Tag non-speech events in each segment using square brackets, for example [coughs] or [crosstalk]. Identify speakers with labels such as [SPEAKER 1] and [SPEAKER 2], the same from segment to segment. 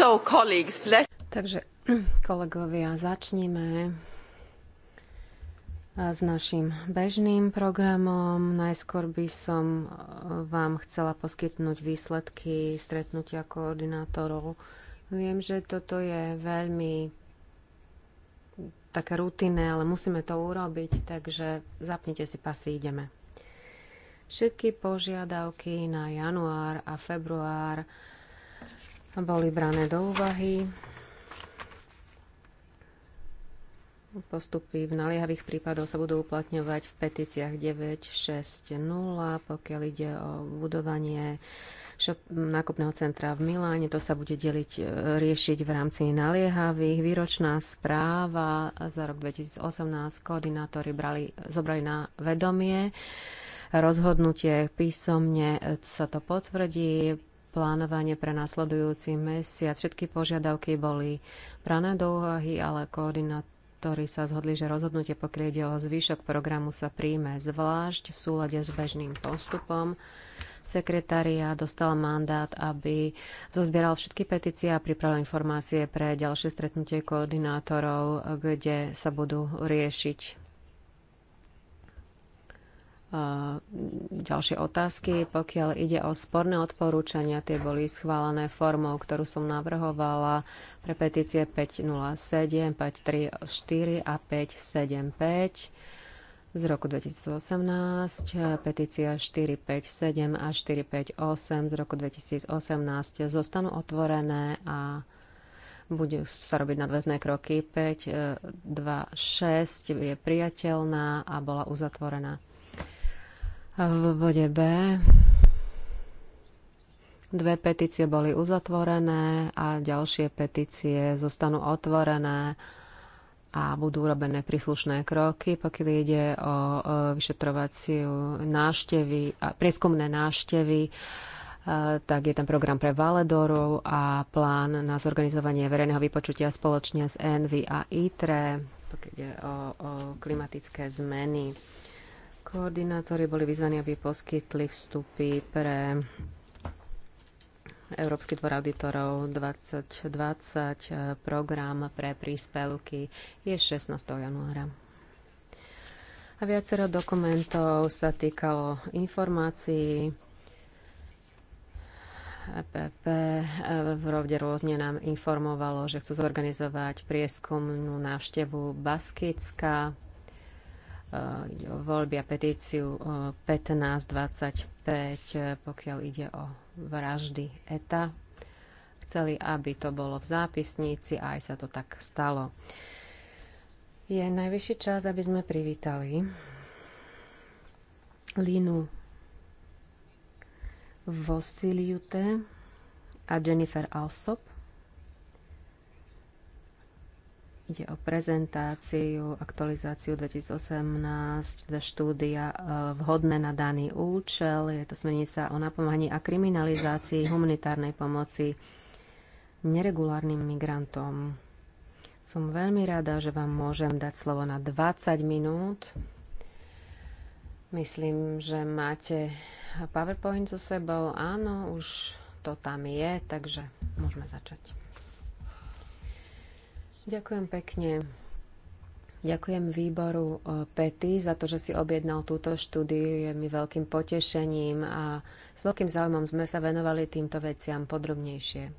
[SPEAKER 1] So, colleagues, let...
[SPEAKER 2] Takže, [clears throat] kolegovia, začnime e, s našim bežným programom. Najskôr by som e, vám chcela poskytnúť výsledky stretnutia koordinátorov. Viem, že toto je veľmi také rutinné, ale musíme to urobiť, takže zapnite si pasy, ideme. Všetky požiadavky na január a február boli brané do úvahy. Postupy v naliehavých prípadoch sa budú uplatňovať v petíciách 960, pokiaľ ide o budovanie šop- nákupného centra v Miláne. To sa bude deliť, e, riešiť v rámci naliehavých. Výročná správa za rok 2018 koordinátori brali, zobrali na vedomie rozhodnutie písomne e, sa to potvrdí plánovanie pre následujúci mesiac. Všetky požiadavky boli brané do úvahy, ale koordinátori sa zhodli, že rozhodnutie pokrytie o zvyšok programu sa príjme zvlášť v súlade s bežným postupom. Sekretária dostal mandát, aby zozbieral všetky petície a pripravil informácie pre ďalšie stretnutie koordinátorov, kde sa budú riešiť Hm, ďalšie otázky. Pokiaľ ide o sporné odporúčania, tie boli schválené formou, ktorú som navrhovala pre petície 507, 534 a 575 z roku 2018, petícia 457 a 458 z roku 2018 zostanú otvorené a budú sa robiť nadväzné kroky. 5, 2, 6 je priateľná a bola uzatvorená v bode B dve petície boli uzatvorené a ďalšie petície zostanú otvorené a budú urobené príslušné kroky, pokiaľ ide o vyšetrovaciu náštevy, prieskumné náštevy e, tak je tam program pre Valedorov a plán na zorganizovanie verejného vypočutia spoločne s ENVY a ITRE, pokiaľ ide o, o klimatické zmeny. Koordinátori boli vyzvaní, aby poskytli vstupy pre Európsky dvor auditorov 2020 eh, program pre príspevky je 16. januára. A viacero dokumentov sa týkalo informácií, EPP eh, v rovde rôzne nám informovalo, že chcú zorganizovať prieskumnú návštevu Baskicka Eh, voľby a petíciu 1525, eh, eh, pokiaľ ide o vraždy ETA. Chceli, aby to bolo v zápisnici a aj sa to tak stalo. Je najvyšší čas, aby sme privítali Linu Vosiliute a Jennifer Alsop Ide o prezentáciu, aktualizáciu 2018, teda štúdia e, vhodné na daný účel. Je to smernica o napomáhaní a kriminalizácii humanitárnej pomoci neregulárnym migrantom. Som veľmi rada, že vám môžem dať slovo na 20 minút. Myslím, že máte PowerPoint so sebou. Áno, už to tam je, takže môžeme začať. Ďakujem pekne. Ďakujem výboru eh, Pety za to, že si objednal túto štúdiu. Je mi veľkým potešením a s veľkým záujmom sme sa venovali týmto veciam podrobnejšie.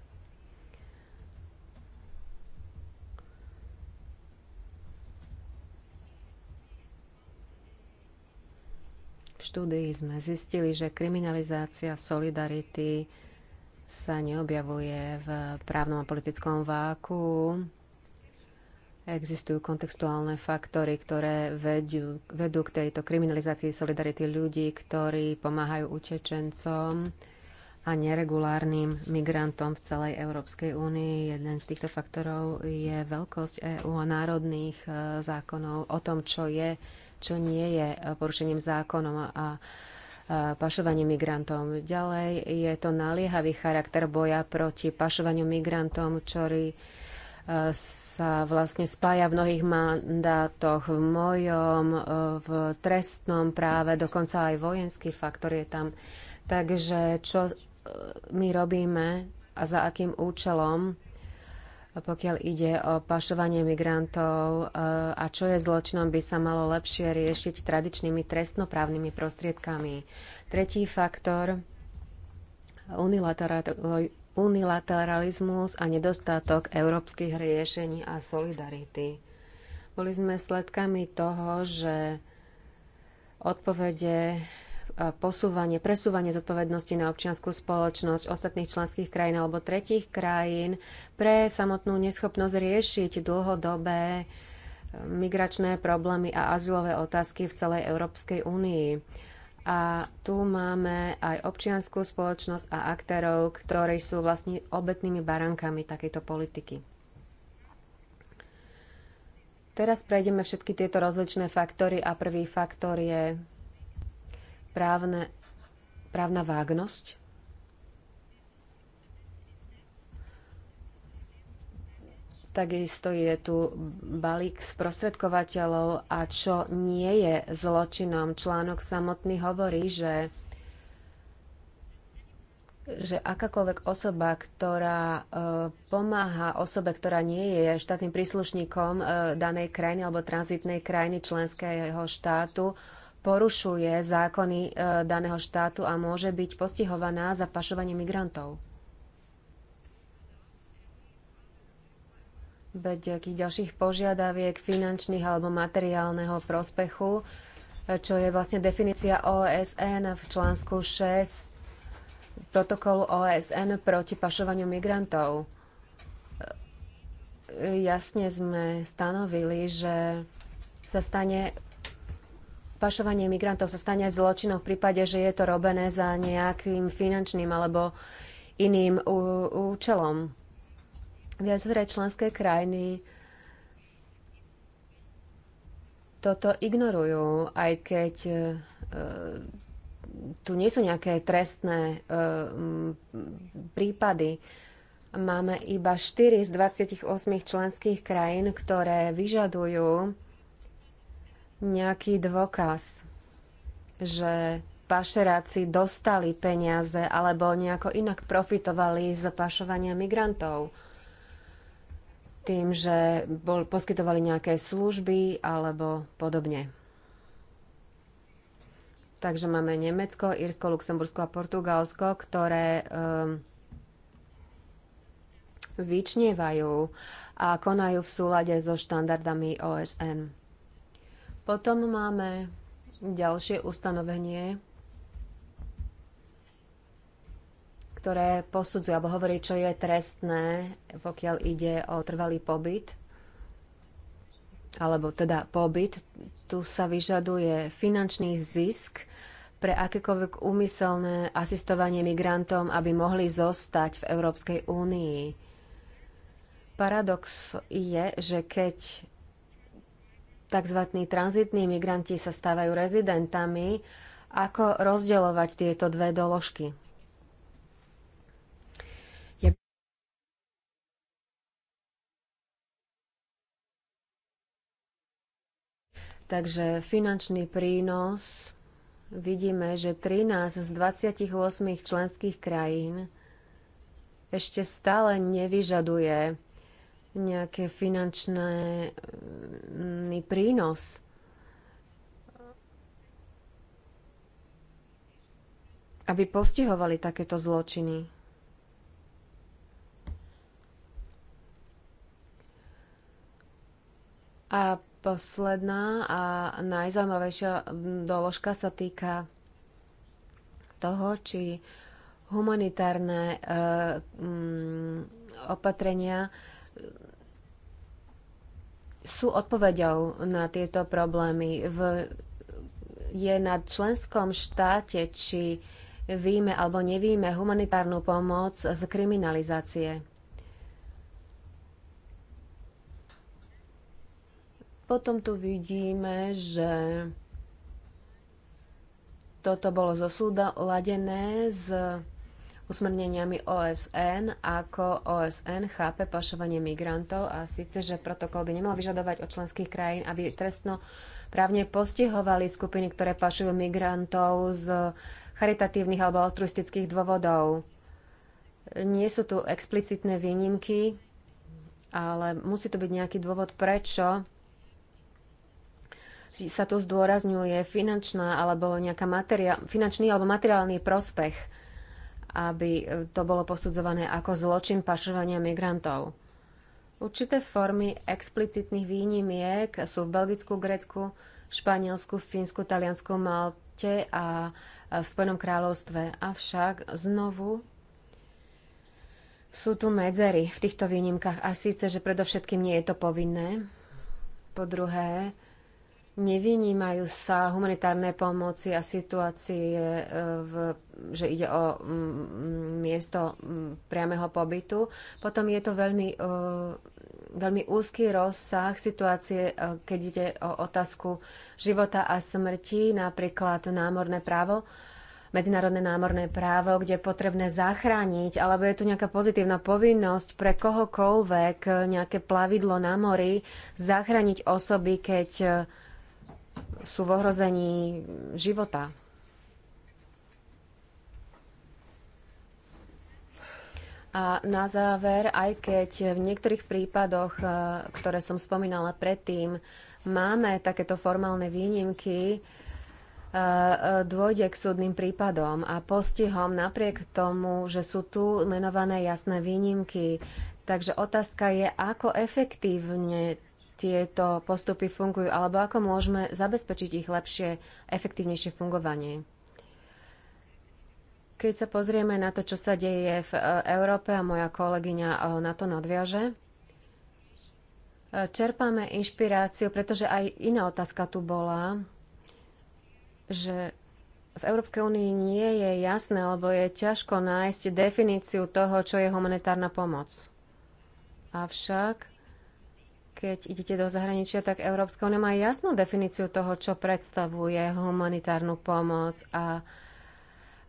[SPEAKER 2] V štúdii sme zistili, že kriminalizácia solidarity sa neobjavuje v právnom a politickom váku Existujú kontextuálne faktory, ktoré vedú, vedú k tejto kriminalizácii solidarity ľudí, ktorí pomáhajú utečencom a neregulárnym migrantom v celej Európskej únii. Jeden z týchto faktorov je veľkosť EÚ a národných e, zákonov o tom, čo je, čo nie je e, porušením zákonom a e, pašovaním migrantom. Ďalej je to naliehavý charakter boja proti pašovaniu migrantom, ktorý sa vlastne spája v mnohých mandátoch, v mojom, e, v trestnom práve, dokonca aj vojenský faktor je tam. Takže čo e, my robíme a za akým účelom, pokiaľ ide o pašovanie migrantov e, a čo je zločinom, by sa malo lepšie riešiť tradičnými trestnoprávnymi prostriedkami. Tretí faktor, unilateralizmus a nedostatok európskych riešení a solidarity. Boli sme sledkami toho, že odpovede posúvanie, presúvanie zodpovednosti na občianskú spoločnosť ostatných členských krajín alebo tretích krajín pre samotnú neschopnosť riešiť dlhodobé e, migračné problémy a azylové otázky v celej Európskej únii. A tu máme aj občianskú spoločnosť a aktérov, ktorí sú vlastne obetnými barankami takejto politiky. Teraz prejdeme všetky tieto rozličné faktory a prvý faktor je právne, právna vágnosť. Takisto je tu balík sprostredkovateľov a čo nie je zločinom. Článok samotný hovorí, že, že akákoľvek osoba, ktorá e, pomáha osobe, ktorá nie je štátnym príslušníkom e, danej krajiny alebo tranzitnej krajiny členského štátu, porušuje zákony e, daného štátu a môže byť postihovaná za pašovanie migrantov. bez nejakých ďalších požiadaviek finančných alebo materiálneho prospechu, čo je vlastne definícia OSN v článku 6 protokolu OSN proti pašovaniu migrantov. Jasne sme stanovili, že sa stane pašovanie migrantov sa stane zločinom v prípade, že je to robené za nejakým finančným alebo iným účelom. Viaceré členské krajiny toto ignorujú, aj keď e, tu nie sú nejaké trestné e, prípady. Máme iba 4 z 28 členských krajín, ktoré vyžadujú nejaký dôkaz, že pašeráci dostali peniaze alebo nejako inak profitovali z pašovania migrantov tým, že bol, poskytovali nejaké služby alebo podobne. Takže máme Nemecko, Írsko, Luxembursko a Portugalsko, ktoré um, vyčnievajú a konajú v súlade so štandardami OSN. Potom máme ďalšie ustanovenie ktoré posudzujú alebo hovorí, čo je trestné, pokiaľ ide o trvalý pobyt alebo teda pobyt, tu sa vyžaduje finančný zisk pre akékoľvek úmyselné asistovanie migrantom, aby mohli zostať v Európskej únii. Paradox je, že keď tzv. tranzitní migranti sa stávajú rezidentami, ako rozdeľovať tieto dve doložky? Takže finančný prínos vidíme, že 13 z 28 členských krajín ešte stále nevyžaduje nejaké finančný mm, prínos. aby postihovali takéto zločiny. A Posledná a najzaujímavejšia doložka sa týka toho, či humanitárne e, m, opatrenia sú odpovedou na tieto problémy. V, je na členskom štáte, či víme alebo nevíme humanitárnu pomoc z kriminalizácie. Potom tu vidíme, že toto bolo zosúladené s usmerneniami OSN, ako OSN chápe pašovanie migrantov a síce, že protokol by nemal vyžadovať od členských krajín, aby trestno právne postihovali skupiny, ktoré pašujú migrantov z charitatívnych alebo altruistických dôvodov. Nie sú tu explicitné výnimky, ale musí to byť nejaký dôvod, prečo sa tu zdôrazňuje finančná alebo nejaká materiál, finančný alebo materiálny prospech, aby e, to bolo posudzované ako zločin pašovania migrantov. Určité formy explicitných výnimiek sú v Belgicku, Grécku, Španielsku, Fínsku, Taliansku, Malte a e, v Spojenom kráľovstve. Avšak znovu sú tu medzery v týchto výnimkách a síce, že predovšetkým nie je to povinné. Po druhé, nevynímajú sa humanitárne pomoci a situácie, e, v, že ide o mm, miesto mm, priameho pobytu. Potom je to veľmi, e, veľmi úzky rozsah situácie, e, keď ide o otázku života a smrti, napríklad námorné právo medzinárodné námorné právo, kde je potrebné zachrániť, alebo je tu nejaká pozitívna povinnosť pre kohokoľvek, nejaké plavidlo na mori, zachrániť osoby, keď sú v ohrození života. A na záver, aj keď v niektorých prípadoch, e, ktoré som spomínala predtým, máme takéto formálne výnimky, e, e, dôjde k súdnym prípadom a postihom napriek tomu, že sú tu menované jasné výnimky. Takže otázka je, ako efektívne tieto postupy fungujú, alebo ako môžeme zabezpečiť ich lepšie, efektívnejšie fungovanie. Keď sa pozrieme na to, čo sa deje v e, Európe, a moja kolegyňa e, na to nadviaže, e, čerpáme inšpiráciu, pretože aj iná otázka tu bola, že v Európskej únii nie je jasné, alebo je ťažko nájsť definíciu toho, čo je humanitárna pomoc. Avšak keď idete do zahraničia, tak Európska únia má jasnú definíciu toho, čo predstavuje humanitárnu pomoc a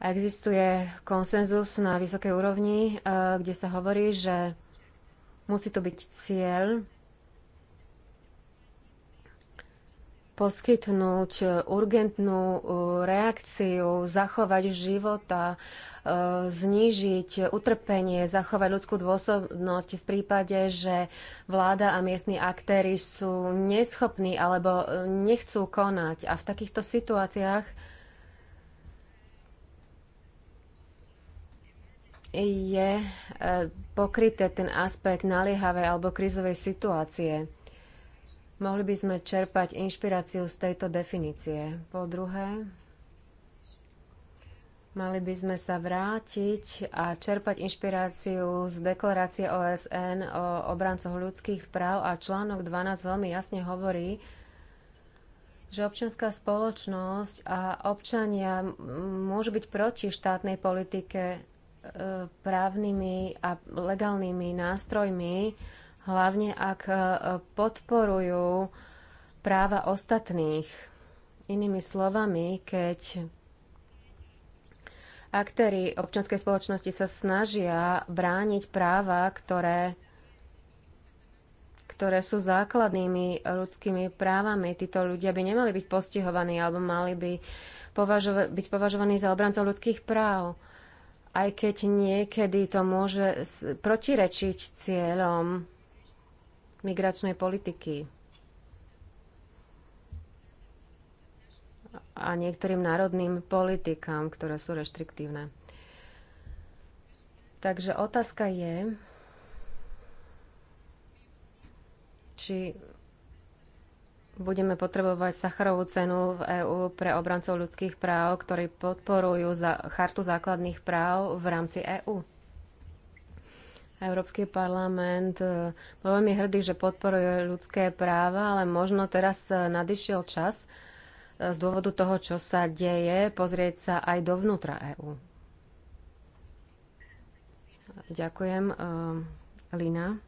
[SPEAKER 2] existuje konsenzus na vysokej úrovni, eh, kde sa hovorí, že musí to byť cieľ, poskytnúť eh, urgentnú eh, reakciu, zachovať života, eh, znížiť utrpenie, zachovať ľudskú dôsobnosť v prípade, že vláda a miestni aktéry sú neschopní alebo nechcú konať. A v takýchto situáciách je pokryté ten aspekt naliehavej alebo krízovej situácie. Mohli by sme čerpať inšpiráciu z tejto definície. Po druhé, mali by sme sa vrátiť a čerpať inšpiráciu z deklarácie OSN o obrancoch ľudských práv a článok 12 veľmi jasne hovorí, že občianská spoločnosť a občania môžu byť proti štátnej politike e, právnymi a legálnymi nástrojmi, hlavne ak e, podporujú práva ostatných. Inými slovami, keď aktéry občianskej spoločnosti sa snažia brániť práva, ktoré, ktoré sú základnými ľudskými právami. Títo ľudia by nemali byť postihovaní alebo mali by považova- byť považovaní za obrancov ľudských práv. Aj keď niekedy to môže protirečiť cieľom migračnej politiky. a niektorým národným politikám, ktoré sú reštriktívne. Takže otázka je, či budeme potrebovať Sacharovú cenu v EÚ pre obrancov ľudských práv, ktorí podporujú za chartu základných práv v rámci EÚ. Európsky parlament e, bol veľmi hrdý, že podporuje ľudské práva, ale možno teraz e, nadišiel čas e, z dôvodu toho, čo sa deje, pozrieť sa aj dovnútra EÚ. Ďakujem, Lina.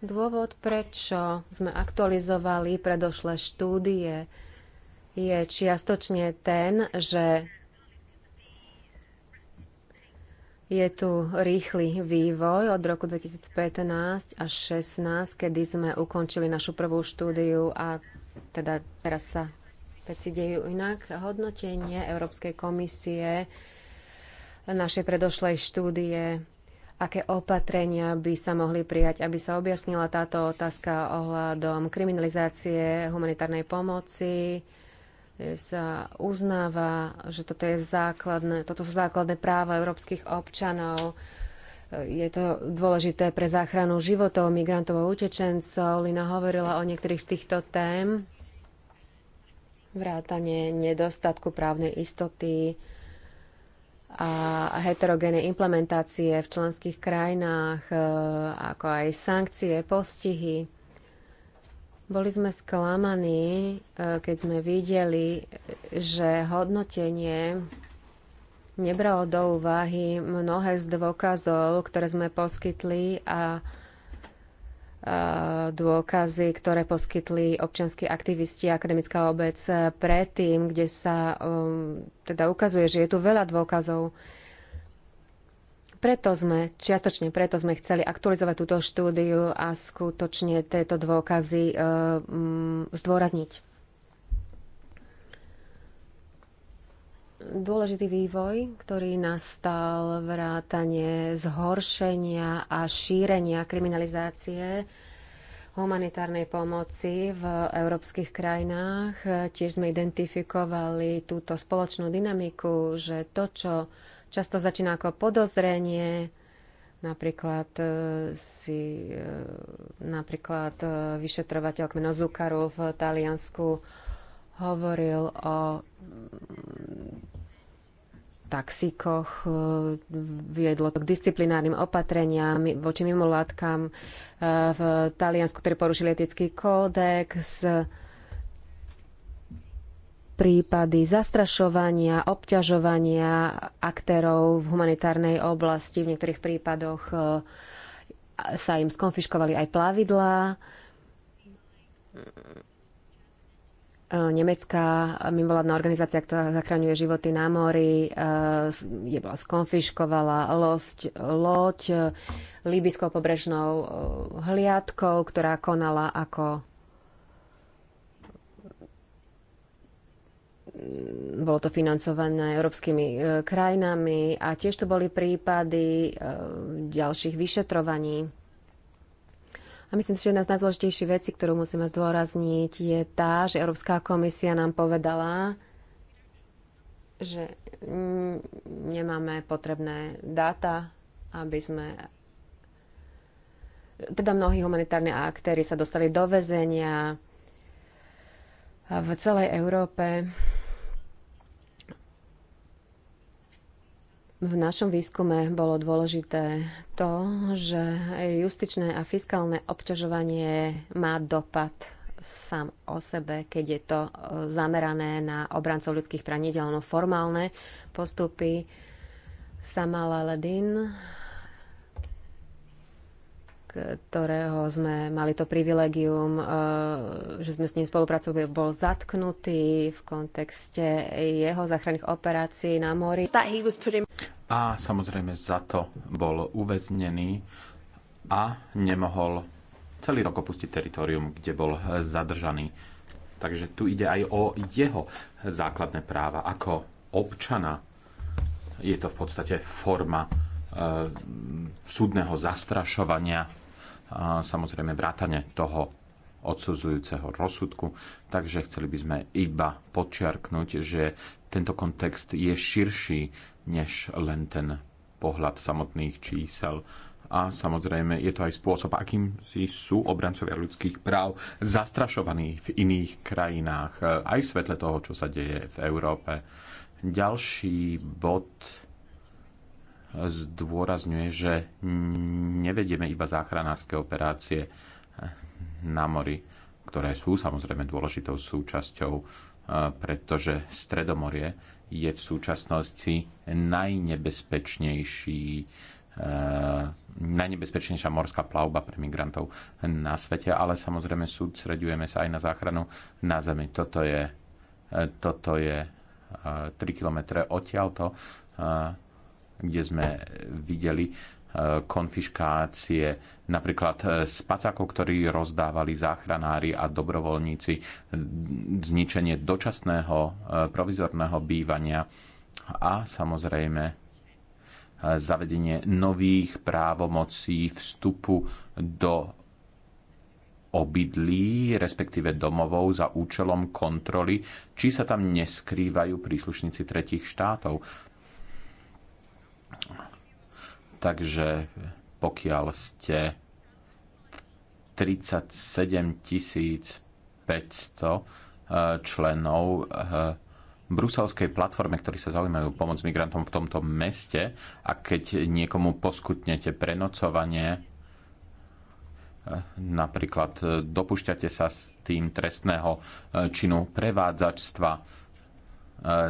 [SPEAKER 2] Dôvod, prečo sme aktualizovali predošlé štúdie, je čiastočne ten, že je tu rýchly vývoj od roku 2015 až 16, kedy sme ukončili našu prvú štúdiu a teda teraz sa veci dejú inak. Hodnotenie Európskej komisie našej predošlej štúdie aké opatrenia by sa mohli prijať, aby sa objasnila táto otázka ohľadom kriminalizácie humanitárnej pomoci, sa uznáva, že toto, je základné, toto sú základné práva európskych občanov. Je to dôležité pre záchranu životov migrantov a utečencov. Lina hovorila o niektorých z týchto tém. Vrátanie nedostatku právnej istoty a heterogénej implementácie v členských krajinách, ako aj sankcie, postihy boli sme sklamaní, e, keď sme videli, že hodnotenie nebralo do úvahy mnohé z dôkazov, ktoré sme poskytli a dôkazy, ktoré poskytli občanskí aktivisti a akademická obec predtým, kde sa um, teda ukazuje, že je tu veľa dôkazov preto sme, čiastočne preto sme chceli aktualizovať túto štúdiu a skutočne tieto dôkazy e, m, mm, zdôrazniť. Dôležitý vývoj, ktorý nastal vrátanie zhoršenia a šírenia kriminalizácie humanitárnej pomoci v európskych krajinách. Tiež sme identifikovali túto spoločnú dynamiku, že to, čo Často začína ako podozrenie, napríklad e, si e, napríklad e, vyšetrovateľ Kmeno Zúkaru v Taliansku hovoril o mm, taxíkoch, viedlo to k disciplinárnym opatreniam voči mimovládkam v Taliansku, ktorí porušili etický kódex prípady zastrašovania, obťažovania aktérov v humanitárnej oblasti. V niektorých prípadoch e, sa im skonfiškovali aj plavidlá. E, nemecká mimovládna organizácia, ktorá zachraňuje životy na mori, e, je bola skonfiškovala losť, loď líbyskou pobrežnou hliadkou, ktorá konala ako bolo to financované európskymi e, krajinami a tiež to boli prípady e, ďalších vyšetrovaní. A myslím si, že jedna z najdôležitejších vecí, ktorú musíme zdôrazniť, je tá, že Európska komisia nám povedala, že nemáme potrebné dáta, aby sme teda mnohí humanitárni aktéry sa dostali do väzenia v celej Európe. v našom výskume bolo dôležité to, že justičné a fiskálne obťažovanie má dopad sám o sebe, keď je to e, zamerané na obrancov ľudských praní, formálne postupy. Samala Ledin ktorého sme mali to privilegium, e, že sme s ním spolupracovali, bol zatknutý v kontexte jeho záchranných operácií na mori.
[SPEAKER 3] A samozrejme za to bol uväznený a nemohol celý rok opustiť teritorium, kde bol zadržaný. Takže tu ide aj o jeho základné práva ako občana. Je to v podstate forma e, súdneho zastrašovania samozrejme vrátane toho odsudzujúceho rozsudku. Takže chceli by sme iba podčiarknúť, že tento kontext je širší než len ten pohľad samotných čísel. A samozrejme je to aj spôsob, akým si sú obrancovia ľudských práv zastrašovaní v iných krajinách, aj v svetle toho, čo sa deje v Európe. Ďalší bod zdôrazňuje, že nevedieme iba záchranárske operácie na mori, ktoré sú samozrejme dôležitou súčasťou, eh, pretože Stredomorie je v súčasnosti najnebezpečnejší eh, najnebezpečnejšia morská plavba pre migrantov na svete, ale samozrejme sústredujeme sa aj na záchranu na zemi. Toto je, eh, toto je 3 km odtiaľto kde sme eh, videli eh, konfiškácie napríklad eh, spacákov, ktorí rozdávali záchranári a dobrovoľníci, zničenie dočasného provizorného bývania a samozrejme zavedenie nových právomocí vstupu do obydlí, respektíve domovov za účelom kontroly, či sa tam neskrývajú príslušníci tretich štátov Takže pokiaľ ste 37 500 e, členov e, bruselskej platforme, ktorí sa zaujímajú pomoc migrantom v tomto meste a keď niekomu poskutnete prenocovanie, e, napríklad dopušťate sa s tým trestného činu prevádzačstva,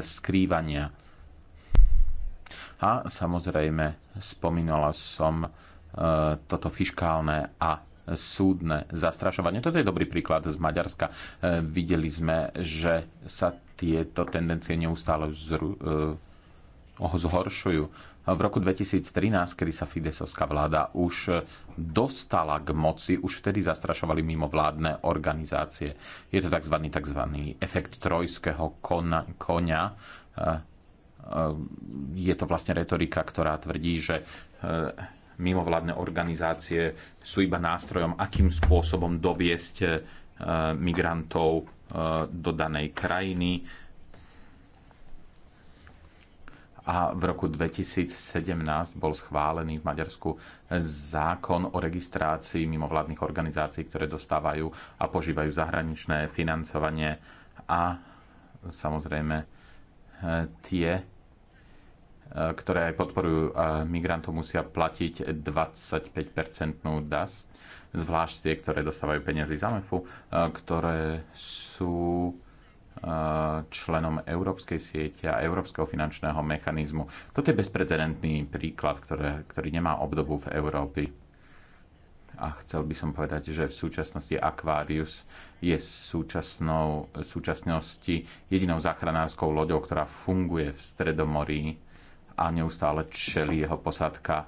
[SPEAKER 3] skrývania a samozrejme, spomínala som e, toto fiškálne a súdne zastrašovanie. Toto je dobrý príklad z Maďarska. E, videli sme, že sa tieto tendencie neustále zru, e, zhoršujú. V roku 2013, kedy sa Fidesovská vláda už dostala k moci, už vtedy zastrašovali mimovládne organizácie. Je to tzv. tzv. efekt trojského kona, konia, Eh, je to vlastne retorika, ktorá tvrdí, že eh, mimovládne organizácie sú iba nástrojom, akým spôsobom doviesť eh, migrantov do danej krajiny. A v roku 2017 bol schválený v Maďarsku zákon o registrácii mimovládnych organizácií, ktoré dostávajú a požívajú zahraničné financovanie a samozrejme tie Eh, ktoré aj podporujú eh, migrantov, musia platiť 25-percentnú DAS, zvlášť tie, ktoré dostávajú peniazy z AMEFu, eh, ktoré sú členom Európskej siete a Európskeho finančného mechanizmu. Toto je bezprecedentný príklad, ktoré, ktorý nemá obdobu v Európe. A chcel by som povedať, že v súčasnosti Aquarius je súčasnou, súčasnosti jedinou záchranárskou loďou, ktorá funguje v Stredomorí a neustále čeli jeho posádka e,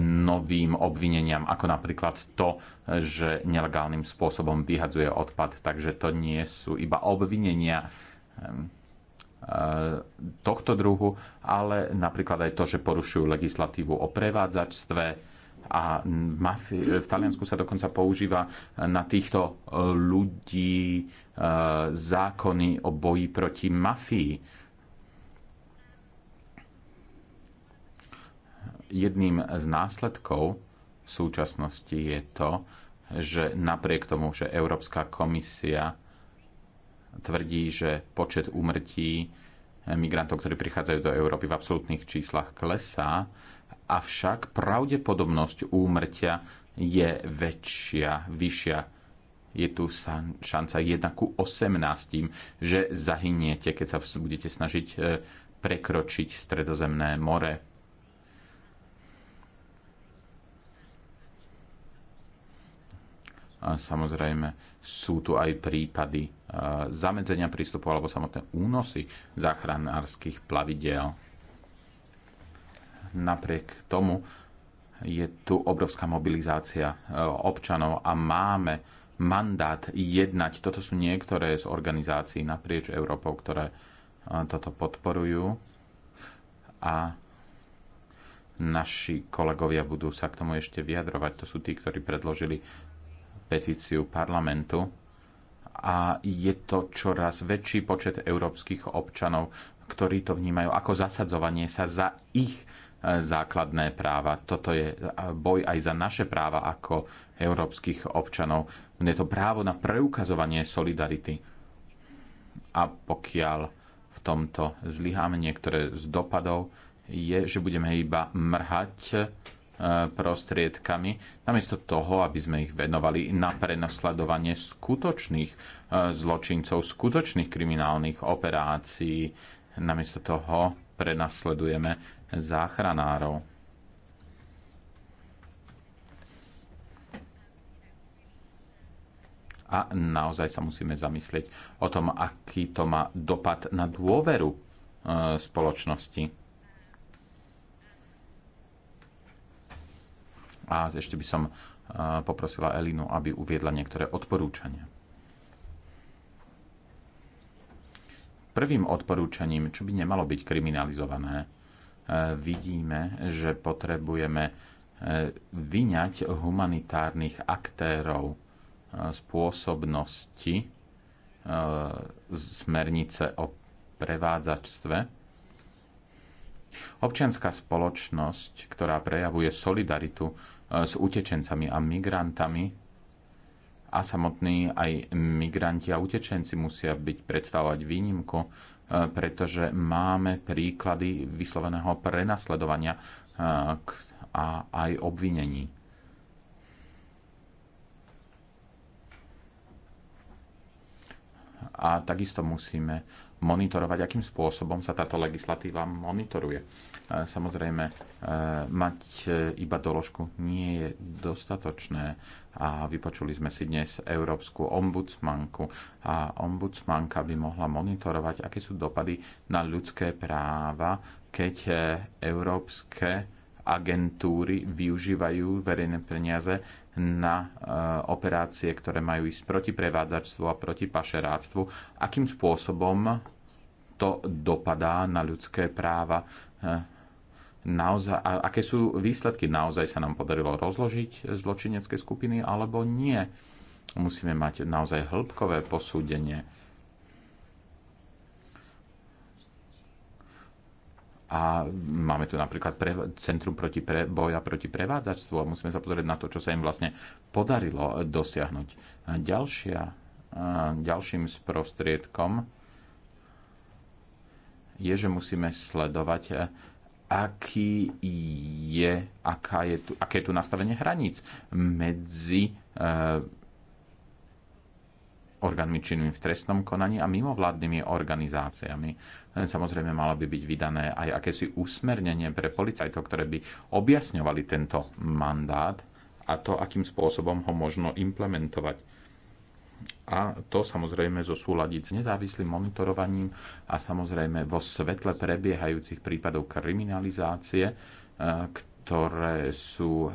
[SPEAKER 3] novým obvineniam, ako napríklad to, že nelegálnym spôsobom vyhadzuje odpad. Takže to nie sú iba obvinenia e, e, tohto druhu, ale napríklad aj to, že porušujú legislatívu o prevádzačstve, a v Taliansku sa dokonca používa na týchto ľudí zákony o boji proti mafii Jedným z následkov v súčasnosti je to, že napriek tomu, že Európska komisia tvrdí, že počet úmrtí migrantov, ktorí prichádzajú do Európy v absolútnych číslach klesá, avšak pravdepodobnosť úmrtia je väčšia, vyššia. Je tu šanca 1 ku 18, že zahyniete, keď sa budete snažiť eh, prekročiť Stredozemné more. Samozrejme, sú tu aj prípady e, zamedzenia prístupu alebo samotné únosy záchranárskych plavidel. Napriek tomu je tu obrovská mobilizácia e, občanov a máme mandát jednať. Toto sú niektoré z organizácií naprieč Európou, ktoré e, toto podporujú a naši kolegovia budú sa k tomu ešte vyjadrovať. To sú tí, ktorí predložili petíciu parlamentu a je to čoraz väčší počet európskych občanov, ktorí to vnímajú ako zasadzovanie sa za ich e, základné práva. Toto je e, boj aj za naše práva ako európskych občanov. Je to právo na preukazovanie solidarity. A pokiaľ v tomto zlyháme niektoré z dopadov, je, že budeme iba mrhať prostriedkami, namiesto toho, aby sme ich venovali na prenasledovanie skutočných e, zločincov, skutočných kriminálnych operácií. Namiesto toho prenasledujeme záchranárov. A naozaj sa musíme zamyslieť o tom, aký to má dopad na dôveru e, spoločnosti. A ešte by som poprosila Elinu, aby uviedla niektoré odporúčania. Prvým odporúčaním, čo by nemalo byť kriminalizované, e, vidíme, že potrebujeme e, vyňať humanitárnych aktérov spôsobnosti e, smernice o prevádzačstve. Občianská spoločnosť, ktorá prejavuje solidaritu E, s utečencami a migrantami a samotní aj migranti a utečenci musia byť predstavovať výnimku, e, pretože máme príklady vysloveného prenasledovania e, a aj obvinení. A takisto musíme monitorovať, akým spôsobom sa táto legislatíva monitoruje. Samozrejme, e, mať e, iba doložku nie je dostatočné a vypočuli sme si dnes európsku ombudsmanku a ombudsmanka by mohla monitorovať, aké sú dopady na ľudské práva, keď e, európske agentúry využívajú verejné peniaze na e, operácie, ktoré majú ísť proti prevádzačstvu a proti pašeráctvu. Akým spôsobom to dopadá na ľudské práva? E, naozaj, a aké sú výsledky? Naozaj sa nám podarilo rozložiť zločinecké skupiny alebo nie? Musíme mať naozaj hĺbkové posúdenie A máme tu napríklad pre, Centrum proti pre, boja proti prevádzačstvu a musíme sa pozrieť na to, čo sa im vlastne podarilo dosiahnuť. A ďalšia, a ďalším sprostriedkom je, že musíme sledovať aký je, aká je tu, aké je tu nastavenie hraníc medzi orgánmi činnými v trestnom konaní a mimovládnymi organizáciami. Samozrejme, malo by byť vydané aj akési usmernenie pre policajtov, ktoré by objasňovali tento mandát a to, akým spôsobom ho možno implementovať. A to samozrejme zosúľadiť s nezávislým monitorovaním a samozrejme vo svetle prebiehajúcich prípadov kriminalizácie, eh, ktoré sú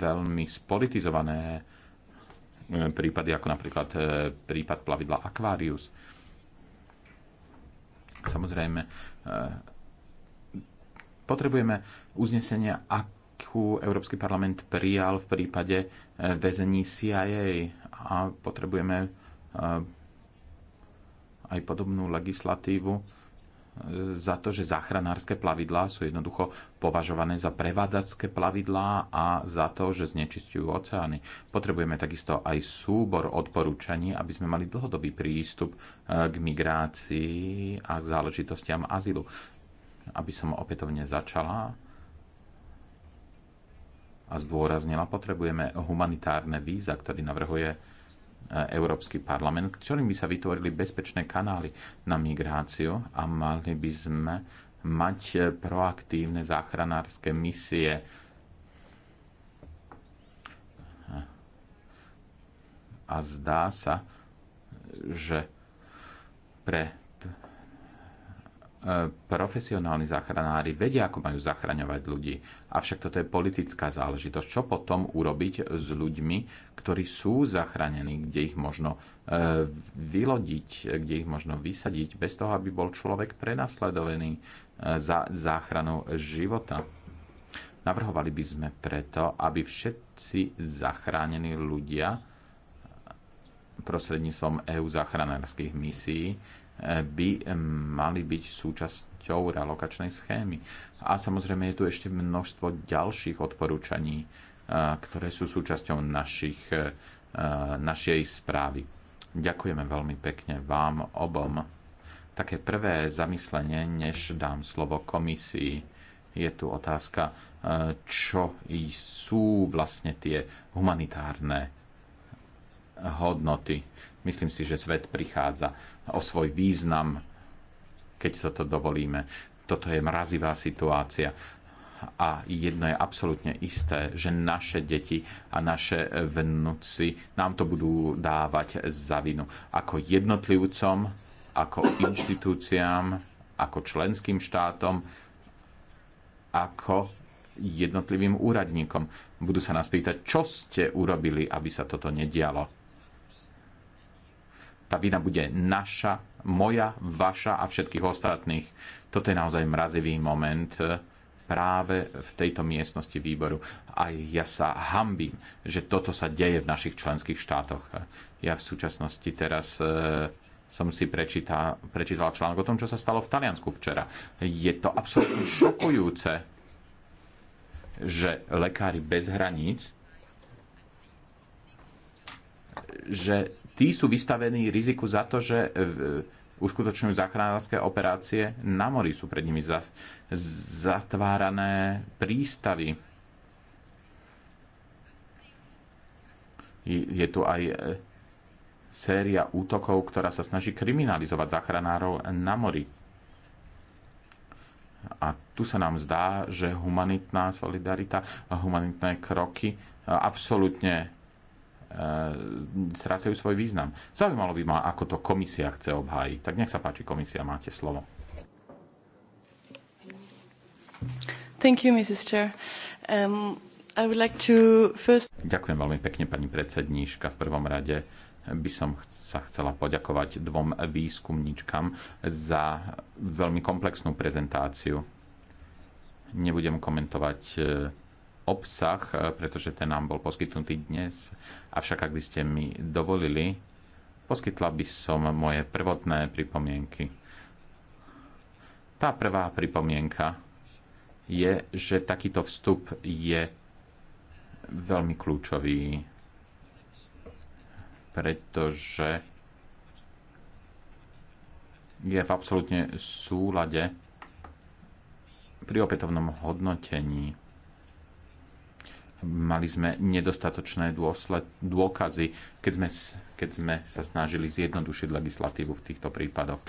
[SPEAKER 3] veľmi spolitizované E, prípady, ako napríklad e, prípad plavidla Aquarius. Samozrejme, e, potrebujeme uznesenia, akú Európsky parlament prijal v prípade väzení CIA a potrebujeme aj podobnú legislatívu za to, že záchranárske plavidlá sú jednoducho považované za prevádzacké plavidlá a za to, že znečistujú oceány. Potrebujeme takisto aj súbor odporúčaní, aby sme mali dlhodobý prístup e, k migrácii a záležitostiam azylu. Aby som opätovne začala a zdôraznila, potrebujeme humanitárne víza, ktorý navrhuje E, Európsky parlament, ktorým by sa vytvorili bezpečné kanály na migráciu a mali by sme mať e, proaktívne záchranárske misie. A zdá sa, že pre E, profesionálni záchranári vedia, ako majú zachraňovať ľudí. Avšak toto je politická záležitosť. Čo potom urobiť s ľuďmi, ktorí sú zachránení, kde ich možno e, vylodiť, kde ich možno vysadiť, bez toho, aby bol človek prenasledovaný e, za záchranu života. Navrhovali by sme preto, aby všetci zachránení ľudia prostredníctvom EU záchranárskych misií by mali byť súčasťou relokačnej schémy. A samozrejme je tu ešte množstvo ďalších odporúčaní, e, ktoré sú súčasťou našich, e, našej správy. Ďakujeme veľmi pekne vám obom. Také prvé zamyslenie, než dám slovo komisii, je tu otázka, e, čo sú vlastne tie humanitárne hodnoty Myslím si, že svet prichádza o svoj význam, keď toto dovolíme. Toto je mrazivá situácia a jedno je absolútne isté, že naše deti a naše vnúci nám to budú dávať za vinu. Ako jednotlivcom, ako inštitúciám, ako členským štátom, ako jednotlivým úradníkom. Budú sa nás pýtať, čo ste urobili, aby sa toto nedialo tá vina bude naša, moja, vaša a všetkých ostatných. Toto je naozaj mrazivý moment e, práve v tejto miestnosti výboru. A ja sa hambím, že toto sa deje v našich členských štátoch. E, ja v súčasnosti teraz e, som si prečíta, prečítal článok o tom, čo sa stalo v Taliansku včera. Je to absolútne šokujúce, že lekári bez hraníc že tí sú vystavení riziku za to, že e, uskutočňujú záchranárske operácie na mori. Sú pred nimi zatvárané prístavy. Je tu aj e, séria útokov, ktorá sa snaží kriminalizovať záchranárov na mori. A tu sa nám zdá, že humanitná solidarita, humanitné kroky absolútne E, strácajú svoj význam. Zaujímalo by ma, ako to komisia chce obhájiť. Tak nech sa páči, komisia, máte slovo.
[SPEAKER 4] Thank you, Mrs. Chair. Um, I would like to first...
[SPEAKER 3] Ďakujem veľmi pekne, pani predsedníčka. V prvom rade by som sa chcela poďakovať dvom výskumníčkam za veľmi komplexnú prezentáciu. Nebudem komentovať e, obsah, e, pretože ten nám bol poskytnutý dnes. Avšak, ak by ste mi dovolili, poskytla by som moje prvotné pripomienky. Tá prvá pripomienka je, že takýto vstup je veľmi kľúčový, pretože je v absolútne súlade pri opätovnom hodnotení Mali sme nedostatočné dôsled, dôkazy, keď sme, keď sme sa snažili zjednodušiť legislatívu v týchto prípadoch.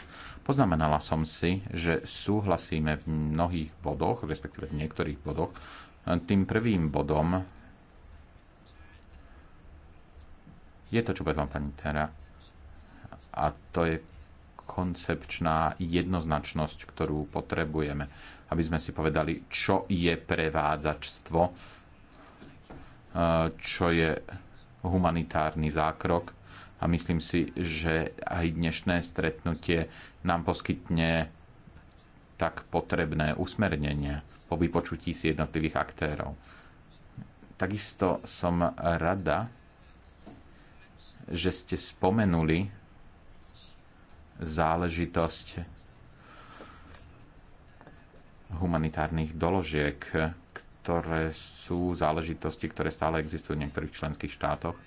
[SPEAKER 3] Poznamenala som si, že súhlasíme v mnohých bodoch, respektíve v niektorých bodoch. Tým prvým bodom je to, čo povedala pani Tera. A to je koncepčná jednoznačnosť, ktorú potrebujeme, aby sme si povedali, čo je prevádzačstvo, čo je humanitárny zákrok a myslím si, že aj dnešné stretnutie nám poskytne tak potrebné usmernenie po vypočutí si jednotlivých aktérov. Takisto som rada, že ste spomenuli záležitosť humanitárnych doložiek, ktoré sú záležitosti, ktoré stále existujú v niektorých členských štátoch.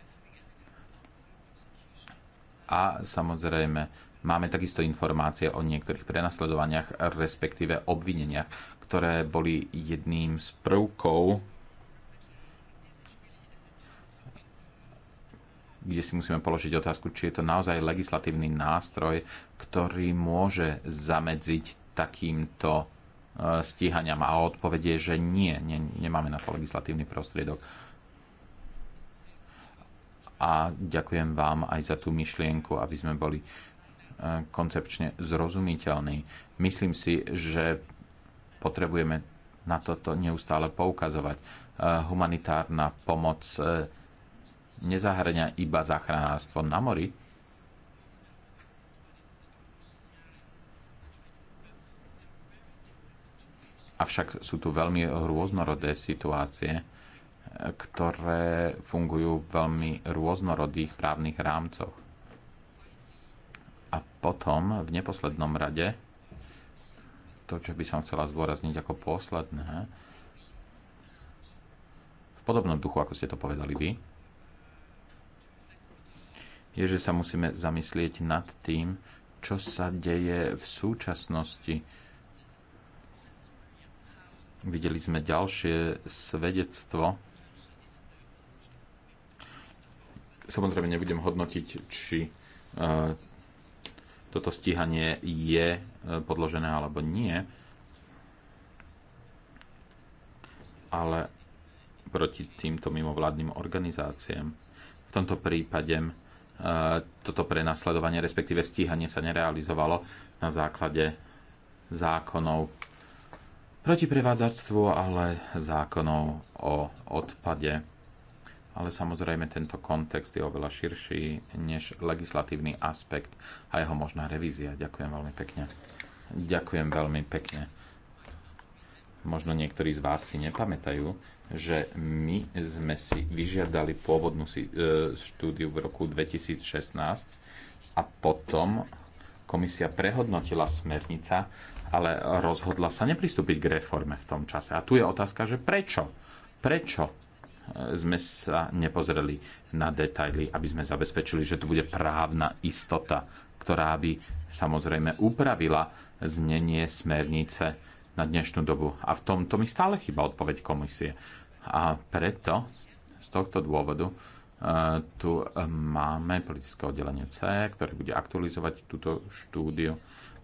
[SPEAKER 3] A samozrejme, máme takisto informácie o niektorých prenasledovaniach, respektíve obvineniach, ktoré boli jedným z prvkov, kde si musíme položiť otázku, či je to naozaj legislatívny nástroj, ktorý môže zamedziť takýmto stíhaniam a odpovedie, že nie, nie nemáme na to legislatívny prostriedok. A ďakujem vám aj za tú myšlienku, aby sme boli e, koncepčne zrozumiteľní. Myslím si, že potrebujeme na toto neustále poukazovať. E, humanitárna pomoc e, nezahrania iba záchranárstvo na mori, Avšak sú tu veľmi rôznorodé situácie, ktoré fungujú v veľmi rôznorodých právnych rámcoch. A potom, v neposlednom rade, to, čo by som chcela zdôrazniť ako posledné, v podobnom duchu, ako ste to povedali vy, je, že sa musíme zamyslieť nad tým, čo sa deje v súčasnosti Videli sme ďalšie svedectvo. Samozrejme nebudem hodnotiť, či e, toto stíhanie je e, podložené alebo nie, ale proti týmto mimovládnym organizáciám. V tomto prípade e, toto prenasledovanie, respektíve stíhanie sa nerealizovalo na základe zákonov proti prevádzačstvu, ale zákonov o odpade. Ale samozrejme tento kontext je oveľa širší než legislatívny aspekt a jeho možná revízia. Ďakujem veľmi pekne. Ďakujem veľmi pekne. Možno niektorí z vás si nepamätajú, že my sme si vyžiadali pôvodnú e, štúdiu v roku 2016 a potom komisia prehodnotila smernica ale rozhodla sa nepristúpiť k reforme v tom čase. A tu je otázka, že prečo? Prečo e, sme sa nepozreli na detaily, aby sme zabezpečili, že tu bude právna istota, ktorá by samozrejme upravila znenie smernice na dnešnú dobu. A v tomto mi stále chýba odpoveď komisie. A preto z tohto dôvodu e, tu máme politické oddelenie C, ktoré bude aktualizovať túto štúdiu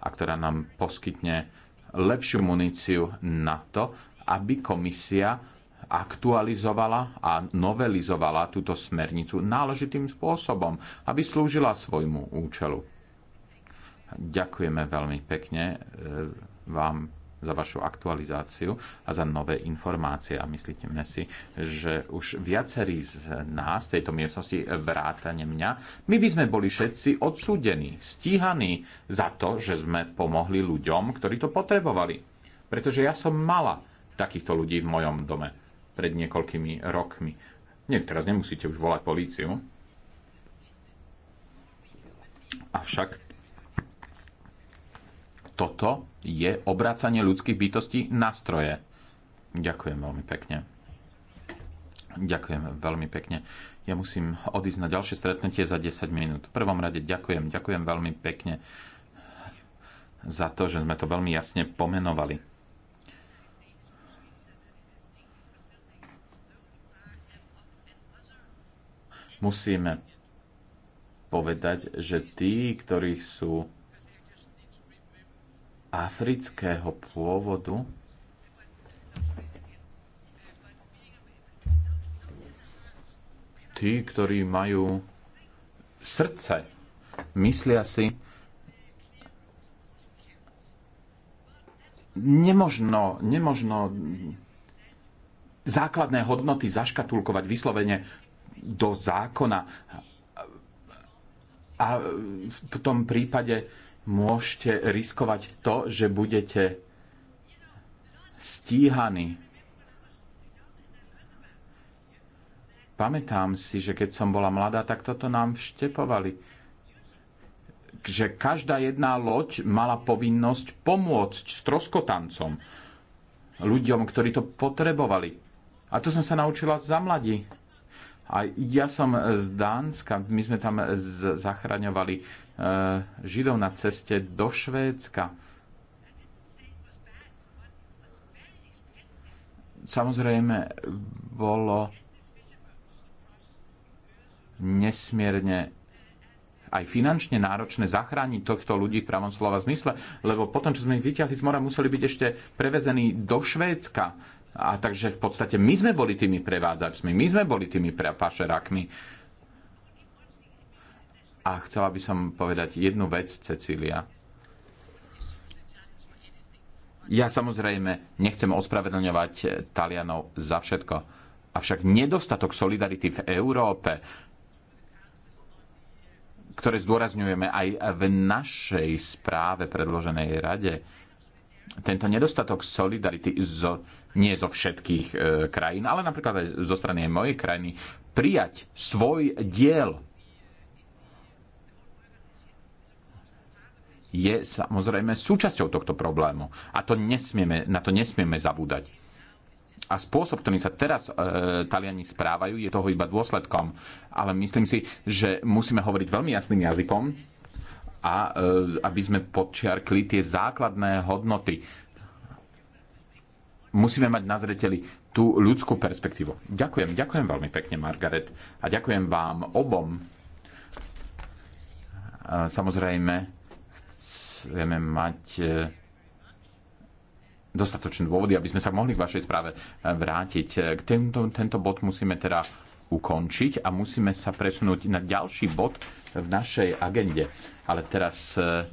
[SPEAKER 3] a ktorá nám poskytne lepšiu muníciu na to, aby komisia aktualizovala a novelizovala túto smernicu náležitým spôsobom, aby slúžila svojmu účelu. Ďakujeme veľmi pekne e, vám za vašu aktualizáciu a za nové informácie. A mne si, že už viacerí z nás tejto miestnosti vrátane mňa, my by sme boli všetci odsúdení, stíhaní za to, že sme pomohli ľuďom, ktorí to potrebovali. Pretože ja som mala takýchto ľudí v mojom dome pred niekoľkými rokmi. Nie, teraz nemusíte už volať políciu. Avšak toto je obracanie ľudských bytostí na stroje. Ďakujem veľmi pekne. Ďakujem veľmi pekne. Ja musím odísť na ďalšie stretnutie za 10 minút. V prvom rade ďakujem, ďakujem veľmi pekne za to, že sme to veľmi jasne pomenovali. Musíme povedať, že tí, ktorí sú afrického pôvodu tí, ktorí majú srdce, myslia si, nemožno, nemožno základné hodnoty zaškatulkovať vyslovene do zákona. A v tom prípade môžete riskovať to, že budete stíhaní. Pamätám si, že keď som bola mladá, tak toto nám vštepovali. Že každá jedna loď mala povinnosť pomôcť stroskotancom, ľuďom, ktorí to potrebovali. A to som sa naučila za mladí a ja som z Dánska, my sme tam zachraňovali e, Židov na ceste do Švédska. Samozrejme, bolo nesmierne aj finančne náročné zachrániť tohto ľudí v pravom slova zmysle, lebo potom, čo sme ich vyťahli z mora, museli byť ešte prevezení do Švédska a takže v podstate my sme boli tými prevádzačmi, my sme boli tými pašerákmi. A chcela by som povedať jednu vec, Cecília. Ja samozrejme nechcem ospravedlňovať Talianov za všetko. Avšak nedostatok solidarity v Európe, ktoré zdôrazňujeme aj v našej správe predloženej rade, tento nedostatok solidarity zo, nie zo všetkých e, krajín, ale napríklad aj zo strany mojej krajiny, prijať svoj diel je samozrejme súčasťou tohto problému. A to nesmieme, na to nesmieme zabúdať. A spôsob, ktorým sa teraz e, Taliani správajú, je toho iba dôsledkom. Ale myslím si, že musíme hovoriť veľmi jasným jazykom, a e, aby sme podčiarkli tie základné hodnoty. Musíme mať na zreteli tú ľudskú perspektívu. Ďakujem, ďakujem veľmi pekne, Margaret. A ďakujem vám obom. E, samozrejme, chceme mať e, dostatočné dôvody, aby sme sa mohli k vašej správe vrátiť. K tento, tento bod musíme teda ukončiť a musíme sa presunúť na ďalší bod v našej agende ale teraz e,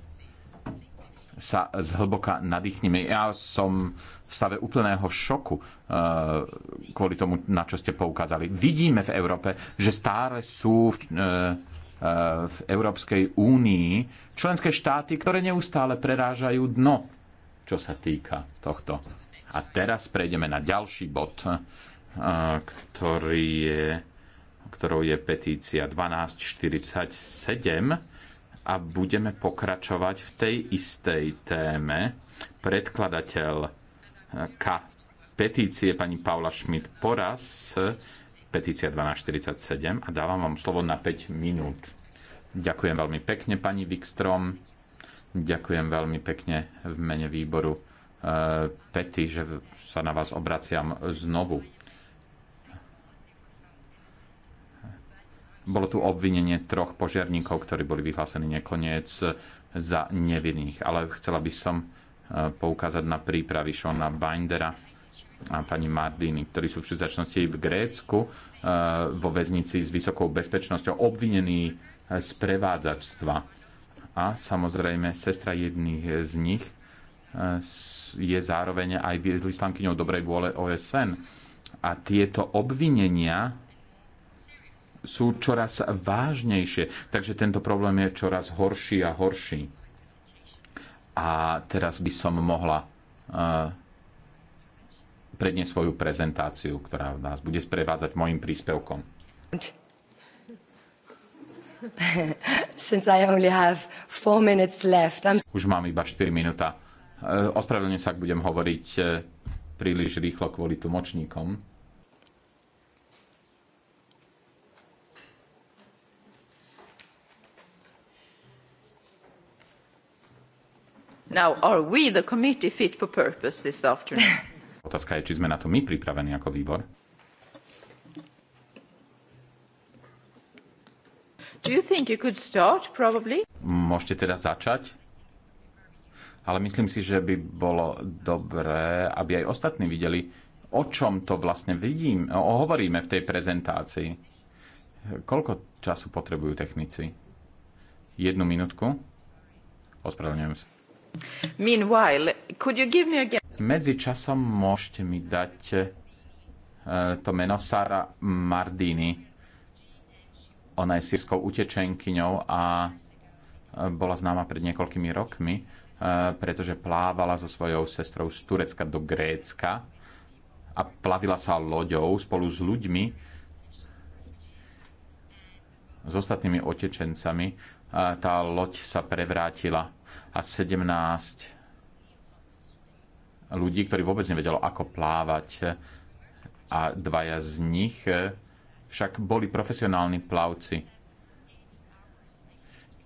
[SPEAKER 3] sa zhlboka nadýchnime. Ja som v stave úplného šoku e, kvôli tomu, na čo ste poukázali. Vidíme v Európe, že stále sú v, e, v Európskej únii členské štáty, ktoré neustále prerážajú dno, čo sa týka tohto. A teraz prejdeme na ďalší bod, ktorý je, ktorou je petícia 1247 a budeme pokračovať v tej istej téme. Predkladateľ eh, K petície pani Paula Schmidt poraz, petícia 1247 a dávam vám slovo na 5 minút. Ďakujem veľmi pekne pani Wikstrom, ďakujem veľmi pekne v mene výboru eh, Pety, že sa na vás obraciam znovu Bolo tu obvinenie troch požiarníkov, ktorí boli vyhlásení nekoniec za nevinných. Ale chcela by som e, poukázať na prípravy Šona Bindera a pani Mardiny, ktorí sú v skutočnosti v Grécku e, vo väznici s vysokou bezpečnosťou obvinení z prevádzačstva. A samozrejme, sestra jedných z nich e, je zároveň aj vyslankyňou dobrej vôle OSN. A tieto obvinenia sú čoraz vážnejšie, takže tento problém je čoraz horší a horší. A teraz by som mohla e, predniesť svoju prezentáciu, ktorá nás bude sprevádzať mojim príspevkom. [laughs] Už mám iba 4 minúta. E, ospravedlňujem sa, ak budem hovoriť e, príliš rýchlo kvôli tlmočníkom.
[SPEAKER 1] Now, are we the committee fit for purpose this afternoon?
[SPEAKER 3] [laughs] Otázka je, či sme na to my pripravení ako výbor.
[SPEAKER 1] Do you think you could start, probably?
[SPEAKER 3] Môžete teda začať? Ale myslím si, že by bolo dobré, aby aj ostatní videli, o čom to vlastne vidím, hovoríme v tej prezentácii. Koľko času potrebujú technici? Jednu minútku? Ospravedlňujem sa.
[SPEAKER 1] Meanwhile, could you give me again...
[SPEAKER 3] Medzičasom môžete mi dať e, to meno Sara Mardini. Ona je sírskou utečenkyňou a e, bola známa pred niekoľkými rokmi, e, pretože plávala so svojou sestrou z Turecka do Grécka a plavila sa loďou spolu s ľuďmi, s ostatnými otečencami. Tá loď sa prevrátila a 17 ľudí, ktorí vôbec nevedelo, ako plávať a dvaja z nich však boli profesionálni plavci.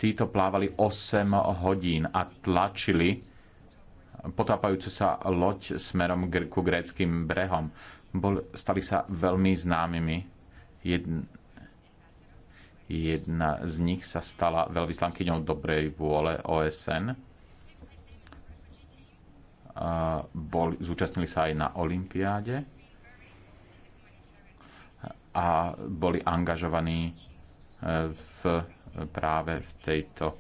[SPEAKER 3] Títo plávali 8 hodín a tlačili potápajúcu sa loď smerom ku gréckým brehom. Bol, stali sa veľmi známymi. Jedn, Jedna z nich sa stala veľvyslankyňou dobrej vôle OSN. Bol, zúčastnili sa aj na Olympiáde a boli angažovaní e, v, práve v tejto e,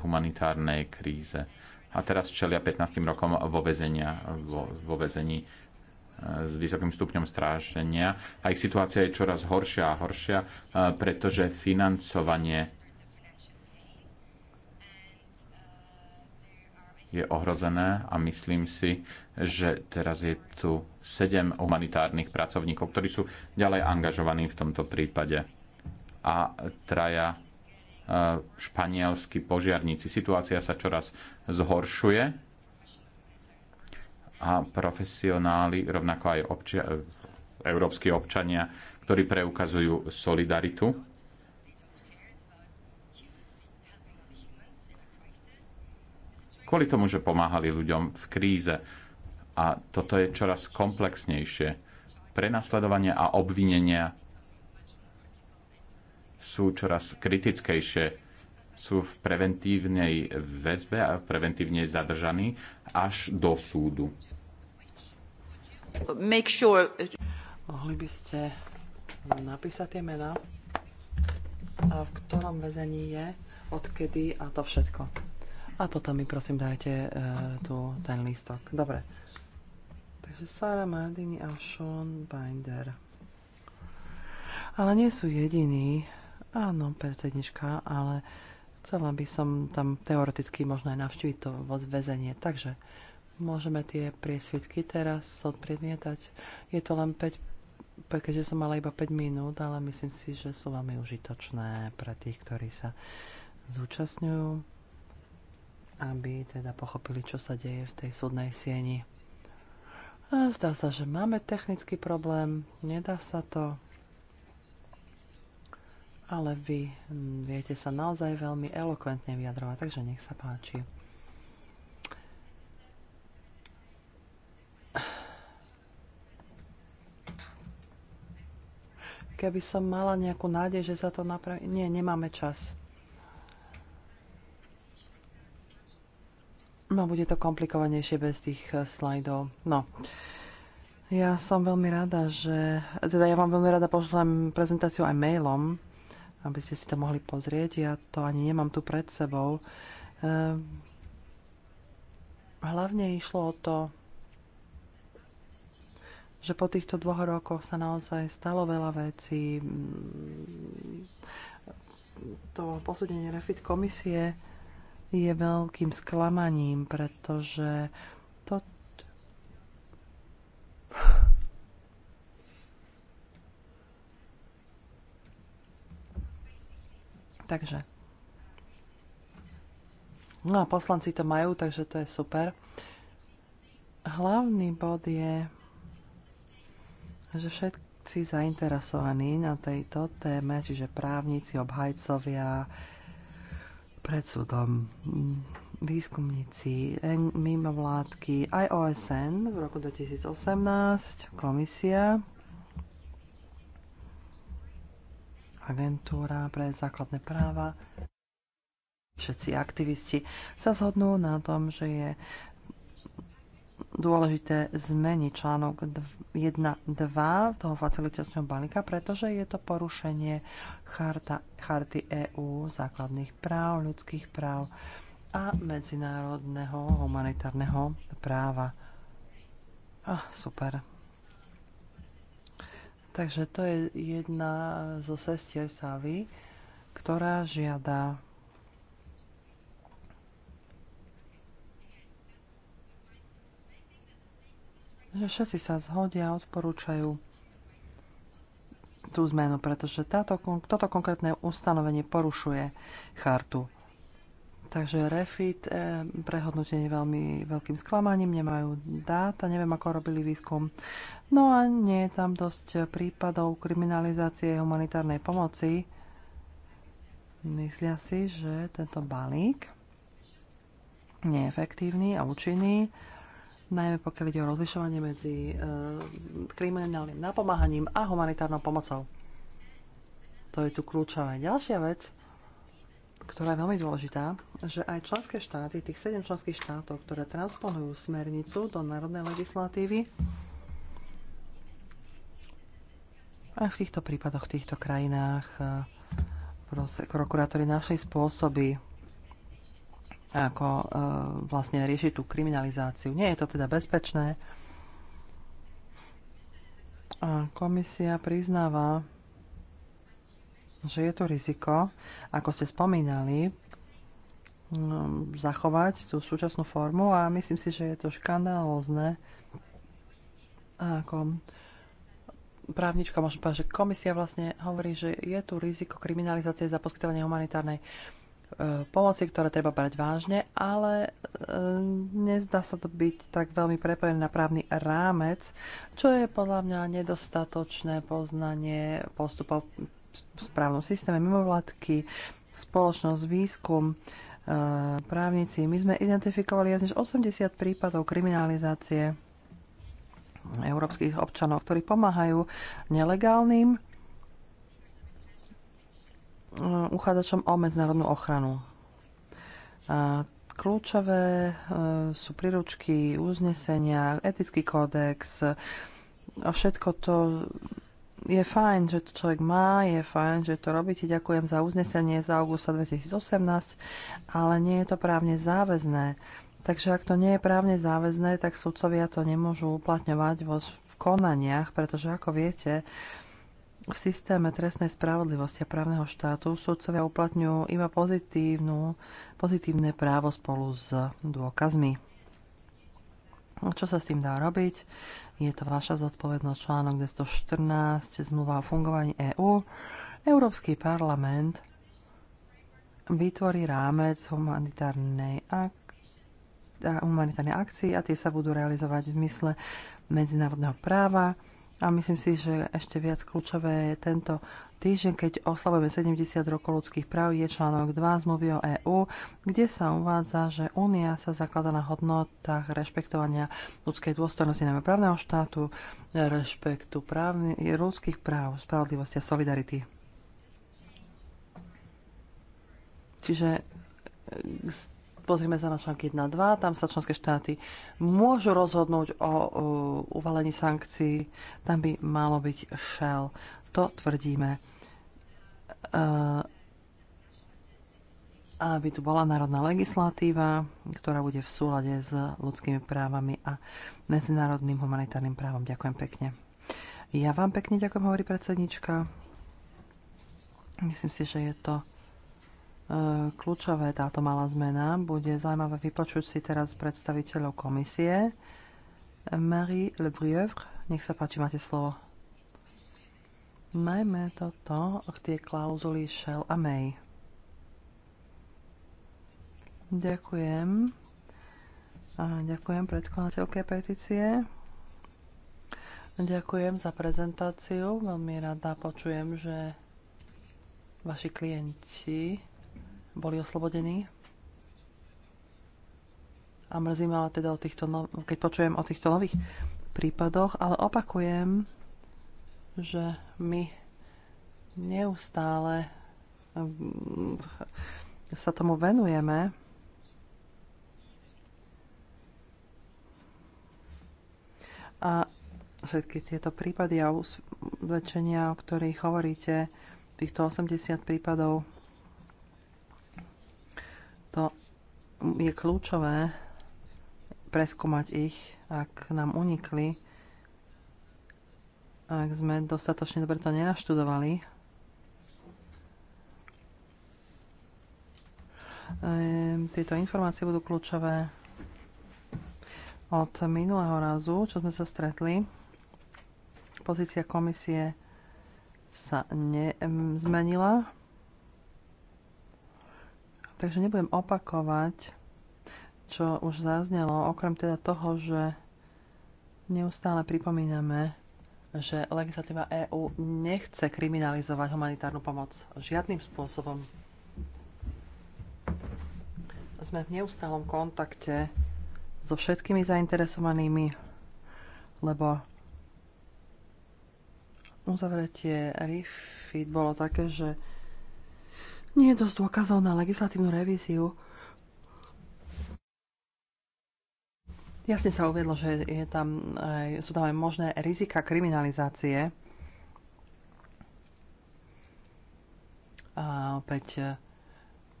[SPEAKER 3] humanitárnej kríze. A teraz čelia 15 rokom vo, väzenia, vo, vo väzení s vysokým stupňom strášenia a ich situácia je čoraz horšia a horšia, pretože financovanie je ohrozené a myslím si, že teraz je tu sedem humanitárnych pracovníkov, ktorí sú ďalej angažovaní v tomto prípade. A traja španielskí požiarníci. Situácia sa čoraz zhoršuje a profesionáli, rovnako aj občia, európsky občania, ktorí preukazujú solidaritu. Kvôli tomu, že pomáhali ľuďom v kríze. A toto je čoraz komplexnejšie. Prenasledovanie a obvinenia sú čoraz kritickejšie sú v preventívnej väzbe a preventívne zadržaní až do súdu.
[SPEAKER 4] Make sure... Mohli by ste napísať tie mená, a v ktorom väzení je, odkedy a to všetko. A potom mi prosím dajte e, tu ten lístok. Dobre. Takže Sara Mardini a Sean Binder. Ale nie sú jediní. Áno, predsednička, ale Chcela by som tam teoreticky možno aj navštíviť to väzenie. Takže môžeme tie priesvitky teraz odpredmietať. Je to len 5, keďže som mala iba 5 minút, ale myslím si, že sú veľmi užitočné pre tých, ktorí sa zúčastňujú, aby teda pochopili, čo sa deje v tej súdnej sieni. A zdá sa, že máme technický problém, nedá sa to ale vy viete sa naozaj veľmi elokventne vyjadrovať, takže nech sa páči. Keby som mala nejakú nádej, že sa to napraví... Nie, nemáme čas. No, bude to komplikovanejšie bez tých eh, slajdov. No. Ja som veľmi rada, že... Teda ja vám veľmi rada pošlem prezentáciu aj mailom aby ste si to mohli pozrieť. Ja to ani nemám tu pred sebou. Ehm, hlavne išlo o to, že po týchto dvoch rokoch sa naozaj stalo veľa vecí. To posúdenie Refit komisie je veľkým sklamaním, pretože to Takže. No a poslanci to majú, takže to je super. Hlavný bod je, že všetci zainteresovaní na tejto téme, čiže právnici, obhajcovia, pred súdom výskumníci, mimovládky, aj OSN v roku 2018, komisia, agentúra pre základné práva, všetci aktivisti sa zhodnú na tom, že je dôležité zmeniť článok 1.2 toho facilitačného balíka, pretože je to porušenie charta, charty EÚ základných práv, ľudských práv a medzinárodného humanitárneho práva. Oh, super. Takže to je jedna zo sestier Savy, ktorá žiada že všetci sa zhodia a odporúčajú tú zmenu, pretože táto, toto konkrétne ustanovenie porušuje chartu Takže Refit, eh, prehodnotenie veľmi veľkým sklamaním, nemajú dáta, neviem ako robili výskum. No a nie je tam dosť prípadov kriminalizácie humanitárnej pomoci. Myslia si, že tento balík neefektívny a účinný, najmä pokiaľ ide o rozlišovanie medzi e, kriminálnym napomáhaním a humanitárnou pomocou. To je tu kľúčové. Ďalšia vec, ktorá je veľmi dôležitá, že aj členské štáty, tých 7 členských štátov, ktoré transponujú smernicu do národnej legislatívy, aj v týchto prípadoch, v týchto krajinách eh, prokurátori našli spôsoby, ako eh, vlastne riešiť tú kriminalizáciu. Nie je to teda bezpečné. A komisia priznáva, že je tu riziko, ako ste spomínali, um, zachovať tú súčasnú formu a myslím si, že je to škandálozne. A ako právnička môžem povedať, že komisia vlastne hovorí, že je tu riziko kriminalizácie za poskytovanie humanitárnej e, pomoci, ktoré treba brať vážne, ale e, nezdá sa to byť tak veľmi prepojené na právny rámec, čo je podľa mňa nedostatočné poznanie postupov správnom systéme, mimovládky, spoločnosť, výskum, e, právnici. My sme identifikovali viac než 80 prípadov kriminalizácie európskych občanov, ktorí pomáhajú nelegálnym e, uchádzačom o medzinárodnú ochranu. A kľúčové e, sú príručky, uznesenia, etický kódex a všetko to je fajn, že to človek má, je fajn, že to robíte. Ďakujem za uznesenie za augusta 2018, ale nie je to právne záväzné. Takže ak to nie je právne záväzné, tak sudcovia to nemôžu uplatňovať vo konaniach, pretože ako viete, v systéme trestnej spravodlivosti a právneho štátu sudcovia uplatňujú iba pozitívnu, pozitívne právo spolu s dôkazmi. Čo sa s tým dá robiť? Je to vaša zodpovednosť článok 214 zmluva o fungovaní EÚ. Európsky parlament vytvorí rámec humanitárnej ak- humanitárnej akcii a tie sa budú realizovať v mysle medzinárodného práva. A myslím si, že ešte viac kľúčové je tento týždeň, keď oslavujeme 70 rokov ľudských práv, je článok 2 zmluvy o EÚ, kde sa uvádza, že Únia sa zaklada na hodnotách rešpektovania ľudskej dôstojnosti najmä právneho štátu, rešpektu právny, ľudských práv, spravodlivosti a solidarity. Čiže e, pozrieme sa na články 1 2, tam sa členské štáty môžu rozhodnúť o o uvalení sankcií, tam by malo byť šel to tvrdíme. Eh, aby tu bola národná legislatíva, ktorá bude v súlade s ľudskými právami a medzinárodným humanitárnym právom. Ďakujem pekne. Ja vám pekne ďakujem, hovorí predsednička. Myslím si, že je to eh, kľúčové táto malá zmena. Bude zaujímavé vypočuť si teraz predstaviteľov komisie. Marie Le nech sa páči, máte slovo. Najmä toto tie klauzuly Shell a May. Ďakujem. A ďakujem predkladateľke petície. Ďakujem za prezentáciu. Veľmi rada počujem, že vaši klienti boli oslobodení. A mrzí ma teda o týchto, no- keď počujem o týchto nových prípadoch, ale opakujem, že my neustále mm, sa tomu venujeme. A všetky tieto prípady a usvedčenia, o ktorých hovoríte, týchto 80 prípadov, to je kľúčové preskúmať ich, ak nám unikli ak sme dostatočne dobre to nenaštudovali, ehm, tieto informácie budú kľúčové od minulého razu, čo sme sa stretli. Pozícia komisie sa nezmenila. Takže nebudem opakovať, čo už zaznelo, okrem teda toho, že neustále pripomíname že legislatíva EÚ nechce kriminalizovať humanitárnu pomoc žiadnym spôsobom. Sme v neustálom kontakte so všetkými zainteresovanými, lebo uzavretie RIFID bolo také, že nie je dosť dôkazov na legislatívnu revíziu Jasne sa uvedlo, že je tam, e, sú tam aj možné rizika kriminalizácie. A opäť e,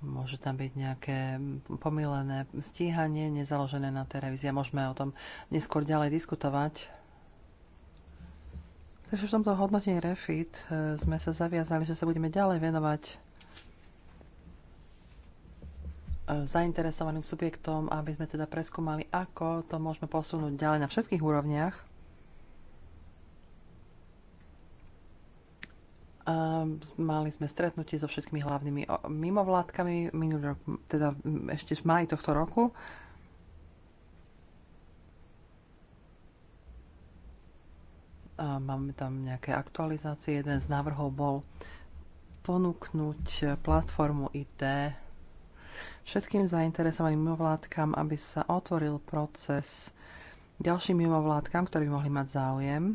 [SPEAKER 4] Môže tam byť nejaké pomilené stíhanie, nezaložené na televízii. Môžeme o tom neskôr ďalej diskutovať. Takže v tomto hodnotení Refit e, sme sa zaviazali, že sa budeme ďalej venovať zainteresovaným subjektom, aby sme teda preskúmali, ako to môžeme posunúť ďalej na všetkých úrovniach. Ehm, mali sme stretnutie so všetkými hlavnými mimovládkami minulý rok, teda ešte v maji tohto roku. A máme tam nejaké aktualizácie. Jeden z návrhov bol ponúknuť platformu IT všetkým zainteresovaným mimovládkam, aby sa otvoril proces ďalším mimovládkam, ktorí by mohli mať záujem. E,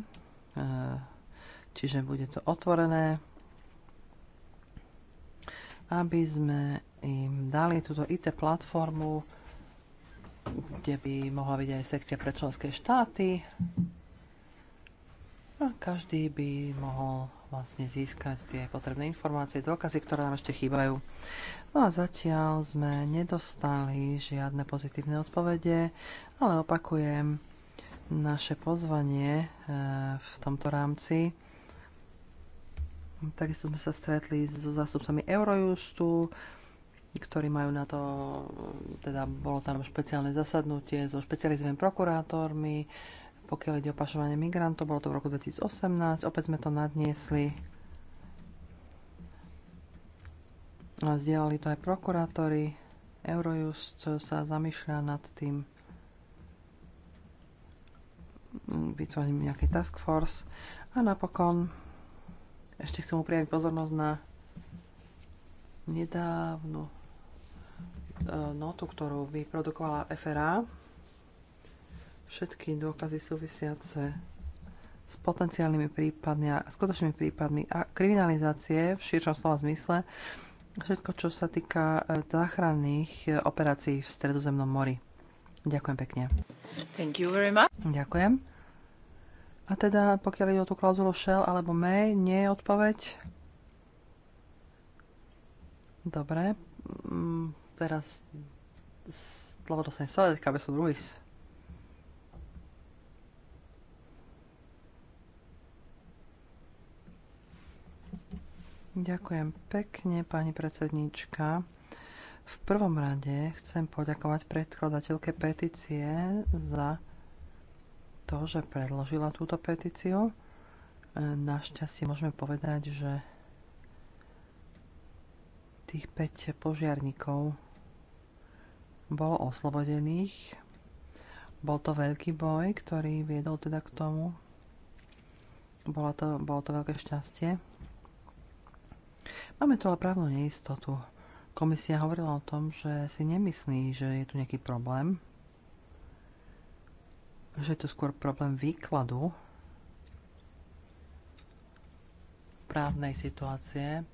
[SPEAKER 4] čiže bude to otvorené, aby sme im dali túto IT platformu, kde by mohla byť aj sekcia pre členské štáty. A každý by mohol vlastne získať tie potrebné informácie, dôkazy, ktoré nám ešte chýbajú. No a zatiaľ sme nedostali žiadne pozitívne odpovede, ale opakujem naše pozvanie e, v tomto rámci. Takisto sme sa stretli so zástupcami Eurojustu, ktorí majú na to, teda bolo tam špeciálne zasadnutie so špecializovanými prokurátormi, pokiaľ ide o pašovanie migrantov, bolo to v roku 2018, opäť sme to nadniesli Zdieľali to aj prokurátori. Eurojust sa zamýšľa nad tým mm, vytvorením nejakej task force. A napokon ešte chcem upriamiť pozornosť na nedávnu e, notu, ktorú vyprodukovala FRA. Všetky dôkazy súvisiace s potenciálnymi prípadmi a skutočnými prípadmi a kriminalizácie v širšom slova zmysle všetko, čo sa týka e, záchranných e, operácií v Stredozemnom mori. Ďakujem pekne.
[SPEAKER 1] Thank you very much.
[SPEAKER 4] Ďakujem. A teda, pokiaľ ide o tú klauzulu shell alebo may, nie je odpoveď? Dobre. Mm, teraz slovo dostane Soledka, aby som druhý Ďakujem pekne, pani predsedníčka. V prvom rade chcem poďakovať predkladateľke petície za to, že predložila túto petíciu. E, našťastie môžeme povedať, že tých 5 požiarníkov bolo oslobodených. Bol to veľký boj, ktorý viedol teda k tomu. Bolo to, bolo to veľké šťastie. Máme tu ale právnu neistotu. Komisia hovorila o tom, že si nemyslí, že je tu nejaký problém, že je to skôr problém výkladu právnej situácie.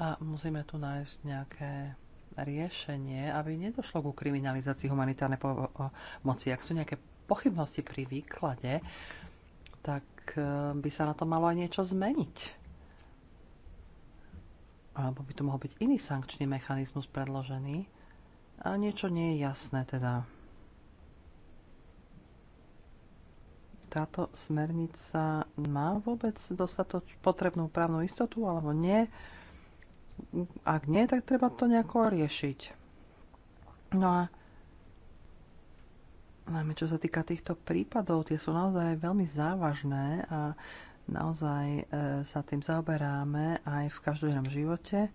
[SPEAKER 4] A musíme tu nájsť nejaké riešenie, aby nedošlo ku kriminalizácii humanitárnej pomoci. Ak sú nejaké pochybnosti pri výklade, tak tak eh, by sa na to malo aj niečo zmeniť. Alebo by tu mohol byť iný sankčný mechanizmus predložený. A niečo nie je jasné teda. Táto smernica má vôbec dostatoč potrebnú právnu istotu alebo nie? Ak nie, tak treba to nejako riešiť. No a najmä čo sa týka týchto prípadov, tie sú naozaj veľmi závažné a naozaj e, sa tým zaoberáme aj v každodennom živote.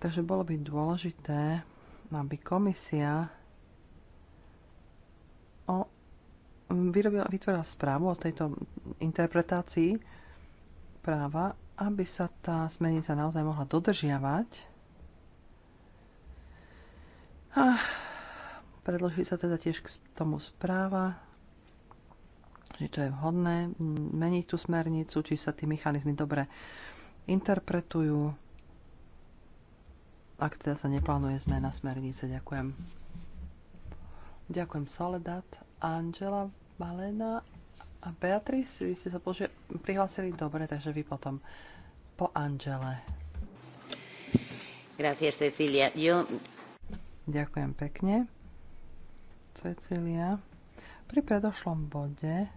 [SPEAKER 4] Takže bolo by dôležité, aby komisia o, vyrobila, vytvorila správu o tejto interpretácii práva, aby sa tá smernica naozaj mohla dodržiavať. Ach. Predloží sa teda tiež k tomu správa, že čo je vhodné meniť tú smernicu, či sa tie mechanizmy dobre interpretujú, ak teda sa neplánuje zmena smernice. Ďakujem. Ďakujem Soledad, Angela, Malena a Beatrice. Vy ste sa prihlásili dobre, takže vy potom po Angele.
[SPEAKER 2] Gracias, Cecilia. Yo...
[SPEAKER 4] Ďakujem pekne. Cecilia. Pri predošlom bode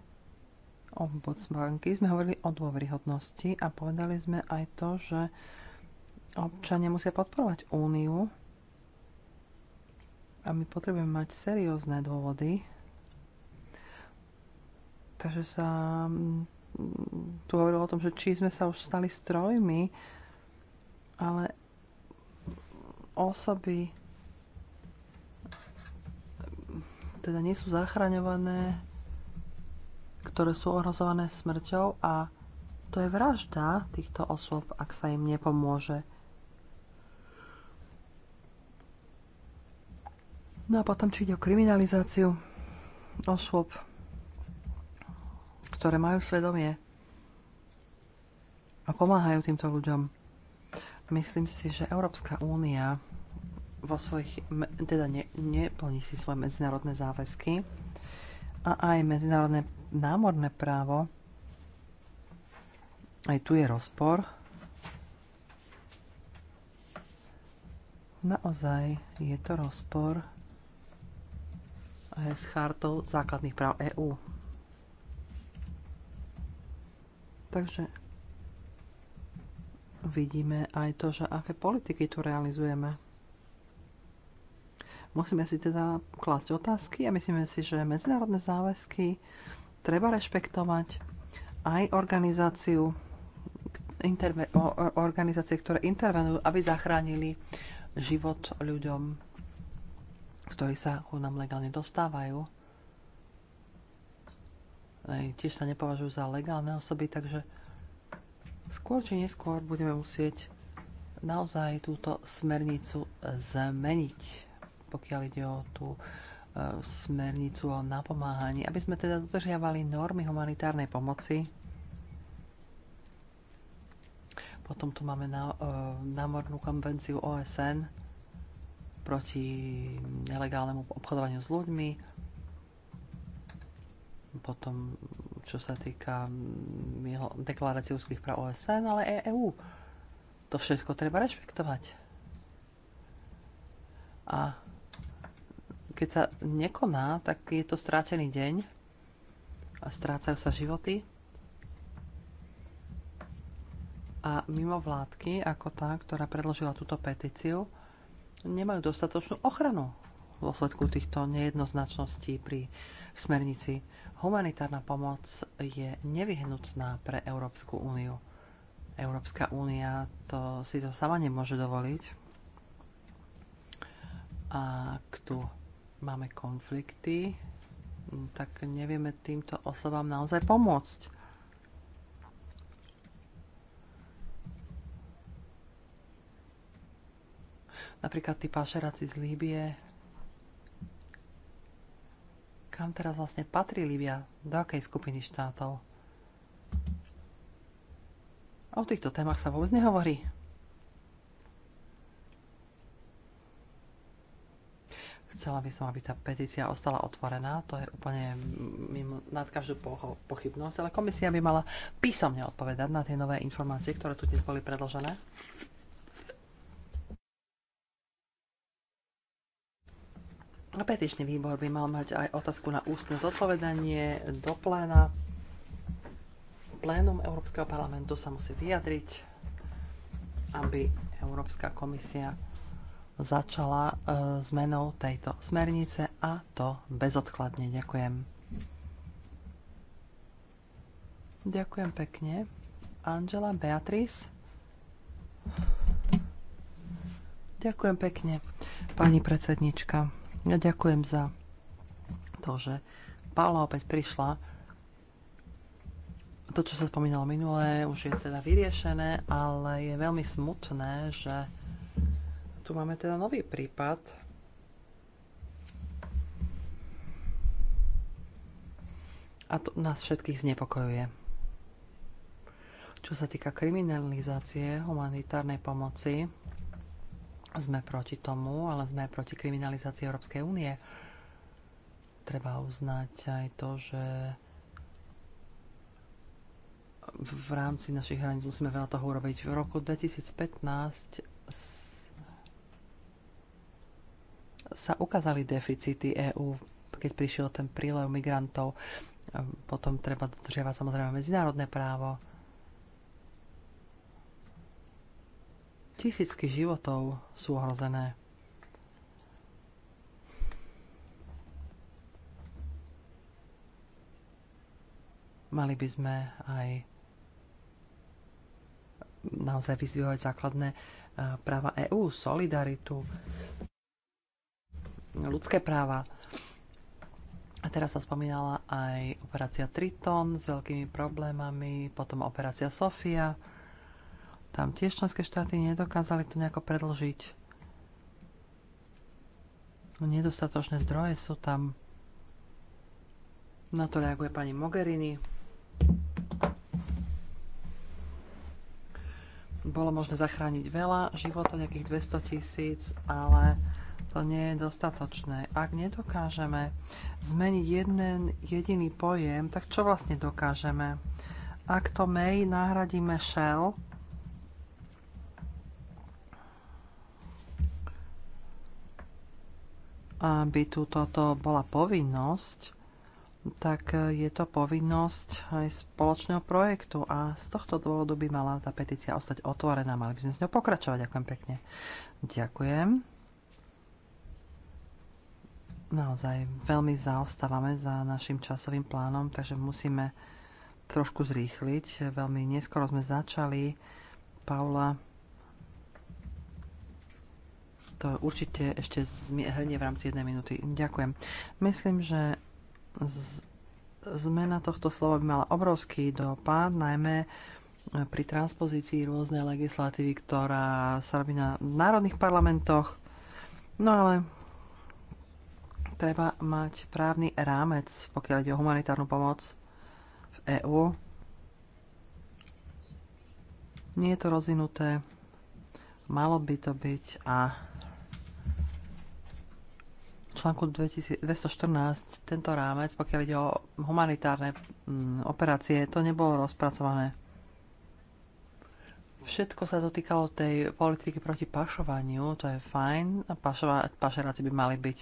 [SPEAKER 4] ombudsmanky sme hovorili o dôveryhodnosti a povedali sme aj to, že občania musia podporovať úniu a my potrebujeme mať seriózne dôvody. Takže sa mm, tu hovorilo o tom, že či sme sa už stali strojmi, ale osoby teda nie sú zachraňované, ktoré sú ohrozované smrťou a to je vražda týchto osôb, ak sa im nepomôže. No a potom, či ide o kriminalizáciu osôb, ktoré majú svedomie a pomáhajú týmto ľuďom. Myslím si, že Európska únia vo svojich, teda ne, neplní si svoje medzinárodné záväzky a aj medzinárodné námorné právo. Aj tu je rozpor. Naozaj je to rozpor aj s chartou základných práv EÚ. Takže vidíme aj to, že aké politiky tu realizujeme. Musíme si teda klásť otázky a myslíme si, že medzinárodné záväzky treba rešpektovať aj organizáciu, interve, organizácie, ktoré intervenujú, aby zachránili život ľuďom, ktorí sa ku nám legálne dostávajú. Tiež sa nepovažujú za legálne osoby, takže skôr či neskôr budeme musieť naozaj túto smernicu zmeniť pokiaľ ide o tú e, smernicu o napomáhaní, aby sme teda dodržiavali normy humanitárnej pomoci. Potom tu máme na, e, námornú konvenciu OSN proti nelegálnemu obchodovaniu s ľuďmi. Potom, čo sa týka mm, deklarácie ľudských práv OSN, ale EÚ. E to všetko treba rešpektovať. A keď sa nekoná, tak je to strátený deň a strácajú sa životy. A mimo vládky, ako tá, ktorá predložila túto petíciu, nemajú dostatočnú ochranu v dôsledku týchto nejednoznačností pri smernici. Humanitárna pomoc je nevyhnutná pre Európsku úniu. Európska únia to si to sama nemôže dovoliť. A k tu máme konflikty, tak nevieme týmto osobám naozaj pomôcť. Napríklad tí pašeraci z Líbie. Kam teraz vlastne patrí Líbia? Do akej skupiny štátov? O týchto témach sa vôbec nehovorí. Chcela by som, aby tá petícia ostala otvorená, to je úplne mimo, nad každú poho- pochybnosť, ale komisia by mala písomne odpovedať na tie nové informácie, ktoré tu dnes boli predložené. Petičný výbor by mal mať aj otázku na ústne zodpovedanie do pléna. Plénum Európskeho parlamentu sa musí vyjadriť, aby Európska komisia začala e, zmenou tejto smernice a to bezodkladne. Ďakujem. Ďakujem pekne. Angela, Beatrice. Ďakujem pekne, pani predsednička. Ja ďakujem za to, že Paula opäť prišla. To, čo sa spomínalo minulé, už je teda vyriešené, ale je veľmi smutné, že tu máme teda nový prípad. A to nás všetkých znepokojuje. Čo sa týka kriminalizácie humanitárnej pomoci, sme proti tomu, ale sme proti kriminalizácii Európskej únie. Treba uznať aj to, že v rámci našich hraníc musíme veľa toho urobiť. V roku 2015 sa ukázali deficity EÚ, keď prišiel ten prílev migrantov. Ehm, potom treba dodržiavať samozrejme medzinárodné právo. Tisícky životov sú ohrozené. Mali by sme aj naozaj vyzvihovať základné ehm, práva EÚ, solidaritu, ľudské práva. A teraz sa spomínala aj operácia Triton s veľkými problémami, potom operácia Sofia. Tam tiež členské štáty nedokázali to nejako predlžiť. No, nedostatočné zdroje sú tam. Na to reaguje pani Mogherini. Bolo možné zachrániť veľa životov, nejakých 200 tisíc, ale to nie je dostatočné. Ak nedokážeme zmeniť jeden jediný pojem, tak čo vlastne dokážeme? Ak to may nahradíme shell, aby tu toto bola povinnosť, tak je to povinnosť aj spoločného projektu a z tohto dôvodu by mala tá petícia ostať otvorená. Mali by sme s ňou pokračovať. Ďakujem pekne. Ďakujem naozaj veľmi zaostávame za našim časovým plánom, takže musíme trošku zrýchliť. Veľmi neskoro sme začali. Paula to určite ešte hrnie v rámci jednej minúty. Ďakujem. Myslím, že zmena tohto slova by mala obrovský dopad, najmä pri transpozícii rôznej legislatívy, ktorá sa robí na národných parlamentoch. No ale treba mať právny rámec, pokiaľ ide o humanitárnu pomoc v EÚ. Nie je to rozvinuté, malo by to byť a v článku 214 tento rámec, pokiaľ ide o humanitárne mm, operácie, to nebolo rozpracované. Všetko sa dotýkalo tej politiky proti pašovaniu, to je fajn. Pašova, pašeráci by mali byť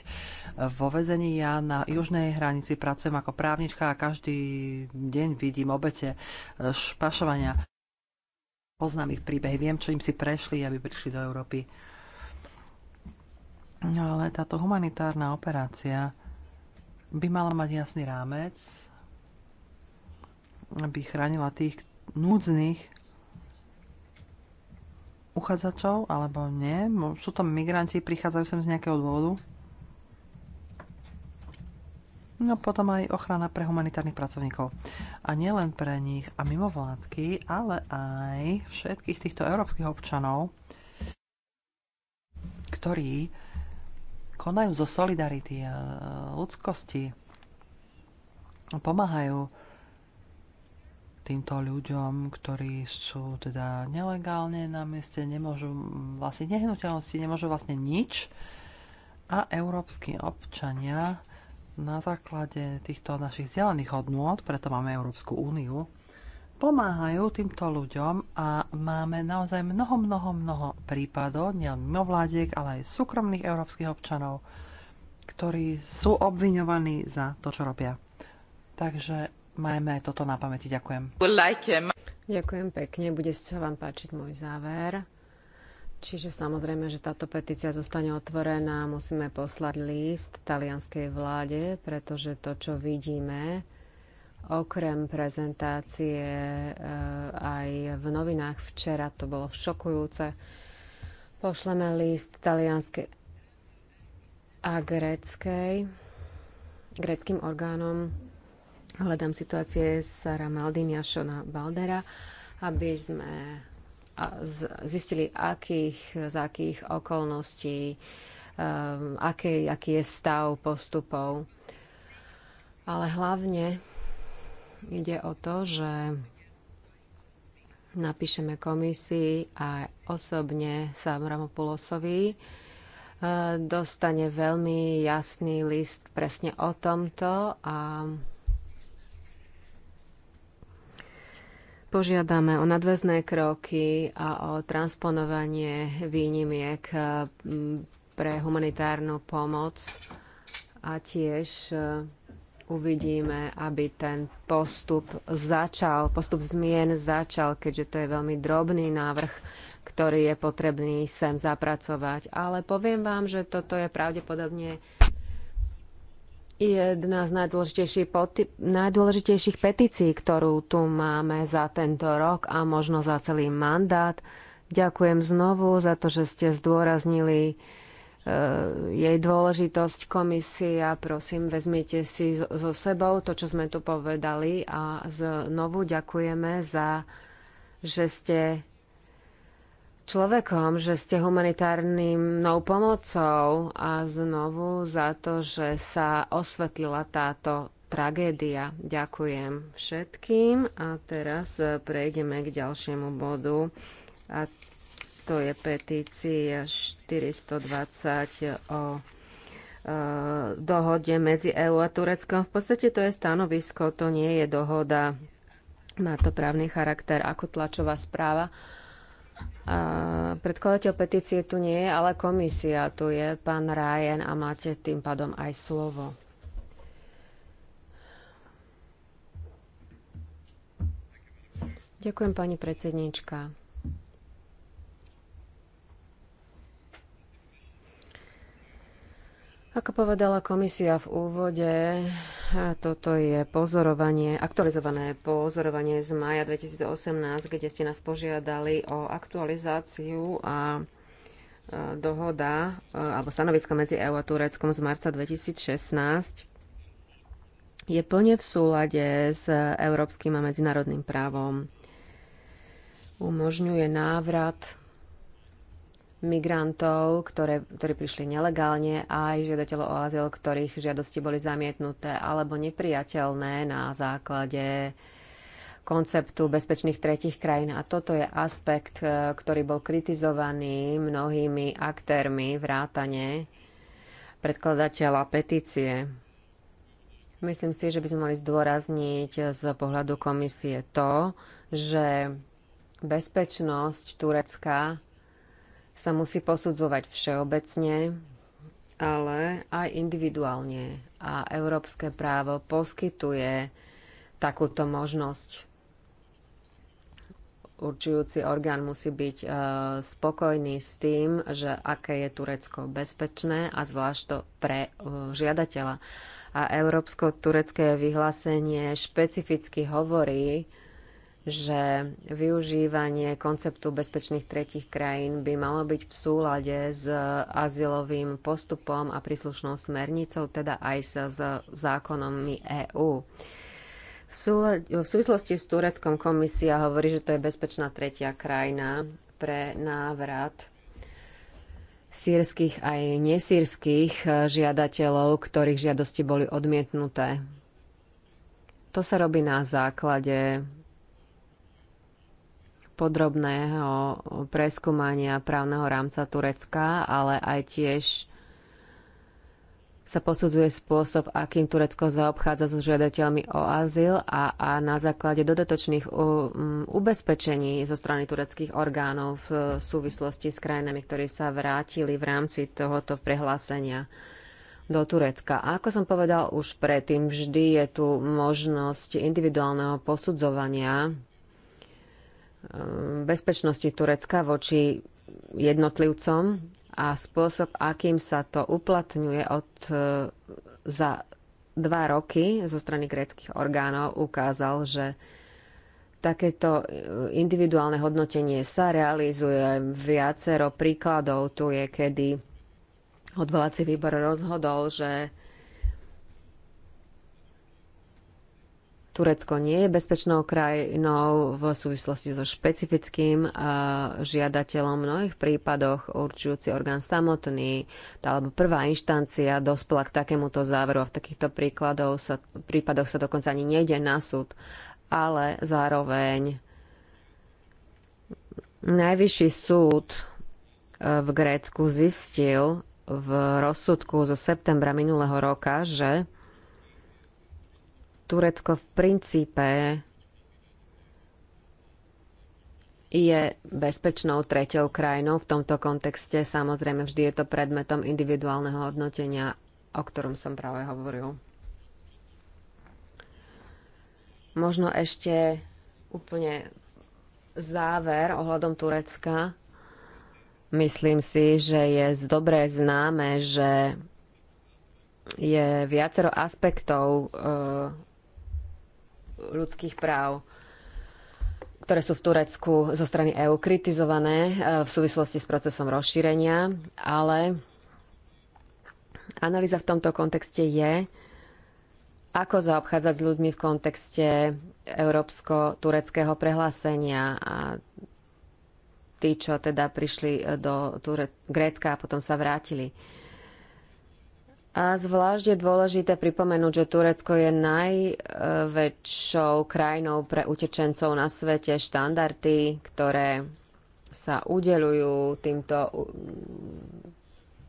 [SPEAKER 4] vo vezení. Ja na južnej hranici pracujem ako právnička a každý deň vidím obete eh, pašovania. Poznám ich príbehy, viem, čo im si prešli, aby prišli do Európy. No ale táto humanitárna operácia by mala mať jasný rámec, aby chránila tých núdznych, uchádzačov, alebo nie? Sú tam migranti, prichádzajú sem z nejakého dôvodu? No potom aj ochrana pre humanitárnych pracovníkov. A nielen pre nich a mimovládky, ale aj všetkých týchto európskych občanov, ktorí konajú zo solidarity a ľudskosti, pomáhajú týmto ľuďom, ktorí sú teda nelegálne na mieste, nemôžu vlastne nehnuteľnosti, nemôžu vlastne nič. A európsky občania na základe týchto našich zelených hodnôt, preto máme Európsku úniu, pomáhajú týmto ľuďom a máme naozaj mnoho, mnoho, mnoho prípadov, nielen mimovládiek, ale aj súkromných európskych občanov, ktorí sú obviňovaní za to, čo robia. Takže majme aj toto na pamäti. Ďakujem.
[SPEAKER 2] Ďakujem pekne, bude sa vám páčiť môj záver. Čiže samozrejme, že táto petícia zostane otvorená, musíme poslať list talianskej vláde, pretože to, čo vidíme, okrem prezentácie e, aj v novinách včera, to bolo šokujúce. Pošleme list talianskej a greckej, greckým orgánom hľadám situácie Sara Maldini a Šona Baldera, aby sme zistili, akých, z akých okolností, um, eh, aký, aký je stav postupov. Ale hlavne ide o to, že napíšeme komisii a osobne sám Ramopulosovi eh, dostane veľmi jasný list presne o tomto a Požiadame o nadväzné kroky a o transponovanie výnimiek eh, pre humanitárnu pomoc a tiež eh, uvidíme, aby ten postup začal, postup zmien začal, keďže to je veľmi drobný návrh, ktorý je potrebný sem zapracovať. Ale poviem vám, že toto je pravdepodobne Jedna z najdôležitejších, najdôležitejších petícií, ktorú tu máme za tento rok a možno za celý mandát. Ďakujem znovu za to, že ste zdôraznili e, jej dôležitosť komisia, prosím, vezmite si so sebou to, čo sme tu povedali a znovu ďakujeme za, že ste človekom, že ste humanitárnou pomocou a znovu za to, že sa osvetlila táto tragédia. Ďakujem všetkým a teraz prejdeme k ďalšiemu bodu a to je petícia 420 o e, dohode medzi EÚ a Tureckom. V podstate to je stanovisko, to nie je dohoda. Má to právny charakter ako tlačová správa. A predkladateľ petície tu nie je, ale komisia tu je, pán Ryan, a máte tým pádom aj slovo. Ďakujem, pani predsednička. Ako povedala komisia v úvode, toto je pozorovanie, aktualizované pozorovanie z maja 2018, kde ste nás požiadali o aktualizáciu a e, dohoda e, alebo stanovisko medzi EU a Tureckom z marca 2016 je plne v súlade s európskym a medzinárodným právom. Umožňuje návrat migrantov, ktoré, ktorí prišli nelegálne, aj žiadateľov o azyl, ktorých žiadosti boli zamietnuté alebo nepriateľné na základe konceptu bezpečných tretich krajín. A toto je aspekt, e, ktorý bol kritizovaný mnohými aktérmi vrátane predkladateľa petície. Myslím si, že by sme mali zdôrazniť z pohľadu komisie to, že bezpečnosť Turecka sa musí posudzovať všeobecne, ale aj individuálne. A európske právo poskytuje takúto možnosť. Určujúci orgán musí byť e, spokojný s tým, že aké je Turecko bezpečné a zvlášť to pre e, žiadateľa. A európsko-turecké vyhlásenie špecificky hovorí, že využívanie konceptu bezpečných tretich krajín by malo byť v súlade s azylovým postupom a príslušnou smernicou, teda aj s zákonom EÚ. V súvislosti s Tureckom komisia hovorí, že to je bezpečná tretia krajina pre návrat sírskych aj nesírskych eh, žiadateľov, ktorých žiadosti boli odmietnuté. To sa robí na základe podrobného preskúmania právneho rámca Turecka, ale aj tiež sa posudzuje spôsob, akým Turecko zaobchádza so žiadateľmi o azyl a, a na základe dodatočných u, um, ubezpečení zo strany tureckých orgánov v súvislosti s krajinami, ktorí sa vrátili v rámci tohoto prehlásenia do Turecka. A ako som povedal už predtým, vždy je tu možnosť individuálneho posudzovania Eh, bezpečnosti Turecka voči jednotlivcom a spôsob, akým sa to uplatňuje od, eh, za dva roky zo strany gréckých orgánov, ukázal, že takéto eh, individuálne hodnotenie sa realizuje. Viacero príkladov tu je, kedy odvolací výbor rozhodol, že Turecko nie je bezpečnou krajinou v súvislosti so špecifickým eh, žiadateľom v mnohých prípadoch určujúci orgán samotný tá, alebo prvá inštancia dospela k takémuto záveru a v takýchto príkladoch sa, prípadoch sa dokonca ani nejde na súd, ale zároveň Najvyšší súd eh, v Grécku zistil v rozsudku zo septembra minulého roka, že Turecko v princípe je bezpečnou treťou krajinou. V tomto kontexte samozrejme vždy je to predmetom individuálneho hodnotenia, o ktorom som práve hovoril. Možno ešte úplne záver ohľadom Turecka. Myslím si, že je dobre známe, že je viacero aspektov e, ľudských práv ktoré sú v Turecku zo strany EÚ kritizované e, v súvislosti s procesom rozšírenia, ale analýza v tomto kontexte je, ako zaobchádzať s ľuďmi v kontexte európsko-tureckého prehlásenia a tí, čo teda prišli e, do Ture- Grécka a potom sa vrátili. A zvlášť je dôležité pripomenúť, že Turecko je najväčšou krajinou pre utečencov na svete. Štandardy, ktoré sa udelujú týmto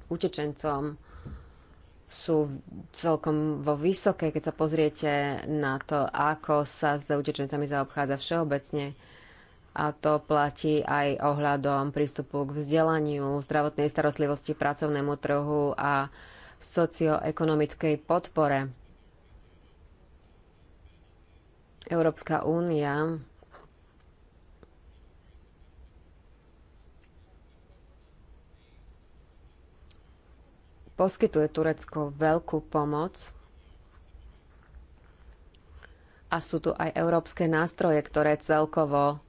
[SPEAKER 2] utečencom, sú celkom vo vysokej, keď sa pozriete na to, ako sa s utečencami zaobchádza všeobecne. A to platí aj ohľadom prístupu k vzdelaniu, zdravotnej starostlivosti, pracovnému trhu a socioekonomickej podpore. Európska únia poskytuje turecko veľkú pomoc a sú tu aj európske nástroje, ktoré celkovo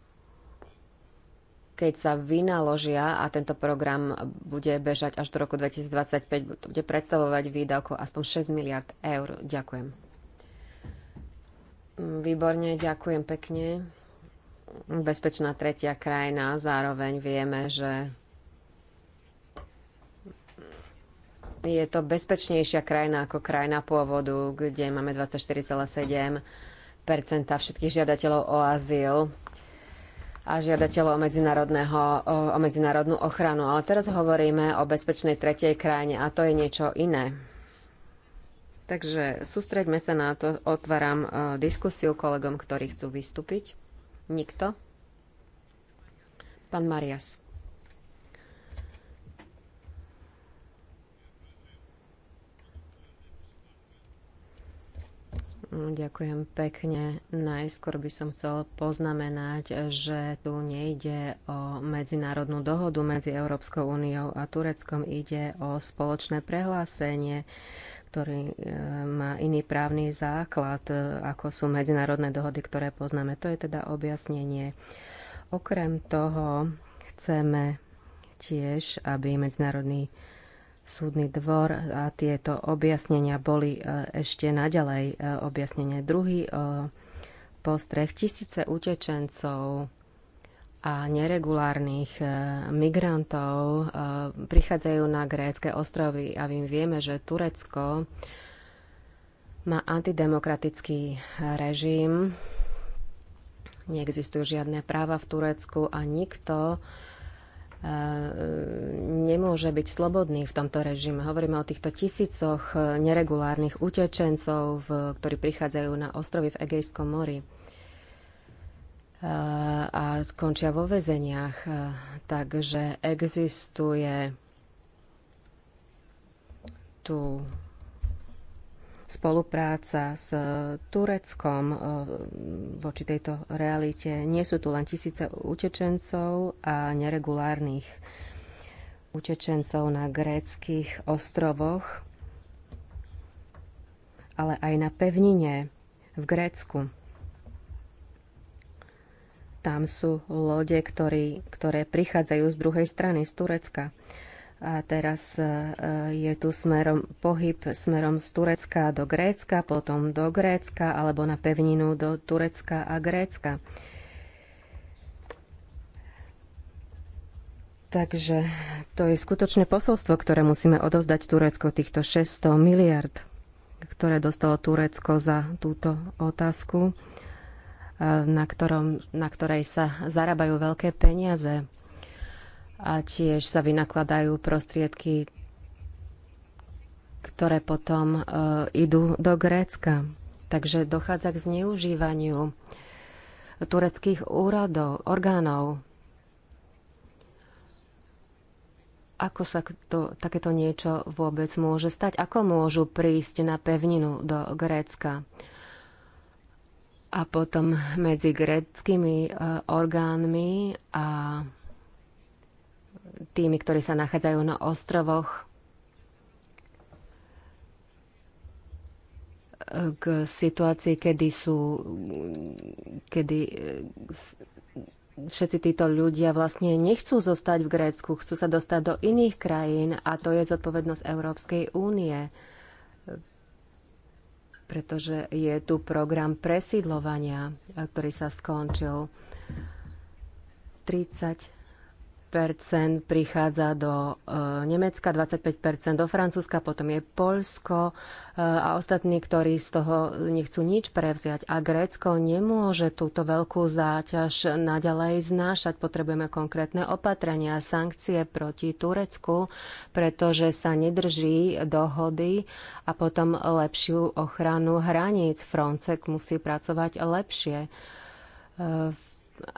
[SPEAKER 2] keď sa vynaložia a tento program bude bežať až do roku 2025, to bude predstavovať výdavku aspoň 6 miliard eur. Ďakujem. Výborne, ďakujem pekne. Bezpečná tretia krajina, zároveň vieme, že je to bezpečnejšia krajina ako krajina pôvodu, kde máme 24,7 všetkých žiadateľov o azyl, a žiadateľov o, o medzinárodnú ochranu. Ale teraz hovoríme o bezpečnej tretej krajine a to je niečo iné. Takže sústreďme sa na to. Otváram e, diskusiu kolegom, ktorí chcú vystúpiť. Nikto? Pán Marias. Mm, ďakujem pekne. Najskôr by som chcel poznamenať, že tu nejde o medzinárodnú dohodu medzi Európskou úniou a Tureckom. Ide o spoločné prehlásenie, ktorý e, má iný právny základ, e, ako sú medzinárodné dohody, ktoré poznáme. To je teda objasnenie. Okrem toho chceme tiež, aby medzinárodný súdny dvor a tieto objasnenia boli e, ešte naďalej e, objasnenie. Druhý e, postreh tisíce utečencov a neregulárnych migrantov prichádzajú na grécké ostrovy a my vieme, že Turecko má antidemokratický režim, neexistujú žiadne práva v Turecku a nikto nemôže byť slobodný v tomto režime. Hovoríme o týchto tisícoch e, neregulárnych utečencov, ktorí prichádzajú na ostrovy v Egejskom mori e, a končia vo väzeniach. E, takže existuje tu spolupráca s e, Tureckom e, voči tejto realite. Nie sú tu len tisíce utečencov a neregulárnych utečencov na gréckých ostrovoch, ale aj na pevnine v Grécku. Tam sú lode, ktorý, ktoré prichádzajú z druhej strany, z Turecka. A teraz e, je tu smerom, pohyb smerom z Turecka do Grécka, potom do Grécka alebo na pevninu do Turecka a Grécka. Takže to je skutočné posolstvo, ktoré musíme odovzdať Turecko, týchto 600 miliard, ktoré dostalo Turecko za túto otázku, e, na, ktorom, na ktorej sa zarábajú veľké peniaze a tiež sa vynakladajú prostriedky, ktoré potom e, idú do Grécka. Takže dochádza k zneužívaniu tureckých úradov, orgánov. Ako sa to, takéto niečo vôbec môže stať? Ako môžu prísť na pevninu do Grécka? A potom medzi gréckými e, orgánmi a tými, ktorí sa nachádzajú na ostrovoch, k situácii, kedy sú, kedy e, všetci títo ľudia vlastne nechcú zostať v Grécku, chcú sa dostať do iných krajín a to je zodpovednosť Európskej únie, pretože je tu program presídlovania, e, ktorý sa skončil. 30 prichádza do e, Nemecka, 25 do Francúzska, potom je Polsko e, a ostatní, ktorí z toho nechcú nič prevziať. A Grécko nemôže túto veľkú záťaž naďalej znášať. Potrebujeme konkrétne opatrenia, sankcie proti Turecku, pretože sa nedrží dohody a potom lepšiu ochranu hraníc. Froncek musí pracovať lepšie v e,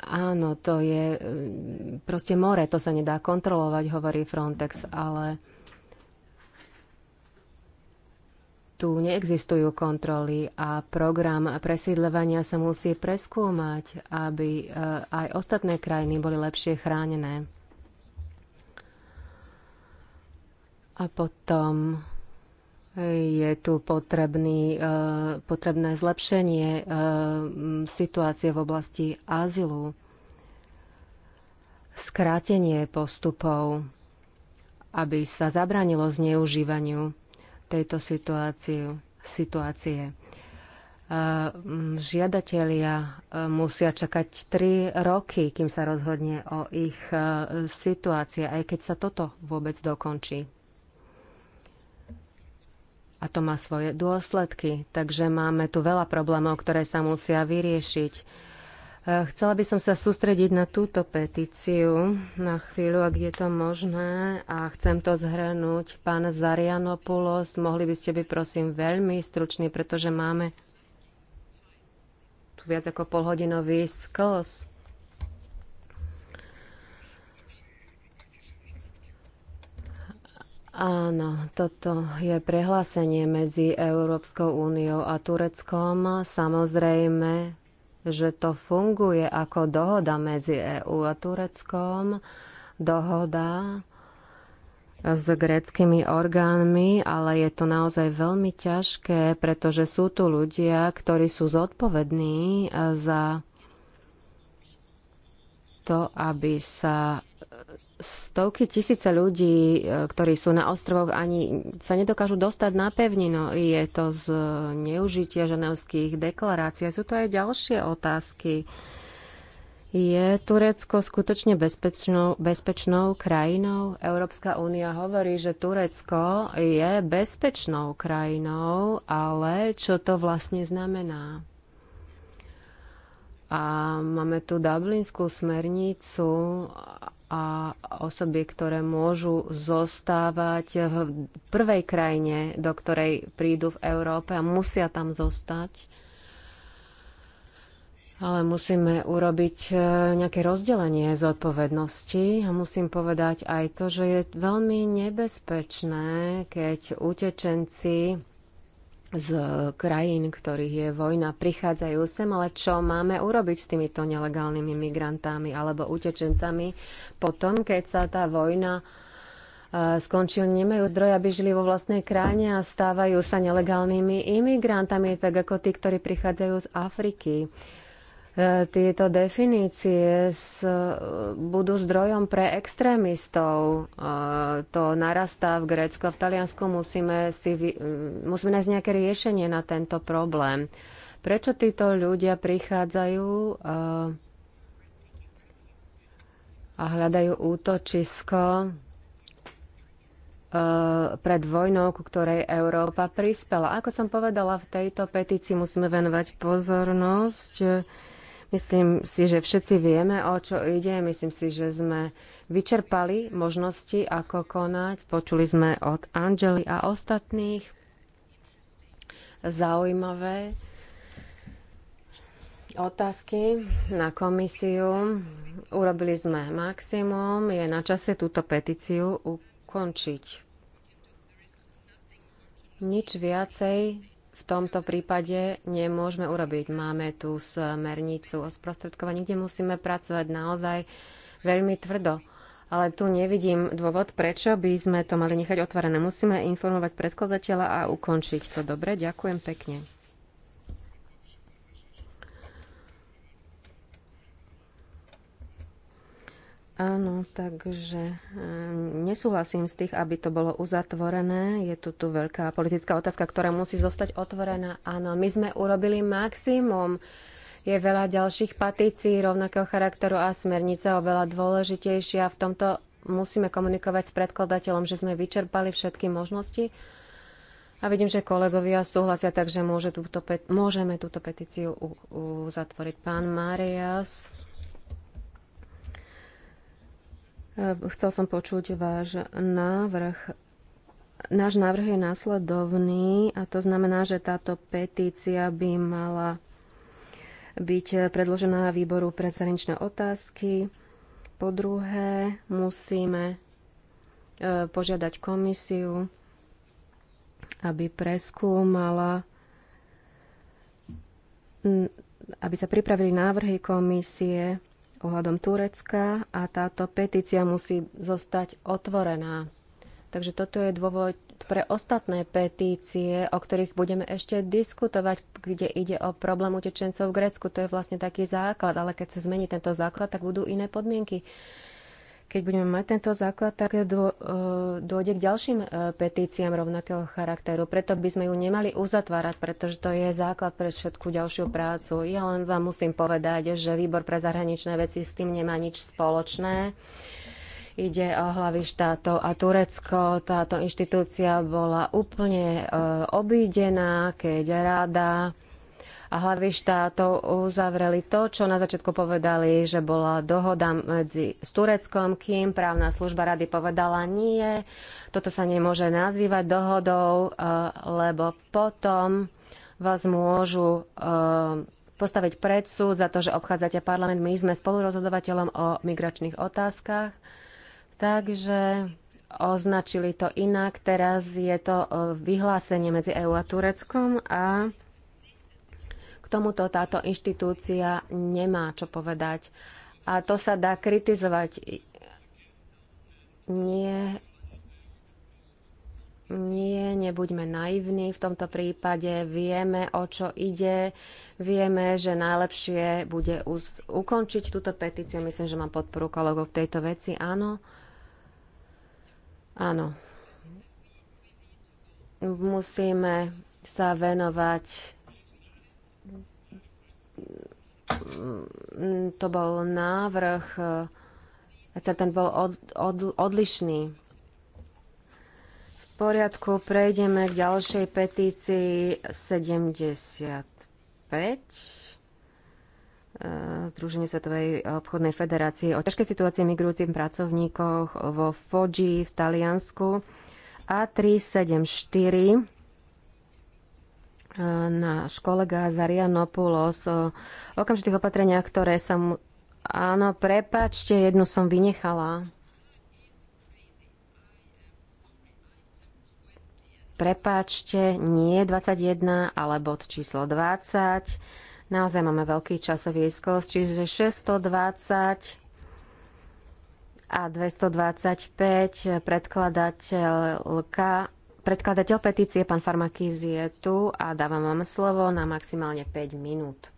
[SPEAKER 2] áno, to je mm, proste more, to sa nedá kontrolovať, hovorí Frontex, ale tu neexistujú kontroly a program presídľovania sa musí preskúmať, aby eh, aj ostatné krajiny boli lepšie chránené. A potom je tu potrebný, eh, potrebné zlepšenie eh, situácie v oblasti azylu, skrátenie postupov, aby sa zabránilo zneužívaniu tejto situácie. situácie. Eh, žiadatelia musia čakať 3 roky, kým sa rozhodne o ich situácii, aj keď sa toto vôbec dokončí a to má svoje dôsledky. Takže máme tu veľa problémov, ktoré sa musia vyriešiť. E, chcela by som sa sústrediť na túto petíciu na chvíľu, ak je to možné a chcem to zhrnúť. Pán Zarianopoulos, mohli by ste byť prosím veľmi stručný, pretože máme tu viac ako polhodinový sklz. Áno, toto je prehlásenie medzi Európskou úniou a Tureckom. Samozrejme, že to funguje ako dohoda medzi EÚ a Tureckom. Dohoda s gréckými orgánmi, ale je to naozaj veľmi ťažké, pretože sú tu ľudia, ktorí sú zodpovední za to, aby sa stovky tisíce ľudí, e, ktorí sú na ostrovoch, ani sa nedokážu dostať na pevnino. Je to z neužitia ženevských deklarácií. Sú tu aj ďalšie otázky. Je Turecko skutočne bezpečnou, bezpečnou krajinou? Európska únia hovorí, že Turecko je bezpečnou krajinou, ale čo to vlastne znamená? A máme tu Dublinskú smernicu a osoby, ktoré môžu zostávať v prvej krajine, do ktorej prídu v Európe a musia tam zostať. Ale musíme urobiť e, nejaké rozdelenie zodpovednosti a musím povedať aj to, že je veľmi nebezpečné, keď utečenci z krajín, ktorých je vojna, prichádzajú sem, ale čo máme urobiť s týmito nelegálnymi migrantami alebo utečencami potom, keď sa tá vojna e, skončí, oni nemajú zdroje, aby žili vo vlastnej krajine a stávajú sa nelegálnymi imigrantami, tak ako tí, ktorí prichádzajú z Afriky. E, tieto definície s, e, budú zdrojom pre extrémistov. E, to narastá v Grécku a v Taliansku. Musíme, si, musíme nájsť nejaké riešenie na tento problém. Prečo títo ľudia prichádzajú a hľadajú útočisko? pred vojnou, ku ktorej Európa prispela. Ako som povedala, v tejto petícii musíme venovať pozornosť Myslím si, že všetci vieme, o čo ide. Myslím si, že sme vyčerpali možnosti, ako konať. Počuli sme od Angely a ostatných zaujímavé otázky na komisiu. Urobili sme maximum. Je na čase túto petíciu ukončiť. Nič viacej v tomto prípade nemôžeme urobiť. Máme tu smernicu o sprostredkovaní, kde musíme pracovať naozaj veľmi tvrdo. Ale tu nevidím dôvod, prečo by sme to mali nechať otvorené. Musíme informovať predkladateľa a ukončiť to. Dobre, ďakujem pekne. Áno, takže e, nesúhlasím s tých, aby to bolo uzatvorené. Je tu tu veľká politická otázka, ktorá musí zostať otvorená. Áno, my sme urobili maximum. Je veľa ďalších patícií rovnakého charakteru a smernica oveľa dôležitejšia. V tomto musíme komunikovať s predkladateľom, že sme vyčerpali všetky možnosti. A vidím, že kolegovia súhlasia, takže môže túto, môžeme túto petíciu uzatvoriť. Pán Marias. Ehm, chcel som počuť váš návrh. Náš návrh je následovný a to znamená, že táto petícia by mala byť predložená výboru pre zahraničné otázky. Po druhé, musíme e, požiadať komisiu, aby preskúmala aby sa pripravili návrhy komisie ohľadom Turecka a táto petícia musí zostať otvorená. Takže toto je dôvod pre ostatné petície, o ktorých budeme ešte diskutovať, kde ide o problém utečencov v Grécku. To je vlastne taký základ, ale keď sa zmení tento základ, tak budú iné podmienky. Keď budeme mať tento základ, tak eh, eh, dôjde k ďalším eh, petíciám rovnakého charakteru. Preto by sme ju nemali uzatvárať, pretože to je základ pre všetku ďalšiu prácu. Ja len vám musím povedať, že výbor pre zahraničné veci s tým nemá nič spoločné ide o hlavy štátov a Turecko. Táto inštitúcia bola úplne obídená, keď rada a hlavy štátov uzavreli to, čo na začiatku povedali, že bola dohoda medzi s Tureckom, kým právna služba rady povedala nie, toto sa nemôže nazývať dohodou, e, lebo potom vás môžu e, postaviť pred súd za to, že obchádzate parlament. My sme spolurozhodovateľom o migračných otázkach, takže označili to inak. Teraz je to e, vyhlásenie medzi EÚ a Tureckom a tomuto táto inštitúcia nemá čo povedať. A to sa dá kritizovať. Nie, nie, nebuďme naivní v tomto prípade. Vieme, o čo ide. Vieme, že najlepšie bude ukončiť túto petíciu. Myslím, že mám podporu kolegov v tejto veci. Áno. Áno. Musíme sa venovať to bol návrh, eh, teda ten bol od, od, odlišný. V poriadku, prejdeme k ďalšej petícii 75. Eh, Združenie Svetovej obchodnej federácie o ťažkej situácii migrujúcim pracovníkoch vo Foggi v Taliansku a 374 náš kolega Zarianopoulos o okamžitých opatreniach, ktoré sa mu... Áno, prepačte, jednu som vynechala. Prepáčte, nie 21, ale bod číslo 20. Naozaj máme veľký časový skos, čiže 620 a 225 predkladateľka Predkladateľ petície, pán Farmakíz, je tu a dávam vám slovo na maximálne 5 minút.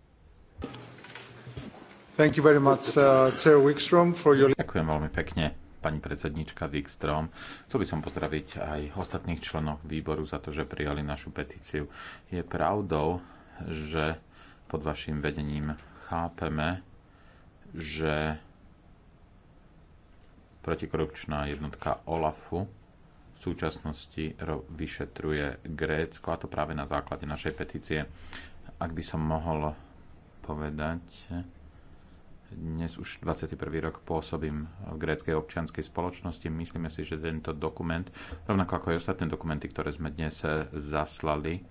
[SPEAKER 3] Thank you very much, uh, Wickstrom, for your... Ďakujem veľmi pekne, pani predsednička Wikstrom. Chcel by som pozdraviť aj ostatných členov výboru za to, že prijali našu petíciu. Je pravdou, že pod vašim vedením chápeme, že protikorupčná jednotka OLAFu v súčasnosti vyšetruje Grécko, a to práve na základe našej petície. Ak by som mohol povedať, dnes už 21. rok pôsobím v gréckej občianskej spoločnosti. Myslíme si, že tento dokument, rovnako ako aj ostatné dokumenty, ktoré sme dnes zaslali,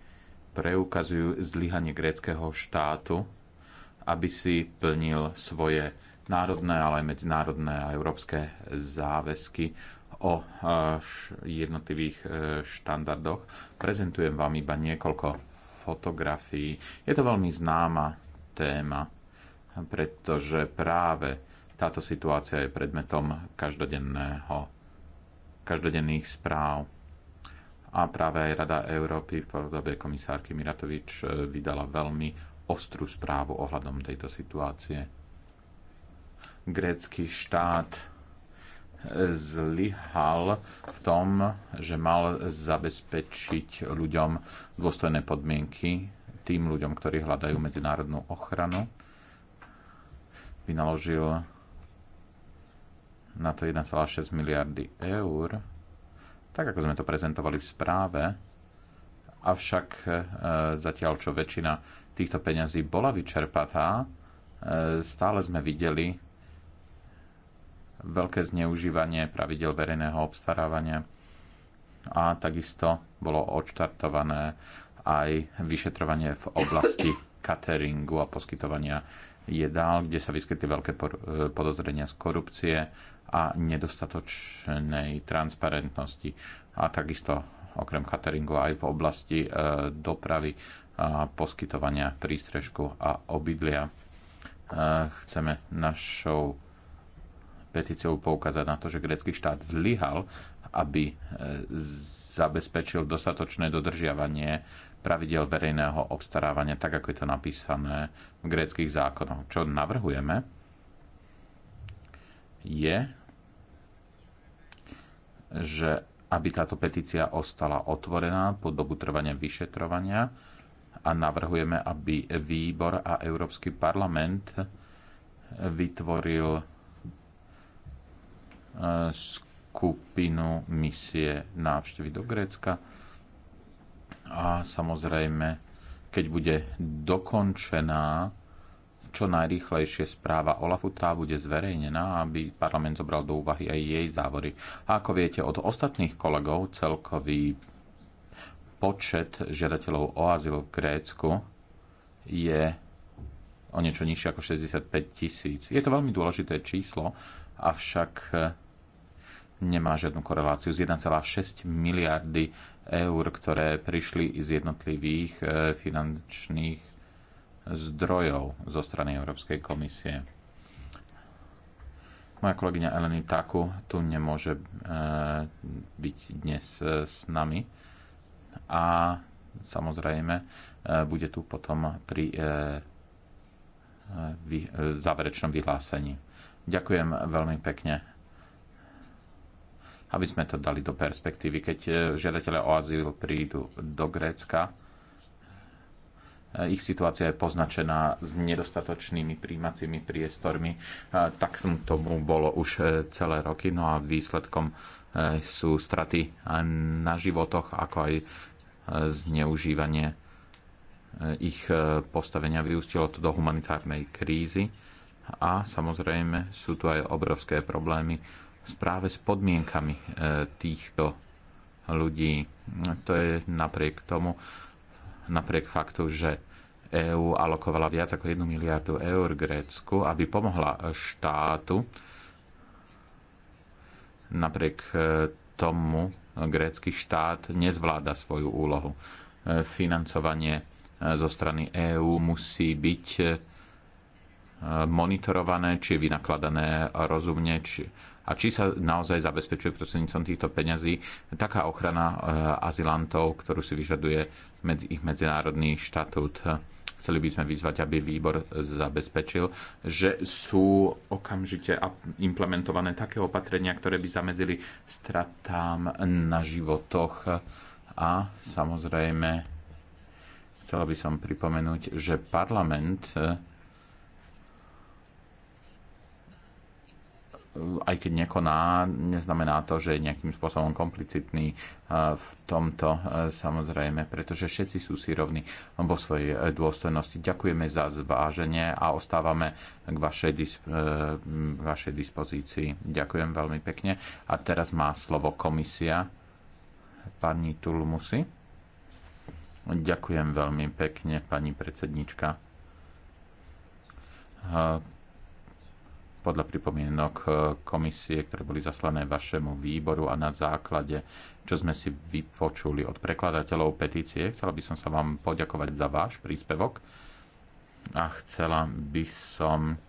[SPEAKER 3] preukazujú zlyhanie gréckého štátu, aby si plnil svoje národné, ale aj medzinárodné a európske záväzky o eh, jednotlivých eh, štandardoch. Prezentujem vám iba niekoľko fotografií. Je to veľmi známa téma, pretože práve táto situácia je predmetom každodenného, každodenných správ. A práve aj Rada Európy v podobe komisárky Miratovič eh, vydala veľmi ostrú správu ohľadom tejto situácie. Grécky štát zlyhal v tom, že mal zabezpečiť ľuďom dôstojné podmienky, tým ľuďom, ktorí hľadajú medzinárodnú ochranu. Vynaložil na to 1,6 miliardy eur, tak ako sme to prezentovali v správe, avšak e, zatiaľ čo väčšina týchto peňazí bola vyčerpatá, e, stále sme videli veľké zneužívanie pravidel verejného obstarávania a takisto bolo odštartované aj vyšetrovanie v oblasti [coughs] cateringu a poskytovania jedál, kde sa vyskytli veľké e, podozrenia z korupcie a nedostatočnej transparentnosti. A takisto okrem cateringu aj v oblasti e, dopravy a poskytovania prístrežku a obydlia. E, chceme našou petíciou poukázať na to, že grecký štát zlyhal, aby e, zabezpečil dostatočné dodržiavanie pravidel verejného obstarávania, tak ako je to napísané v gréckých zákonoch. Čo navrhujeme, je, že aby táto petícia ostala otvorená po dobu trvania vyšetrovania a navrhujeme, aby výbor a Európsky parlament vytvoril E, skupinu misie návštevy do Grécka. A samozrejme, keď bude dokončená čo najrýchlejšie správa Olafu, tá bude zverejnená, aby parlament zobral do úvahy aj jej závory. A ako viete, od ostatných kolegov celkový počet žiadateľov o azyl v Grécku je o niečo nižšie ako 65 tisíc. Je to veľmi dôležité číslo, avšak eh, nemá žiadnu koreláciu Z 1,6 miliardy eur, ktoré prišli z jednotlivých eh, finančných zdrojov zo strany Európskej komisie. Moja kolegyňa Eleny Taku tu nemôže eh, byť dnes s nami a samozrejme bude tu potom pri záverečnom vyhlásení. Ďakujem veľmi pekne. Aby sme to dali do perspektívy, keď e, žiadatelia o azyl prídu do Grécka, e, ich situácia je poznačená s nedostatočnými príjmacími priestormi. E, tak tomu bolo už celé roky, no a výsledkom sú straty na životoch, ako aj zneužívanie ich postavenia. Vyústilo to do humanitárnej krízy a samozrejme sú tu aj obrovské problémy práve s podmienkami e, týchto ľudí. No, to je napriek tomu, napriek faktu, že EÚ alokovala viac ako 1 miliardu eur Grécku, aby pomohla štátu. Napriek e, tomu grécky štát nezvláda svoju úlohu. E, financovanie zo strany EÚ musí byť monitorované, či je vynakladané rozumne, či, a či sa naozaj zabezpečuje prostredníctvom týchto peňazí taká ochrana e, azilantov, ktorú si vyžaduje medzi, ich medzinárodný štatút. Chceli by sme vyzvať, aby výbor zabezpečil, že sú okamžite implementované také opatrenia, ktoré by zamedzili stratám na životoch. A samozrejme, chcela by som pripomenúť, že parlament e, aj keď nekoná, neznamená to, že je nejakým spôsobom komplicitný e, v tomto e, samozrejme, pretože všetci sú si rovní vo svojej e, dôstojnosti. Ďakujeme za zváženie a ostávame k vašej, disp- vašej dispozícii. Ďakujem veľmi pekne. A teraz má slovo komisia pani Tulmusi. Ďakujem veľmi pekne, pani predsednička podľa pripomienok e, komisie, ktoré boli zaslané vašemu výboru a na základe, čo sme si vypočuli od prekladateľov petície. Chcela by som sa vám poďakovať za váš príspevok a chcela by som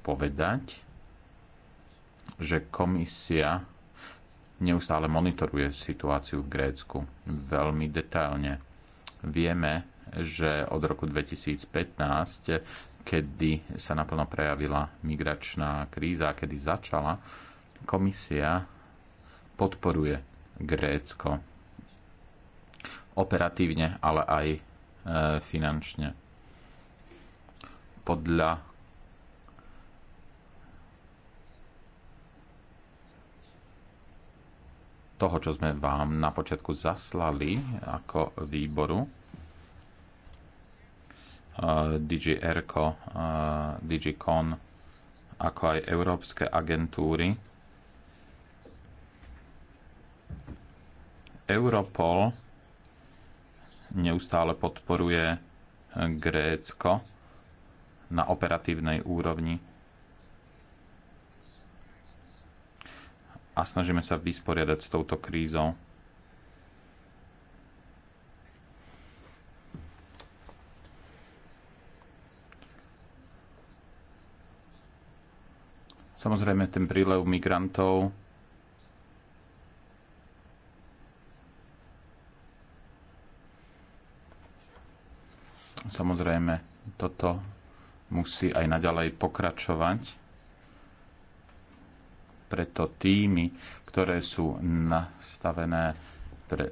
[SPEAKER 3] povedať, že komisia neustále monitoruje situáciu v Grécku veľmi detailne. Vieme, že od roku 2015 kedy sa naplno prejavila migračná kríza, kedy začala, komisia podporuje Grécko operatívne, ale aj e, finančne. Podľa toho, čo sme vám na počiatku zaslali ako výboru, DG ERCO, DG CON, ako aj európske agentúry. Europol neustále podporuje Grécko na operatívnej úrovni a snažíme sa vysporiadať s touto krízou. Samozrejme, ten prílev migrantov Samozrejme, toto musí aj naďalej pokračovať. Preto týmy, ktoré sú nastavené pre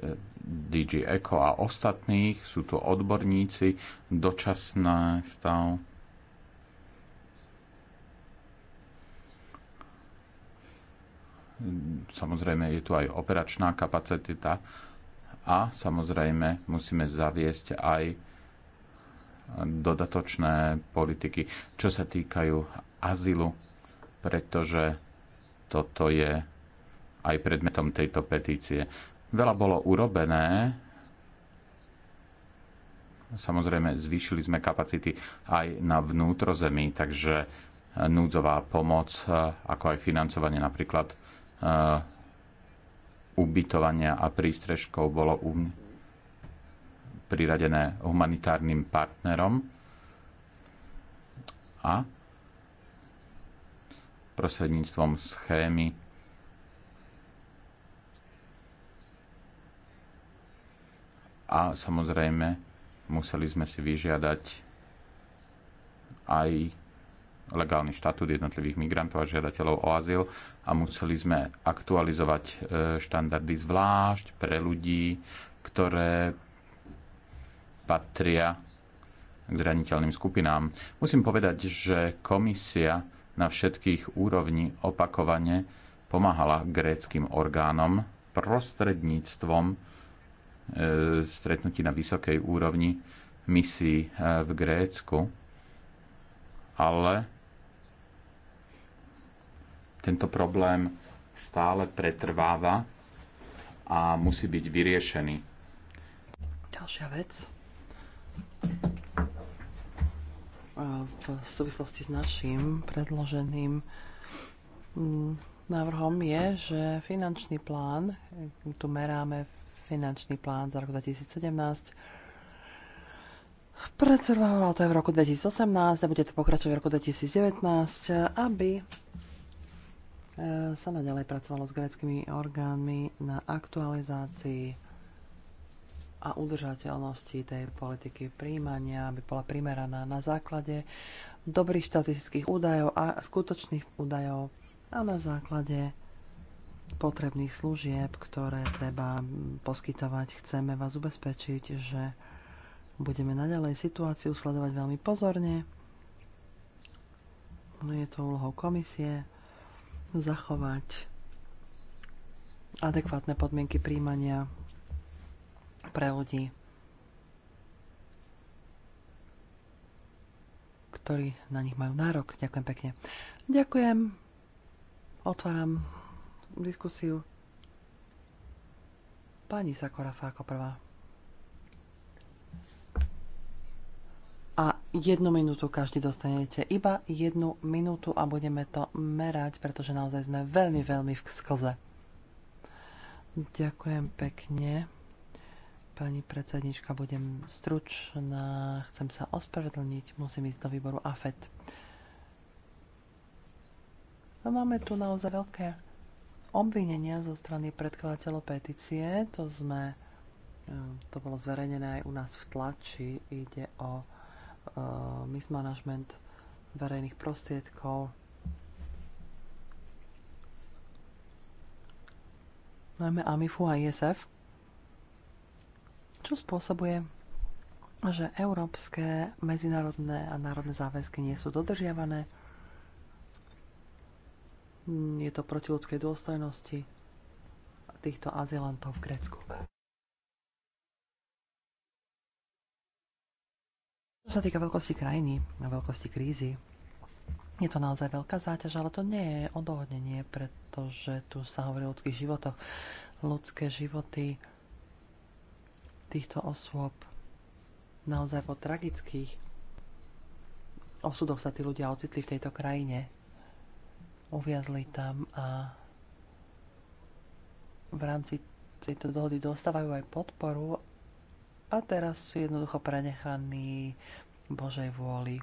[SPEAKER 3] DG Eco a ostatných, sú tu odborníci, dočasná stav Samozrejme je tu aj operačná kapacita a samozrejme musíme zaviesť aj dodatočné politiky, čo sa týkajú azylu, pretože toto je aj predmetom tejto petície. Veľa bolo urobené, samozrejme zvýšili sme kapacity aj na vnútrozemí, takže núdzová pomoc, ako aj financovanie napríklad Eh, ubytovania a prístrežkov bolo um, priradené humanitárnym partnerom a prostredníctvom schémy a samozrejme museli sme si vyžiadať aj legálny štatút jednotlivých migrantov a žiadateľov o azyl a museli sme aktualizovať e, štandardy zvlášť pre ľudí, ktoré patria k zraniteľným skupinám. Musím povedať, že komisia na všetkých úrovni opakovane pomáhala gréckým orgánom prostredníctvom e, stretnutí na vysokej úrovni misií e, v Grécku, ale tento problém stále pretrváva a musí byť vyriešený.
[SPEAKER 4] Ďalšia vec. V súvislosti s našim predloženým mm, návrhom je, že finančný plán, tu meráme finančný plán za rok 2017, pretrvávalo to aj v roku 2018 a bude to pokračovať v roku 2019, aby E, sa naďalej pracovalo s greckými orgánmi na aktualizácii a udržateľnosti tej politiky príjmania, aby bola primeraná na základe dobrých štatistických údajov a skutočných údajov a na základe potrebných služieb, ktoré treba poskytovať. Chceme vás ubezpečiť, že budeme naďalej situáciu sledovať veľmi pozorne. Je to úlohou komisie zachovať adekvátne podmienky príjmania pre ľudí, ktorí na nich majú nárok. Ďakujem pekne. Ďakujem. Otváram diskusiu. Pani Sakora ako prvá. a jednu minútu každý dostanete. Iba jednu minútu a budeme to merať, pretože naozaj sme veľmi, veľmi v sklze. Ďakujem pekne. Pani predsednička, budem stručná. Chcem sa ospravedlniť. Musím ísť do výboru AFET. No máme tu naozaj veľké obvinenia zo strany predkladateľov petície. To sme eh, to bolo zverejnené aj u nás v tlači. Ide o Eh, mismanagement verejných prostriedkov. Najmä AMIFu a ISF, čo spôsobuje, že európske, medzinárodné a národné záväzky nie sú dodržiavané. Je to proti ľudskej dôstojnosti týchto azylantov v Grécku. Čo sa týka veľkosti krajiny a veľkosti krízy, je to naozaj veľká záťaž, ale to nie je odohodnenie, pretože tu sa hovorí o ľudských životoch. Ľudské životy týchto osôb naozaj po tragických osudoch sa tí ľudia ocitli v tejto krajine. Uviazli tam a v rámci tejto dohody dostávajú aj podporu a teraz sú jednoducho prenechaní Božej vôli.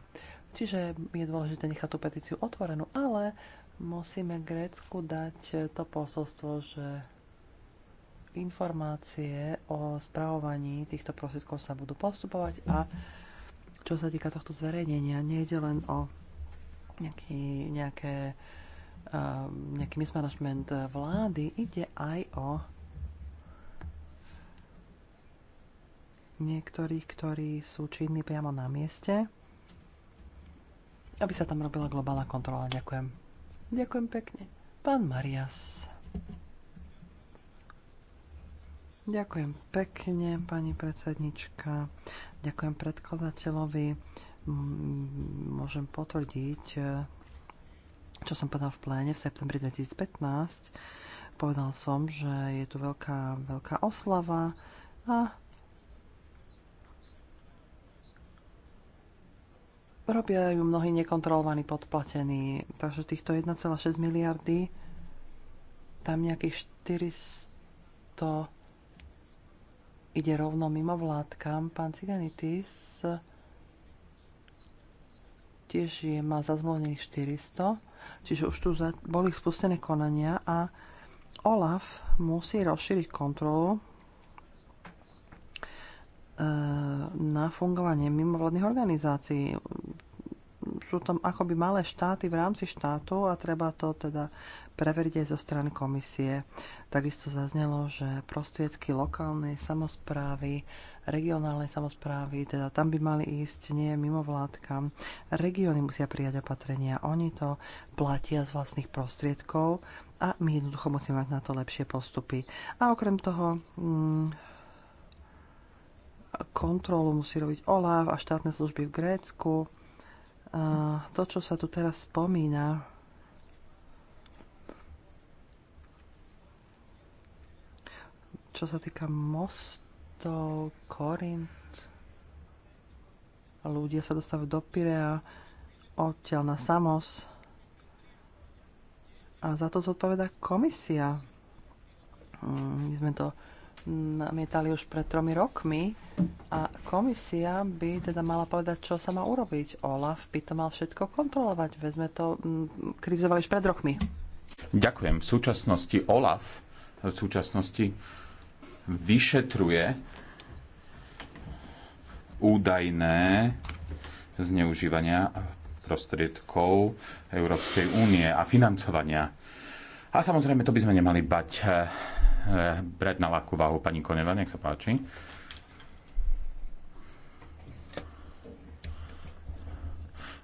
[SPEAKER 4] Čiže je dôležité nechať tú petíciu otvorenú, ale musíme Grécku dať to posolstvo, že informácie o spravovaní týchto prostriedkov sa budú postupovať a čo sa týka tohto zverejnenia, nejde len o nejaký, nejaké, uh, nejaký mismanagement vlády, ide aj o niektorých, ktorí sú činní priamo na mieste, aby sa tam robila globálna kontrola. Ďakujem. Ďakujem pekne. Pán Marias. Ďakujem pekne, pani predsednička. Ďakujem predkladateľovi. Mm, môžem potvrdiť, eh, čo som povedal v pléne v septembri 2015. Povedal som, že je tu veľká, veľká oslava a Robia ju mnohí nekontrolovaní, podplatení. Takže týchto 1,6 miliardy, tam nejakých 400 ide rovno mimo vládkam. Pán Ciganitis tiež je, má zazmluvnených 400, čiže už tu boli spustené konania a OLAF musí rozšíriť kontrolu Eh, na fungovanie mimovládnych organizácií. Sú tam akoby malé štáty v rámci štátu a treba to teda preveriť aj zo strany komisie. Takisto zaznelo, že prostriedky lokálnej samozprávy, regionálnej samozprávy, teda tam by mali ísť nie mimovládkam. Regióny musia prijať opatrenia. Oni to platia z vlastných prostriedkov a my jednoducho musíme mať na to lepšie postupy. A okrem toho, mm, kontrolu musí robiť OLAV a štátne služby v Grécku. A to, čo sa tu teraz spomína, čo sa týka mostov, Korint, ľudia sa dostávajú do Pirea, odtiaľ na Samos. A za to zodpoveda komisia. Mm, my sme to namietali už pred tromi rokmi a komisia by teda mala povedať, čo sa má urobiť. Olaf by to mal všetko kontrolovať. Vezme to, krizovali už pred rokmi.
[SPEAKER 3] Ďakujem. V súčasnosti Olaf v súčasnosti vyšetruje údajné zneužívania prostriedkov Európskej únie a financovania. A samozrejme, to by sme nemali bať Eh, brať na ľahkú váhu. Pani Koneva, nech sa páči.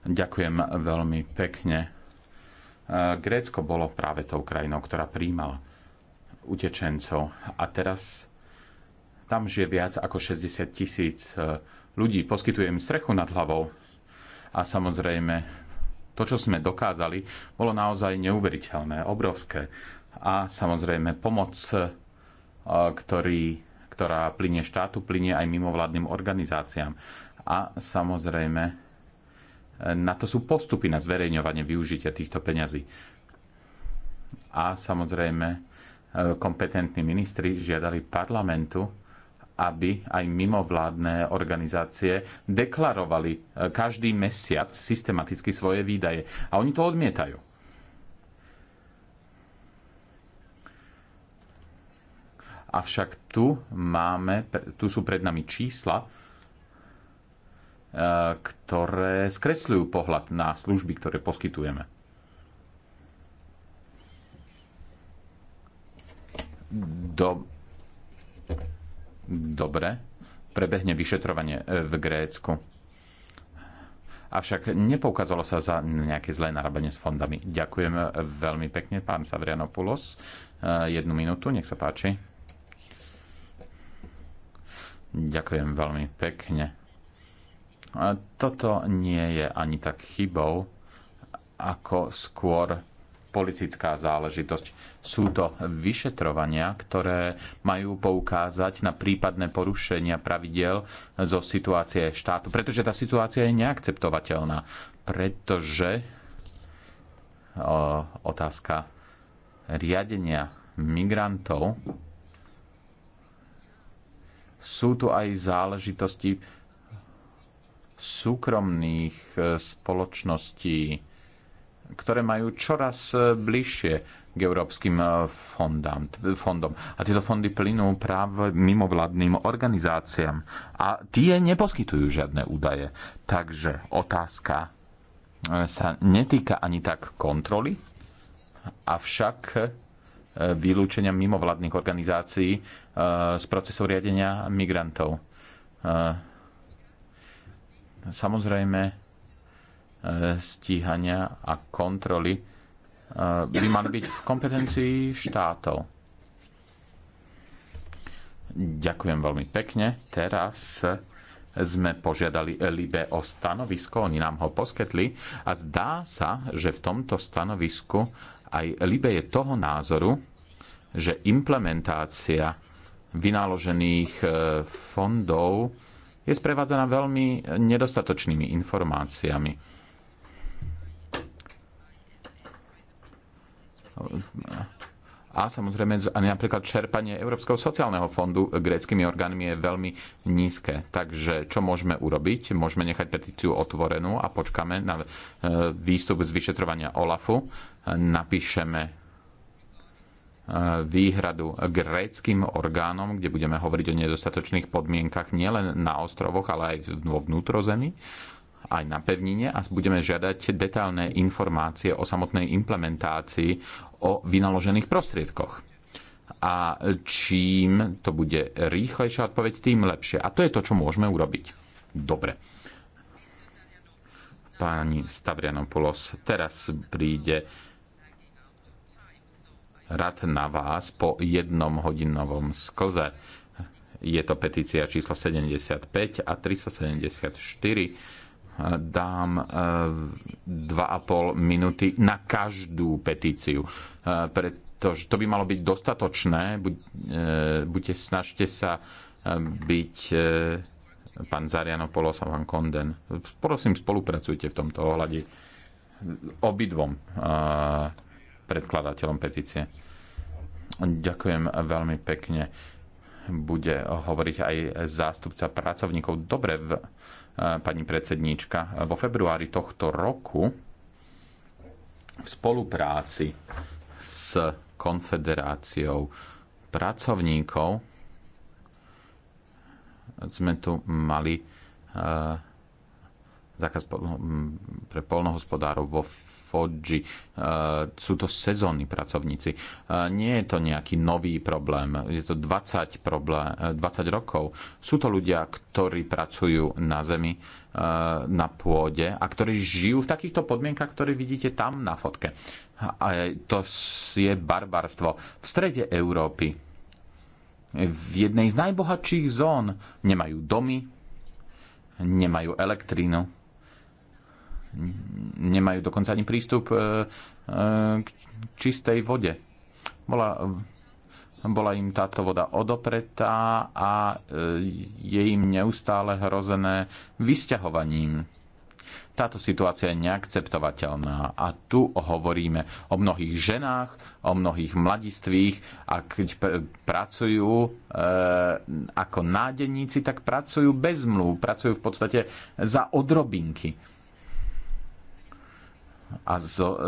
[SPEAKER 3] Ďakujem veľmi pekne. Eh, Grécko bolo práve tou krajinou, ktorá príjmala utečencov a teraz tam žije viac ako 60 tisíc eh, ľudí. Poskytuje im strechu nad hlavou a samozrejme to, čo sme dokázali, bolo naozaj neuveriteľné, obrovské a samozrejme pomoc, e, ktorý, ktorá plyne štátu, plinie aj mimovládnym organizáciám. A samozrejme, e, na to sú postupy na zverejňovanie využitia týchto peňazí. A samozrejme, e, kompetentní ministri žiadali parlamentu, aby aj mimovládne organizácie deklarovali každý mesiac systematicky svoje výdaje. A oni to odmietajú. Avšak tu, máme, tu sú pred nami čísla, e, ktoré skresľujú pohľad na služby, ktoré poskytujeme. Do... Dobre, prebehne vyšetrovanie e, v Grécku. Avšak nepoukázalo sa za nejaké zlé narábanie s fondami. Ďakujem e, veľmi pekne, pán Savrianopoulos. Jednu minútu, nech sa páči. Ďakujem veľmi pekne. Toto nie je ani tak chybou, ako skôr politická záležitosť. Sú to vyšetrovania, ktoré majú poukázať na prípadné porušenia pravidel zo situácie štátu. Pretože tá situácia je neakceptovateľná. Pretože o, otázka riadenia migrantov sú tu aj záležitosti súkromných e, spoločností, ktoré majú čoraz e, bližšie k európskym e, fondám, fondom. A tieto fondy plynú práve mimovládnym organizáciám. A tie neposkytujú žiadne údaje. Takže otázka sa netýka ani tak kontroly, avšak vylúčenia mimovládnych organizácií Eh, z procesov riadenia migrantov. Eh, samozrejme, eh, stíhania a kontroly by mali byť v kompetencii štátov. Ďakujem veľmi pekne. Teraz sme požiadali Libe o stanovisko, oni nám ho poskytli a zdá sa, že v tomto stanovisku aj Libe je toho názoru, že implementácia vynaložených e, fondov je sprevádzaná veľmi nedostatočnými informáciami. A samozrejme napríklad čerpanie Európskeho sociálneho fondu gréckými orgánmi je veľmi nízke. Takže čo môžeme urobiť? Môžeme nechať petíciu otvorenú a počkáme na e, výstup z vyšetrovania OLAFu. Napíšeme E, výhradu gréckým orgánom, kde budeme hovoriť o nedostatočných podmienkach nielen na ostrovoch, ale aj vo vnútrozemí aj na pevnine a budeme žiadať detailné informácie o samotnej implementácii o vynaložených prostriedkoch. A čím to bude rýchlejšia odpoveď, tým lepšie. A to je to, čo môžeme urobiť. Dobre. Pani Stavrianopoulos, teraz príde rad na vás po jednom hodinovom sklze. Je to petícia číslo 75 a 374. Dám 2,5 eh, minúty na každú petíciu, eh, pretože to by malo byť dostatočné. Eh, buďte, snažte sa byť pán Zarianopoulos a pán Konden. Prosím, spolupracujte v tomto ohľade obidvom predkladateľom petície. Ďakujem veľmi pekne. Bude hovoriť aj zástupca pracovníkov. Dobre, e, pani predsedníčka, vo februári tohto roku v spolupráci s Konfederáciou pracovníkov sme tu mali e, zákaz pre polnohospodárov vo Foggi. E, sú to sezónni pracovníci. E, nie je to nejaký nový problém. Je to 20, problém, 20 rokov. Sú to ľudia, ktorí pracujú na zemi, e, na pôde a ktorí žijú v takýchto podmienkach, ktoré vidíte tam na fotke. A to je barbarstvo. V strede Európy v jednej z najbohatších zón nemajú domy, nemajú elektrínu, nemajú dokonca ani prístup e, e, k čistej vode. Bola, bola im táto voda odopretá a e, je im neustále hrozené vysťahovaním. Táto situácia je neakceptovateľná a tu hovoríme o mnohých ženách, o mnohých mladistvých a keď pr- pracujú e, ako nádenníci, tak pracujú bez mluv, pracujú v podstate za odrobinky a zo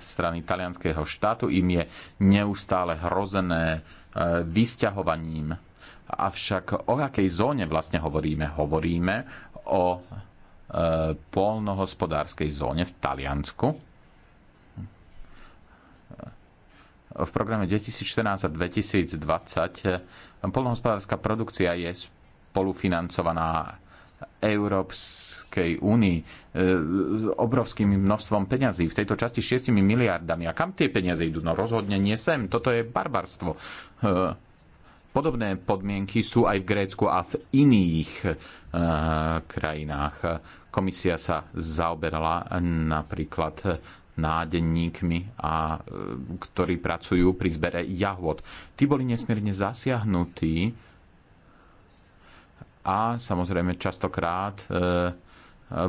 [SPEAKER 3] strany talianského štátu im je neustále hrozené e, vysťahovaním. Avšak o akej zóne vlastne hovoríme? Hovoríme o e, polnohospodárskej zóne v Taliansku. V programe 2014 a 2020 e, polnohospodárska produkcia je spolufinancovaná Európskej únii e, obrovským množstvom peňazí, v tejto časti 6 miliardami. A kam tie peniaze idú? No rozhodne nie sem. Toto je barbarstvo. E, podobné podmienky sú aj v Grécku a v iných e, krajinách. Komisia sa zaoberala napríklad nádenníkmi, a, ktorí pracujú pri zbere jahôd. Tí boli nesmierne zasiahnutí a samozrejme častokrát e,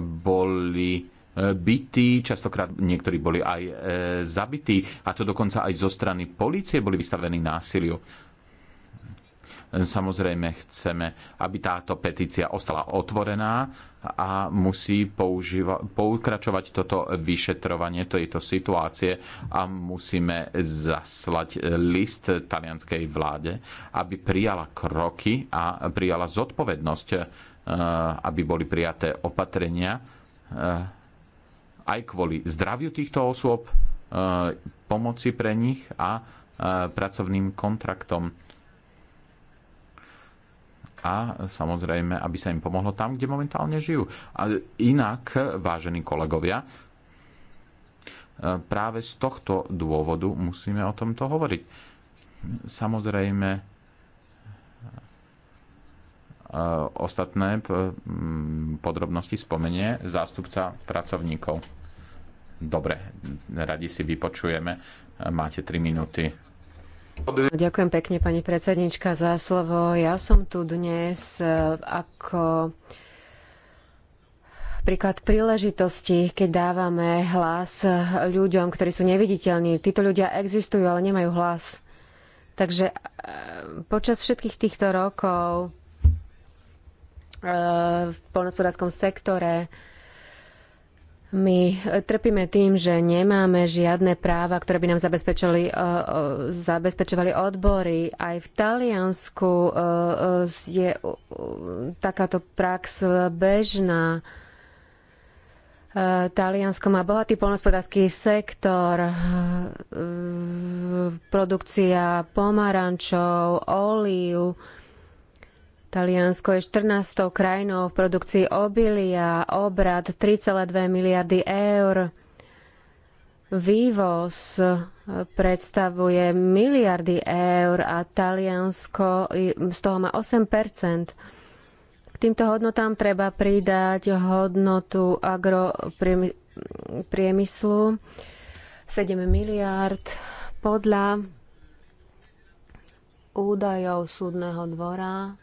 [SPEAKER 3] boli e, bytí, častokrát niektorí boli aj e, zabití a to dokonca aj zo strany policie boli vystavení násiliu. Samozrejme chceme, aby táto petícia ostala otvorená a musí používa, poukračovať toto vyšetrovanie tejto situácie a musíme zaslať list talianskej vláde, aby prijala kroky a prijala zodpovednosť, eh, aby boli prijaté opatrenia eh, aj kvôli zdraviu týchto osôb, eh, pomoci pre nich a pracovným kontraktom a samozrejme, aby sa im pomohlo tam, kde momentálne žijú. A inak, vážení kolegovia, e, práve z tohto dôvodu musíme o tomto hovoriť. Samozrejme, e, ostatné podrobnosti spomenie zástupca pracovníkov. Dobre, radi si vypočujeme. Máte 3 minúty.
[SPEAKER 2] Ďakujem pekne, pani predsednička, za slovo. Ja som tu dnes e, ako príklad príležitosti, keď dávame hlas ľuďom, ktorí sú neviditeľní. Títo ľudia existujú, ale nemajú hlas. Takže e, počas všetkých týchto rokov e, v poľnospodárskom sektore my e, trpíme tým, že nemáme žiadne práva, ktoré by nám zabezpečovali, e, e, zabezpečovali odbory. Aj v Taliansku je takáto prax bežná. Taliansko má bohatý poľnohospodársky sektor, produkcia pomarančov, olív, Taliansko je 14. krajinou v produkcii obilia, obrad 3,2 miliardy eur. Vývoz predstavuje miliardy eur a Taliansko z toho má 8 K týmto hodnotám treba pridať hodnotu agropriemyslu 7 miliard podľa údajov súdneho dvora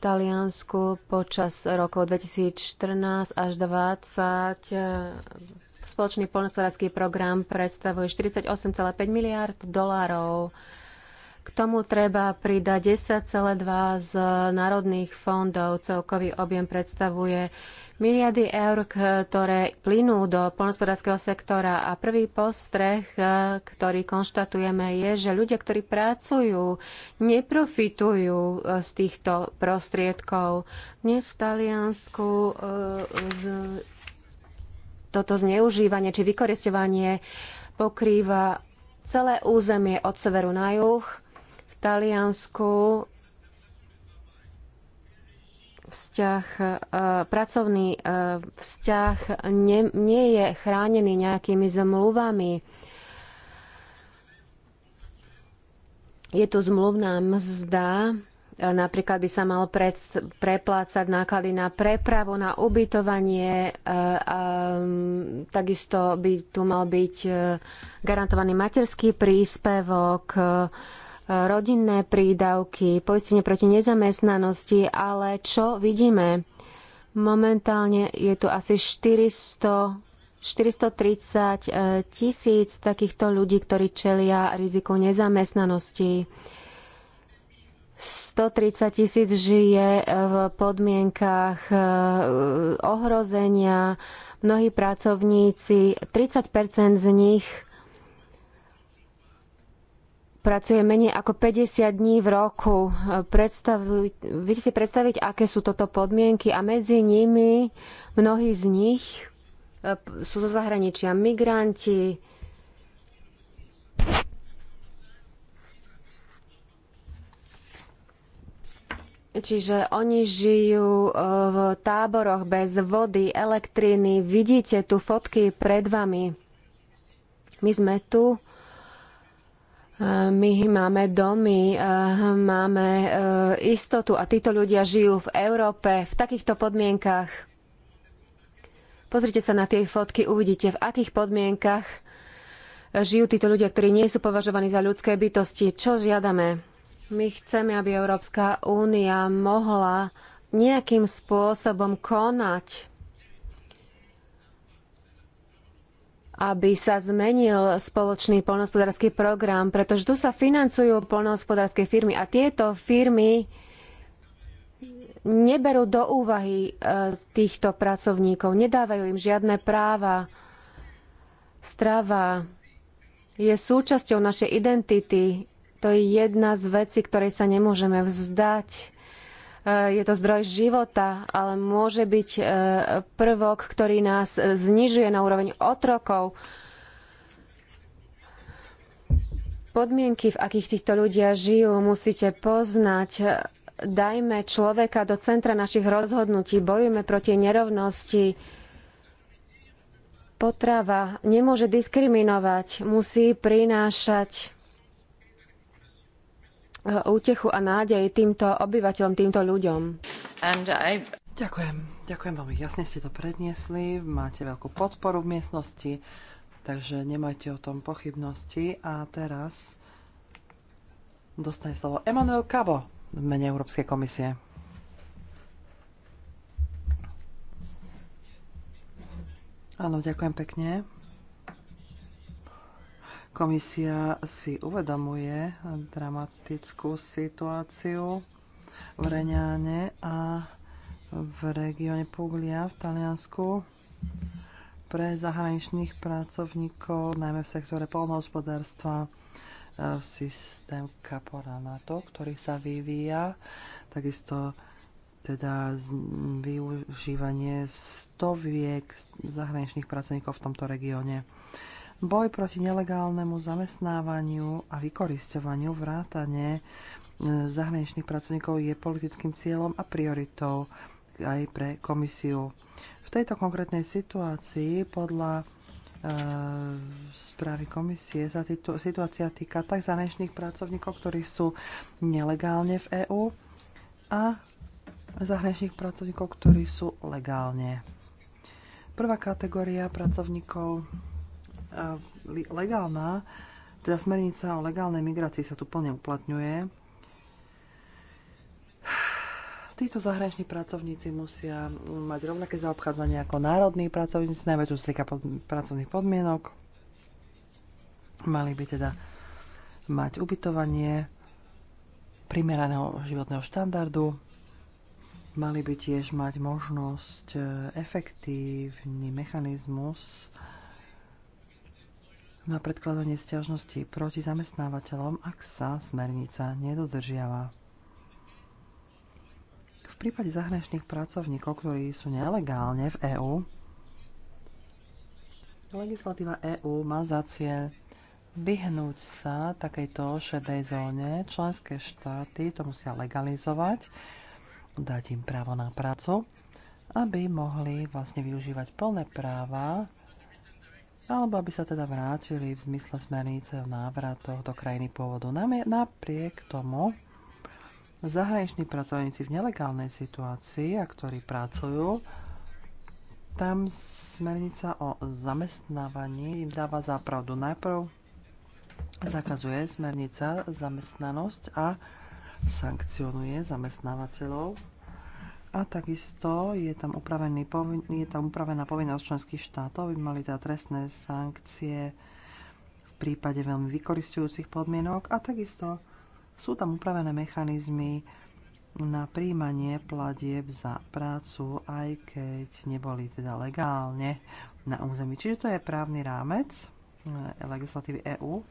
[SPEAKER 2] Taliansku počas rokov 2014 až 2020 e, spoločný poľnohospodársky program predstavuje 48,5 miliard dolárov. K tomu treba pridať 10,2 z národných fondov. Celkový objem predstavuje miliardy eur, ktoré plynú do polnospodárskeho sektora. A prvý postreh, e, ktorý konštatujeme, je, že ľudia, ktorí pracujú, neprofitujú e, z týchto prostriedkov. Dnes v Taliansku e, toto zneužívanie či vykoristovanie pokrýva celé územie od severu na juh. V Taliansku vzťah, e, pracovný e, vzťah nie, nie je chránený nejakými zmluvami. Je tu zmluvná mzda, e, napríklad by sa mal preplácať náklady na prepravu, na ubytovanie, takisto by tu mal byť garantovaný materský príspevok, rodinné prídavky, poistenie proti nezamestnanosti, ale čo vidíme? Momentálne je tu asi 400, 430 e, tisíc takýchto ľudí, ktorí čelia riziku nezamestnanosti. 130 tisíc žije e, v podmienkach e, ohrozenia. Mnohí pracovníci, 30 z nich pracuje menej ako 50 dní v roku. viete si predstaviť, aké sú toto podmienky a medzi nimi mnohí z nich eh, sú zo zahraničia migranti, Čiže oni žijú eh, v táboroch bez vody, elektriny. Vidíte tu fotky pred vami. My sme tu my máme domy, eh, máme eh, istotu a títo ľudia žijú v Európe v takýchto podmienkach. Pozrite sa na tie fotky, uvidíte, v akých podmienkach eh, žijú títo ľudia, ktorí nie sú považovaní za ľudské bytosti. Čo žiadame? My chceme, aby Európska únia mohla nejakým spôsobom konať aby sa zmenil spoločný poľnohospodársky program, pretože tu sa financujú poľnohospodárske firmy a tieto firmy neberú do úvahy e, týchto pracovníkov, nedávajú im žiadne práva. Strava je súčasťou našej identity. To je jedna z vecí, ktorej sa nemôžeme vzdať. Eh, je to zdroj života, ale môže byť eh, prvok, ktorý nás eh, znižuje na úroveň otrokov. Podmienky, v akých týchto ľudia žijú, musíte poznať. Dajme človeka do centra našich rozhodnutí, bojujme proti nerovnosti. Potrava nemôže diskriminovať, musí prinášať Eh, útechu a nádej týmto obyvateľom, týmto
[SPEAKER 4] ľuďom. Ďakujem. Ďakujem veľmi. Jasne ste to predniesli. Máte veľkú podporu v miestnosti, takže nemajte o tom pochybnosti. A teraz dostane slovo Emanuel Cabo v mene Európskej komisie. Áno, ďakujem pekne. Komisia si uvedomuje dramatickú situáciu v Reňáne a v regióne Puglia v Taliansku pre zahraničných pracovníkov, najmä v sektore polnohospodárstva, e, v systém Caporanato, ktorý sa vyvíja. Takisto teda využívanie stoviek zahraničných pracovníkov v tomto regióne boj proti nelegálnemu zamestnávaniu a vykoristovaniu vrátane e, zahraničných pracovníkov je politickým cieľom a prioritou aj pre komisiu. V tejto konkrétnej situácii podľa e, správy komisie sa týto, situácia týka tak zahraničných pracovníkov, ktorí sú nelegálne v EÚ a zahraničných pracovníkov, ktorí sú legálne. Prvá kategória pracovníkov legálna, teda smernica o legálnej migrácii sa tu plne uplatňuje. Títo zahraniční pracovníci musia mať rovnaké zaobchádzanie ako národní pracovníci, najmä tu týka pod, pracovných podmienok. Mali by teda mať ubytovanie primeraného životného štandardu, mali by tiež mať možnosť e, efektívny mechanizmus na predkladanie stiažnosti proti zamestnávateľom, ak sa smernica nedodržiava. V prípade zahraničných pracovníkov, ktorí sú nelegálne v EÚ, legislatíva EÚ má za cieľ vyhnúť sa takejto šedej zóne. Členské štáty to musia legalizovať, dať im právo na prácu, aby mohli vlastne využívať plné práva alebo aby sa teda vrátili v zmysle smernice o návratoch do krajiny pôvodu. Napriek tomu zahraniční pracovníci v nelegálnej situácii, a ktorí pracujú, tam smernica o zamestnávaní im dáva zápravdu. Najprv zakazuje smernica zamestnanosť a sankcionuje zamestnávateľov a takisto je tam, upravený, je tam upravená povinnosť členských štátov, aby mali teda trestné sankcie v prípade veľmi vykoristujúcich podmienok a takisto sú tam upravené mechanizmy na príjmanie platieb za prácu, aj keď neboli teda legálne na území. Čiže to je právny rámec eh, legislatívy EÚ.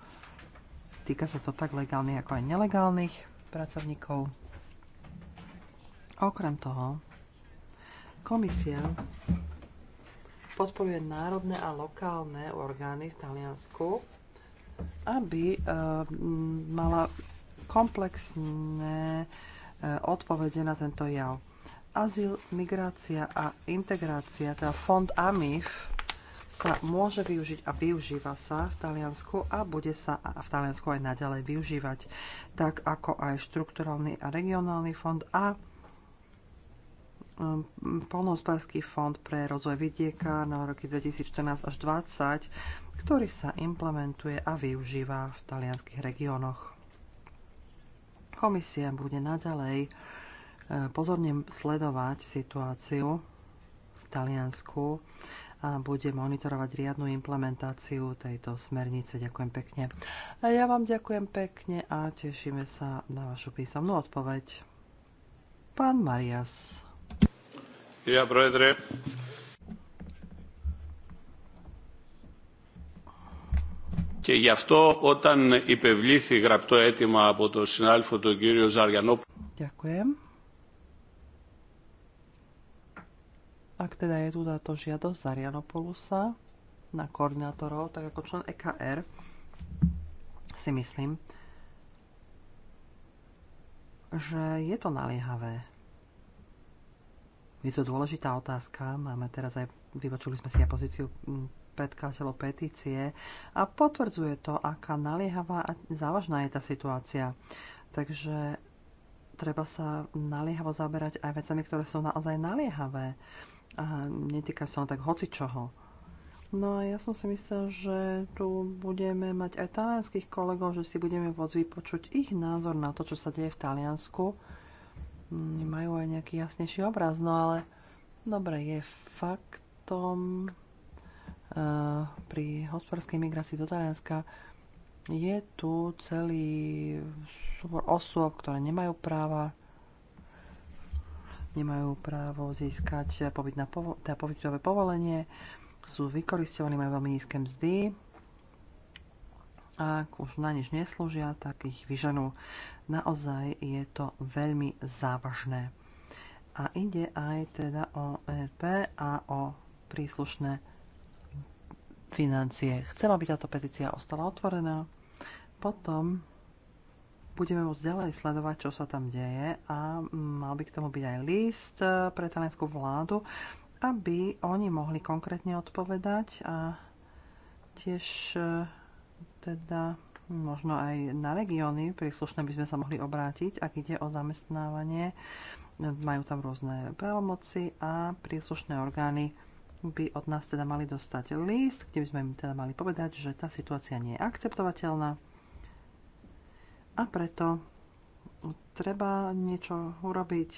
[SPEAKER 4] Týka sa to tak legálnych ako aj nelegálnych pracovníkov. Okrem toho, komisia podporuje národné a lokálne orgány v Taliansku, aby eh, mala komplexné eh, odpovede na tento jav. Azyl, migrácia a integrácia, teda fond AMIF, sa môže využiť a využíva sa v Taliansku a bude sa v Taliansku aj naďalej využívať, tak ako aj štrukturálny a regionálny fond a Ehm, polnohospodársky fond pre rozvoj vidieka na roky 2014 až 2020, ktorý sa implementuje a využíva v talianských regiónoch. Komisia bude naďalej ehm, pozorne sledovať situáciu v Taliansku a bude monitorovať riadnu implementáciu tejto smernice. Ďakujem pekne. A ja vám ďakujem pekne a tešíme sa na vašu písomnú odpoveď. Pán Marias. Ja, proedre. Και γι' αυτό όταν
[SPEAKER 3] υπευλήθη γραπτό αίτημα από τον συνάδελφο τον κύριο Ζαριανόπουλο.
[SPEAKER 4] Ak je na koordinátorov, tak ako člen EKR si myslím, že je to naliehavé. Je to dôležitá otázka. Máme teraz aj, vypočuli sme si aj pozíciu mm, predkladateľov petície a potvrdzuje to, aká naliehavá a závažná je tá situácia. Takže treba sa naliehavo zaberať aj vecami, ktoré sú naozaj naliehavé. A netýkajú sa tak tak hocičoho. No a ja som si myslel, že tu budeme mať aj talianských kolegov, že si budeme vôcť vypočuť ich názor na to, čo sa deje v Taliansku nemajú aj nejaký jasnejší obraz, no ale dobre, je faktom uh, pri hospodárskej migrácii do Talianska je tu celý súbor osôb, ktoré nemajú práva nemajú právo získať pobyt na povo- teda pobytové povolenie, sú vykoristovaní, majú veľmi nízke mzdy, ak už na nič neslúžia, tak ich vyženú. Naozaj je to veľmi závažné. A ide aj teda o e RP a o príslušné financie. Chcem, aby táto petícia ostala otvorená. Potom budeme môcť ďalej sledovať, čo sa tam deje a mal by k tomu byť aj list e, pre talianskú vládu, aby oni mohli konkrétne odpovedať a tiež e, teda možno aj na regióny príslušné by sme sa mohli obrátiť, ak ide o zamestnávanie. Majú tam rôzne právomoci a príslušné orgány by od nás teda mali dostať list, kde by sme im teda mali povedať, že tá situácia nie je akceptovateľná a preto treba niečo urobiť.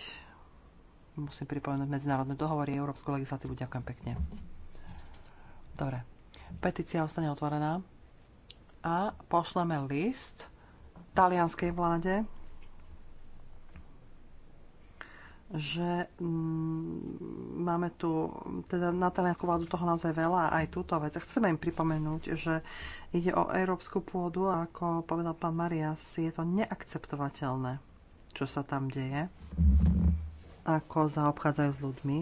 [SPEAKER 4] Musím pripomenúť medzinárodné dohovory, európsku legislatívu. Ďakujem pekne. Dobre. Petícia ostane otvorená a pošleme list talianskej vláde, že mm, máme tu, teda na talianskú vládu toho naozaj veľa aj túto vec. Chceme im pripomenúť, že ide o európsku pôdu a ako povedal pán Marias, je to neakceptovateľné, čo sa tam deje, ako zaobchádzajú s ľuďmi,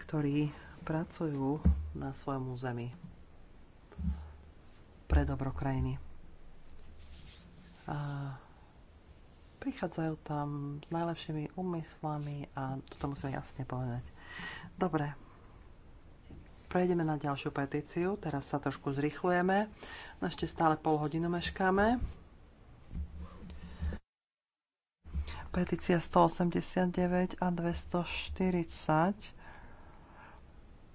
[SPEAKER 4] ktorí pracujú na svojom území pre dobro krajiny. A prichádzajú tam s najlepšími úmyslami a toto musíme jasne povedať. Dobre, prejdeme na ďalšiu petíciu. Teraz sa trošku zrychlujeme. No ešte stále pol hodinu meškáme. Petícia 189 a 240.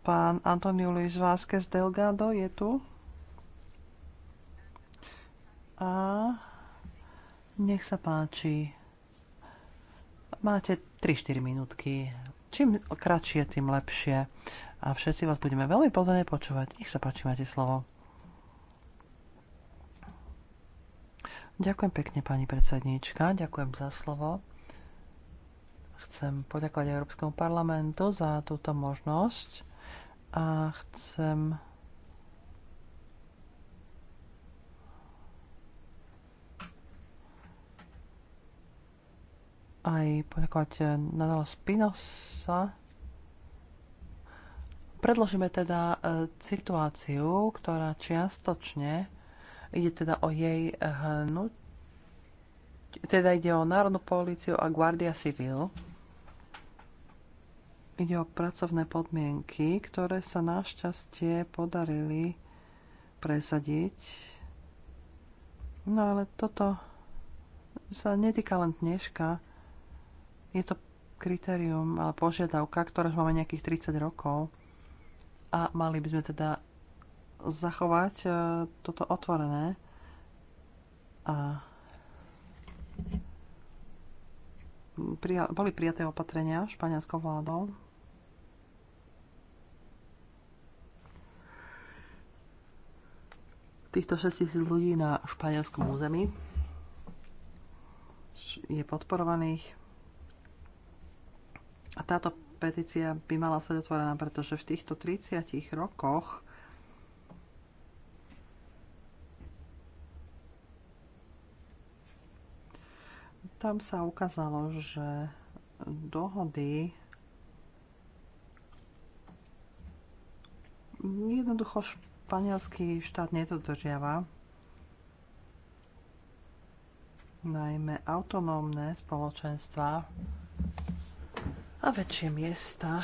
[SPEAKER 4] Pán Antoniu Luis Vázquez Delgado je tu. A nech sa páči. Máte 3-4 minútky. Čím kratšie, tým lepšie. A všetci vás budeme veľmi pozorne počúvať. Nech sa páči, máte slovo. Ďakujem pekne, pani predsednička. Ďakujem za slovo. Chcem poďakovať Európskemu parlamentu za túto možnosť a chcem aj poďakovať eh, Nadala Spinosa. Predložíme teda eh, situáciu, ktorá čiastočne ide teda o jej eh, hnutie teda ide o Národnú políciu a Guardia Civil. Ide o pracovné podmienky, ktoré sa našťastie podarili presadiť. No ale toto sa netýka len dneška, je to kritérium, ale požiadavka, ktorá už máme nejakých 30 rokov a mali by sme teda zachovať e, toto otvorené a boli prijaté opatrenia španielskou vládou. Týchto 6000 ľudí na španielskom území je podporovaných a táto petícia by mala sať otvorená, pretože v týchto 30 rokoch tam sa ukázalo, že dohody jednoducho španielský štát nedodržiava najmä autonómne spoločenstva a väčšie miesta.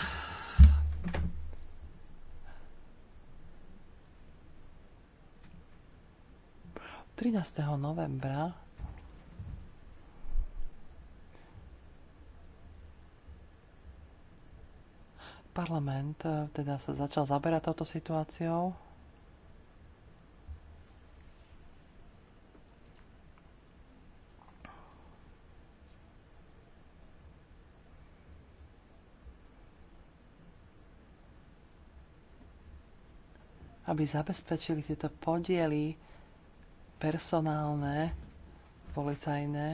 [SPEAKER 4] Trinásteho novembra parlament eh, teda sa začal zaberať touto situáciou. aby zabezpečili tieto podiely personálne, policajné.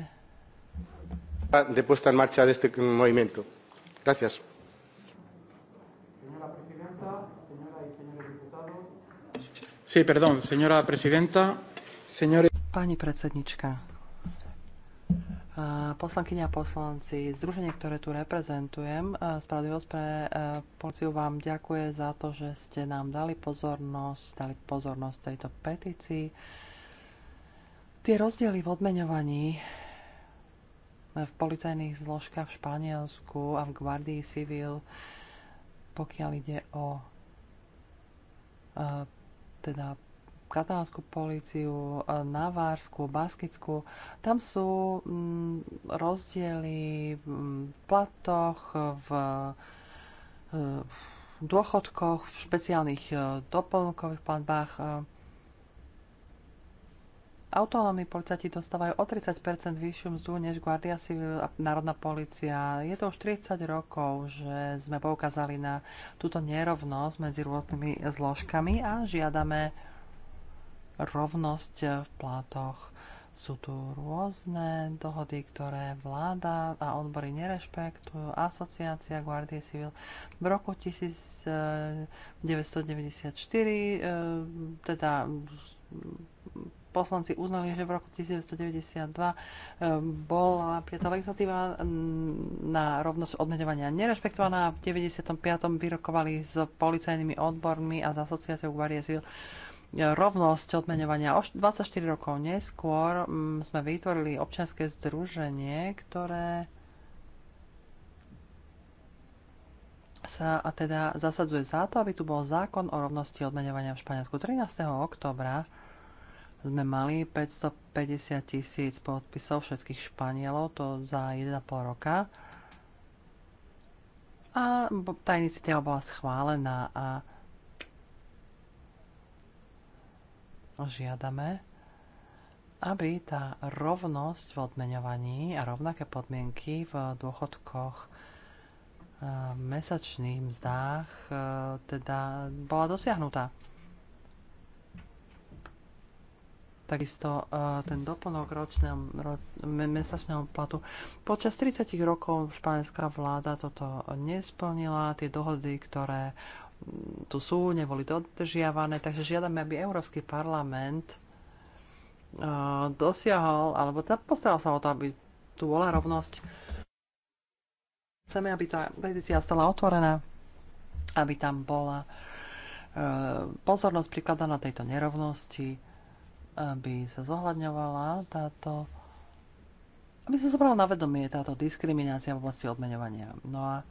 [SPEAKER 3] De puesta en marcha de este movimiento. Gracias. Sí, perdón, señora presidenta,
[SPEAKER 4] señores... Pani predsednička, poslankyňa a poslanci, združenie, ktoré tu reprezentujem, Spravodlivosť pre e, policiu vám ďakuje za to, že ste nám dali pozornosť, dali pozornosť tejto petícii. Tie rozdiely v odmeňovaní e, v policajných zložkách v Španielsku a v Guardii Civil, pokiaľ ide o e, teda katalánsku políciu, e, navársku, baskickú. Tam sú mm, rozdiely v platoch, e, v dôchodkoch, v špeciálnych e, doplnkových platbách. Autonómni policajti dostávajú o 30 vyššiu mzdu než Guardia Civil a Národná policia. Je to už 30 rokov, že sme poukázali na túto nerovnosť medzi rôznymi zložkami a žiadame rovnosť v platoch. Sú tu rôzne dohody, ktoré vláda a odbory nerešpektujú. Asociácia Guardie Civil v roku 1994, eh, eh, teda poslanci uznali, že v roku 1992 eh, bola prijatá legislatíva na rovnosť odmeňovania nerešpektovaná. V 95. vyrokovali s policajnými odbormi a s asociáciou Guardia Civil rovnosť odmeňovania. O 24 rokov neskôr mm, sme vytvorili občianske združenie, ktoré sa a teda zasadzuje za to, aby tu bol zákon o rovnosti odmeňovania v Španielsku. 13. oktobra sme mali 550 tisíc podpisov všetkých Španielov, to za 1,5 roka. A tá iniciatíva bola schválená a žiadame, aby tá rovnosť v odmeňovaní a rovnaké podmienky v dôchodkoch eh, mesačných mzdách eh, teda bola dosiahnutá. Takisto eh, ten doplnok ročného, ro, mesačného platu. Počas 30 rokov španielská vláda toto nesplnila. Tie dohody, ktoré tu sú, neboli dodržiavané, takže žiadame, aby Európsky parlament e, dosiahol, alebo teda postaral sa o to, aby tu bola rovnosť. Chceme, aby tá petícia stala otvorená, aby tam bola e, pozornosť prikladaná tejto nerovnosti, aby sa zohľadňovala táto aby sa zobrala na vedomie táto diskriminácia v oblasti odmeňovania. No a uh,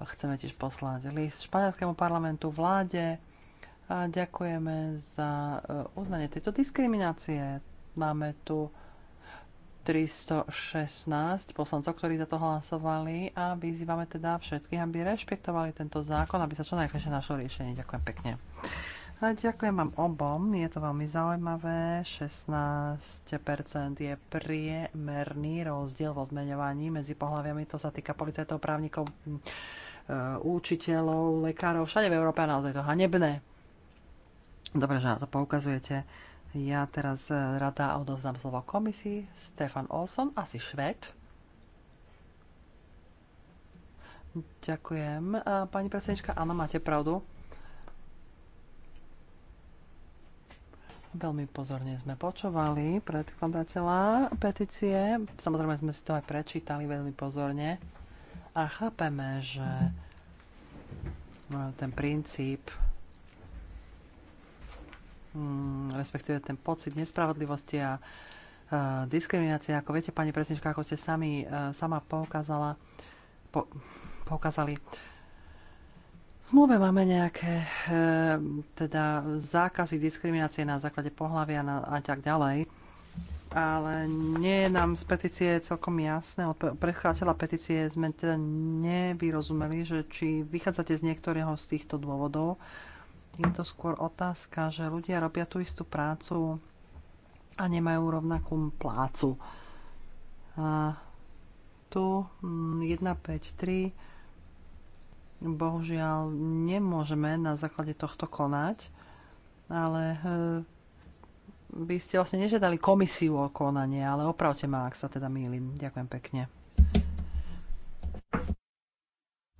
[SPEAKER 4] Chceme tiež poslať list španielskému parlamentu, vláde a ďakujeme za e, uznanie tejto diskriminácie. Máme tu 316 poslancov, ktorí za to hlasovali a vyzývame teda všetkých, aby rešpektovali tento zákon, aby sa čo najkrajšie našlo riešenie. Ďakujem pekne. A ďakujem vám obom, je to veľmi zaujímavé. 16% je priemerný rozdiel v odmeňovaní medzi pohľaviami, to sa týka policajtov, právnikov, Eh, učiteľov, lekárov, všade v Európe naozaj to hanebné. Dobre, že na to poukazujete. Ja teraz eh, rada odovzdám slovo komisii. Stefan Olson, asi šved. Ďakujem. Eh, pani predsednička, áno, máte pravdu. Veľmi pozorne sme počúvali predkladateľa petície. Samozrejme sme si to aj prečítali veľmi pozorne a chápeme, že ten princíp mm, respektíve ten pocit nespravodlivosti a diskriminácie. Ako viete, pani presnička, ako ste sami, e, sama poukázala, po, poukázali, v zmluve máme nejaké e, teda zákazy diskriminácie na základe pohľavia a tak ďalej ale nie je nám z petície celkom jasné, od predkladateľa petície sme teda nevyrozumeli, že či vychádzate z niektorého z týchto dôvodov. Je to skôr otázka, že ľudia robia tú istú prácu a nemajú rovnakú plácu. A tu 153 mm, bohužiaľ nemôžeme na základe tohto konať, ale e, by ste vlastne nežiadali komisiu o konanie, ale opravte ma, ak sa teda mýlim. Ďakujem pekne.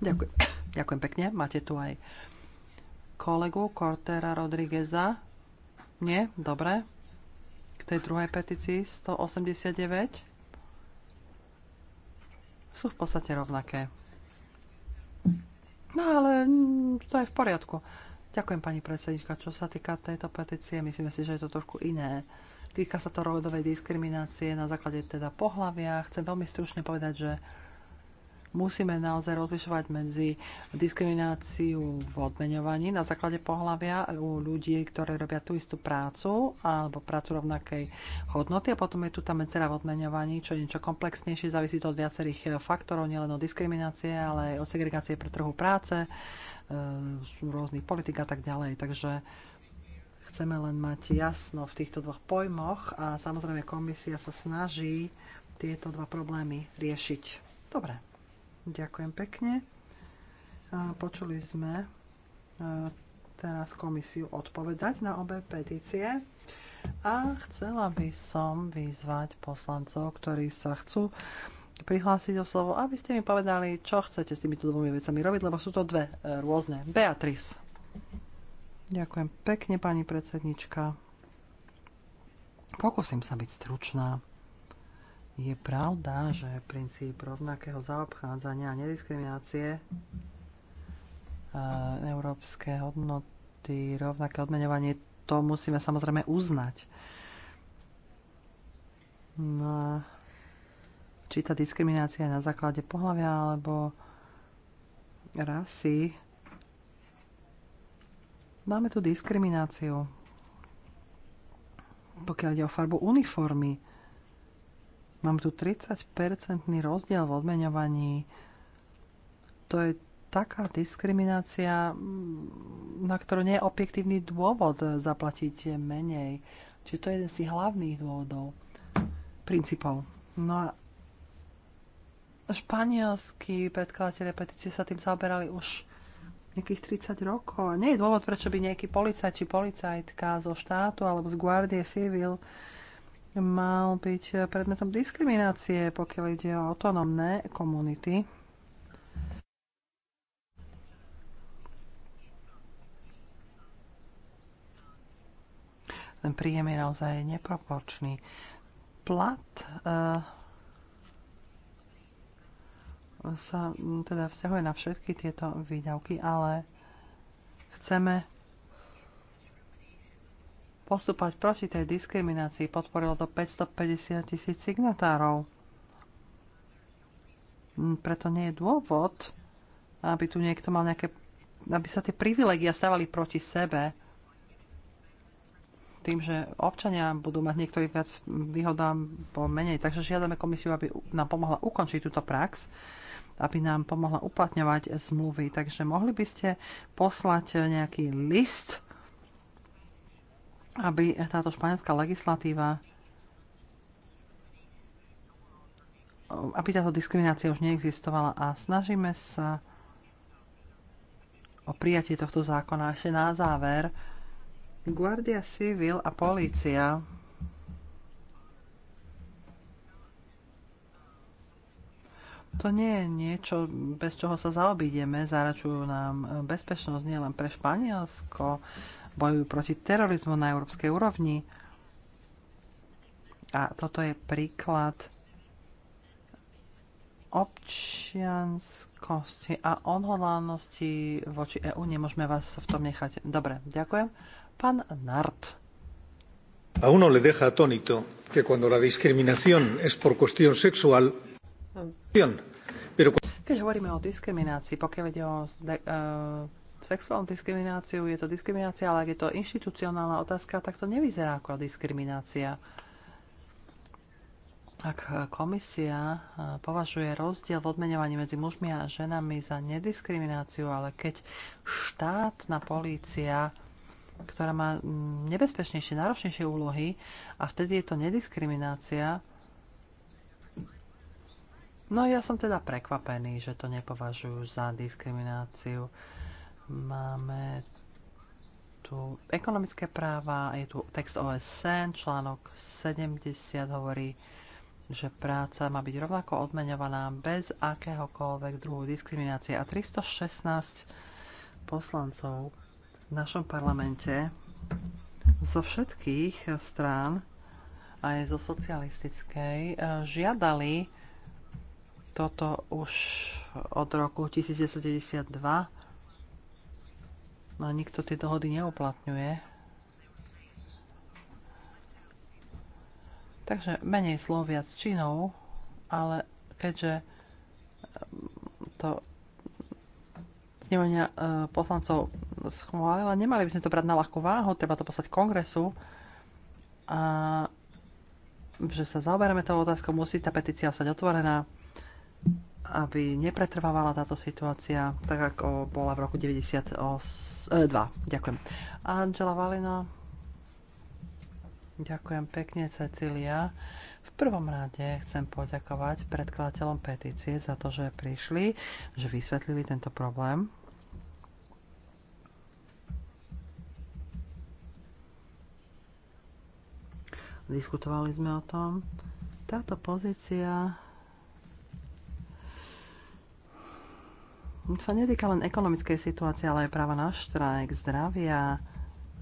[SPEAKER 4] Ďakujem. [coughs] Ďakujem pekne. Máte tu aj kolegu Cortera Rodrígueza. Nie? Dobre. K tej druhej petícii 189 sú v podstate rovnaké. No ale to je v poriadku. Ďakujem, pani predsednička. Čo sa týka tejto petície, myslíme si, že je to trošku iné. Týka sa to rodovej diskriminácie na základe teda pohlavia. Chcem veľmi stručne povedať, že musíme naozaj rozlišovať medzi diskrimináciu v odmeňovaní na základe pohľavia u ľudí, ktorí robia tú istú prácu alebo prácu rovnakej hodnoty a potom je tu tá medzera v odmeňovaní, čo je niečo komplexnejšie, závisí to od viacerých faktorov, nielen od diskriminácie, ale aj od segregácie pre trhu práce, E, rôznych politik a tak ďalej. Takže chceme len mať jasno v týchto dvoch pojmoch a samozrejme komisia sa snaží tieto dva problémy riešiť. Dobre, ďakujem pekne. Počuli sme e, teraz komisiu odpovedať na obe petície a chcela by som vyzvať poslancov, ktorí sa chcú prihlásiť o slovo, aby ste mi povedali, čo chcete s týmito dvomi vecami robiť, lebo sú to dve e, rôzne. Beatrice. Ďakujem pekne, pani predsednička. Pokúsim sa byť stručná. Je pravda, že princíp rovnakého zaobchádzania a nediskriminácie e, európske hodnoty, rovnaké odmenovanie, to musíme samozrejme uznať. No, a či tá diskriminácia je na základe pohľavia alebo rasy. Máme tu diskrimináciu, pokiaľ ide o farbu uniformy. Mám tu 30-percentný rozdiel v odmeňovaní. To je taká diskriminácia, na ktorú nie je objektívny dôvod zaplatiť menej. Čiže to je jeden z tých hlavných dôvodov, princípov. No a Španielskí predkladateľe petície sa tým zaoberali už nejakých 30 rokov. A nie je dôvod, prečo by nejaký policajt či policajtka zo štátu alebo z Guardie Civil mal byť predmetom diskriminácie, pokiaľ ide o autonómne komunity. Ten príjem je naozaj neproporčný. Plat uh, sa mm, teda vzťahuje na všetky tieto výdavky, ale chceme postúpať proti tej diskriminácii. Podporilo to 550 tisíc signatárov. Mm, preto nie je dôvod, aby tu niekto mal nejaké aby sa tie privilegia stávali proti sebe tým, že občania budú mať niektorých viac výhodám po menej. Takže žiadame komisiu, aby nám pomohla ukončiť túto prax aby nám pomohla uplatňovať zmluvy. Takže mohli by ste poslať nejaký list, aby táto španielská legislatíva aby táto diskriminácia už neexistovala a snažíme sa o prijatie tohto zákona. Ešte na záver, Guardia Civil a polícia To nie je niečo, bez čoho sa zaobídeme. Záračujú nám e, bezpečnosť nielen pre Španielsko, bojujú proti terorizmu na európskej úrovni. A toto je príklad občianskosti a odhodlánosti voči EÚ. Nemôžeme vás v tom nechať. Dobre, ďakujem. Pán Nart.
[SPEAKER 1] A uno le deja atónito que cuando la discriminación es por cuestión sexual,
[SPEAKER 4] keď hovoríme o diskriminácii, pokiaľ ide o e, sexuálnu diskrimináciu, je to diskriminácia, ale ak je to inštitucionálna otázka, tak to nevyzerá ako diskriminácia. Ak komisia e, považuje rozdiel v odmenovaní medzi mužmi a ženami za nediskrimináciu, ale keď štátna polícia, ktorá má nebezpečnejšie, náročnejšie úlohy, a vtedy je to nediskriminácia, No ja som teda prekvapený, že to nepovažujú za diskrimináciu. Máme tu ekonomické práva, je tu text OSN, článok 70 hovorí, že práca má byť rovnako odmeňovaná bez akéhokoľvek druhu diskriminácie. A 316 poslancov v našom parlamente zo všetkých strán aj zo socialistickej eh, žiadali toto už od roku 1992 no nikto tie dohody neuplatňuje. Takže menej slov, viac činov, ale keďže ehm, to snemania e, poslancov schválila, nemali by sme to brať na ľahkú váhu, treba to poslať kongresu a že sa zaoberáme tou otázkou, musí tá petícia ostať otvorená aby nepretrvávala táto situácia, tak ako bola v roku 92. Eh, Ďakujem. Angela Valina. Ďakujem pekne, Cecília. V prvom rade chcem poďakovať predkladateľom petície za to, že prišli, že vysvetlili tento problém. Diskutovali sme o tom. Táto pozícia sa netýka len ekonomickej situácie, ale aj práva na štrajk, zdravia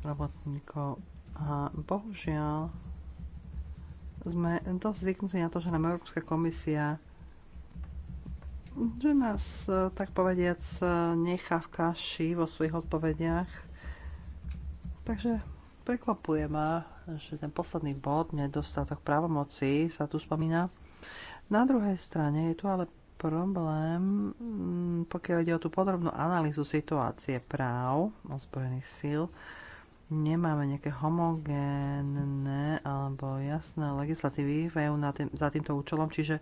[SPEAKER 4] robotníkov. A bohužiaľ sme dosť zvyknutí na to, že nám Európska komisia že nás, tak povediac, nechá v kaši vo svojich odpovediach. Takže prekvapuje ma, že ten posledný bod, nedostatok právomoci, sa tu spomína. Na druhej strane je tu ale problém, mm, pokiaľ ide o tú podrobnú analýzu situácie práv ozbrojených síl, nemáme nejaké homogénne alebo jasné legislatívy v EU tým, za týmto účelom, čiže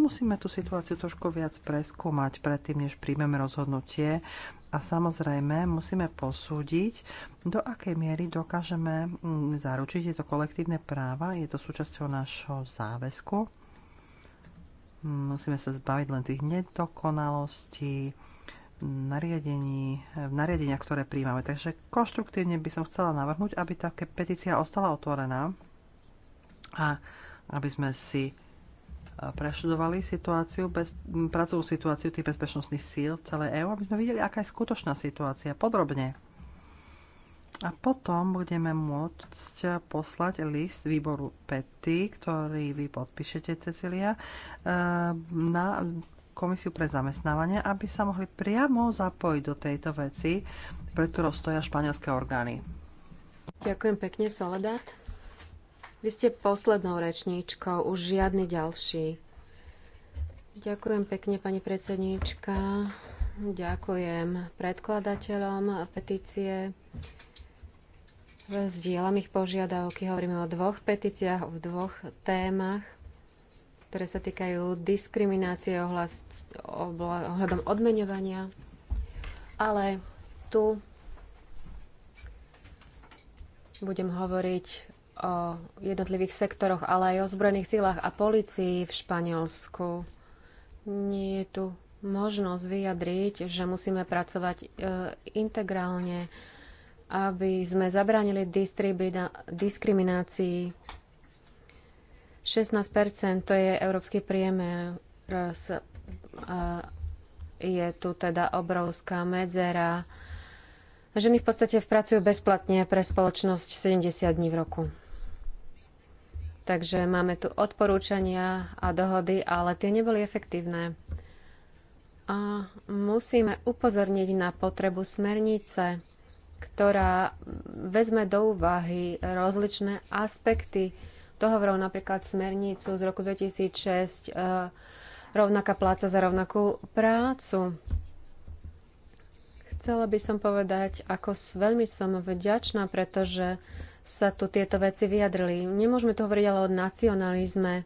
[SPEAKER 4] musíme tú situáciu trošku viac preskúmať predtým, než príjmeme rozhodnutie a samozrejme musíme posúdiť, do akej miery dokážeme mm, zaručiť tieto kolektívne práva. Je to súčasťou nášho záväzku Musíme sa zbaviť len tých nedokonalostí, nariadení, nariadeniach, ktoré príjmame. Takže konštruktívne by som chcela navrhnúť, aby tá petícia ostala otvorená a aby sme si eh, preštudovali situáciu, bez, pracovú situáciu tých bezpečnostných síl celej EÚ, aby sme videli, aká je skutočná situácia podrobne. A potom budeme môcť poslať list výboru PETI, ktorý vy podpíšete, Cecilia, e, na komisiu pre zamestnávanie, aby sa mohli priamo zapojiť do tejto veci, pre ktorou stoja španielské orgány. Ďakujem pekne, Soledad. Vy ste poslednou
[SPEAKER 2] rečníčkou, už žiadny ďalší. Ďakujem pekne, pani predsedníčka. Ďakujem predkladateľom petície. Zdieľam ich požiadavky, hovoríme o dvoch petíciách, o dvoch témach, ktoré sa týkajú diskriminácie ohľadom odmeňovania. Ale tu budem hovoriť o jednotlivých sektoroch, ale aj o zbrojných sílach a policii v Španielsku. Nie je tu možnosť vyjadriť, že musíme pracovať e, integrálne aby sme zabránili diskriminácii. 16 to je európsky priemer. Je tu teda obrovská medzera. Ženy v podstate pracujú bezplatne pre spoločnosť 70 dní v roku. Takže máme tu odporúčania a dohody, ale tie neboli efektívne. A musíme upozorniť na potrebu smernice ktorá vezme do úvahy rozličné aspekty dohovorov, napríklad smernicu z roku 2006, e, rovnaká pláca za rovnakú prácu. Chcela by som povedať, ako veľmi som vďačná, pretože sa tu tieto veci vyjadrili. Nemôžeme to hovoriť ale o nacionalizme.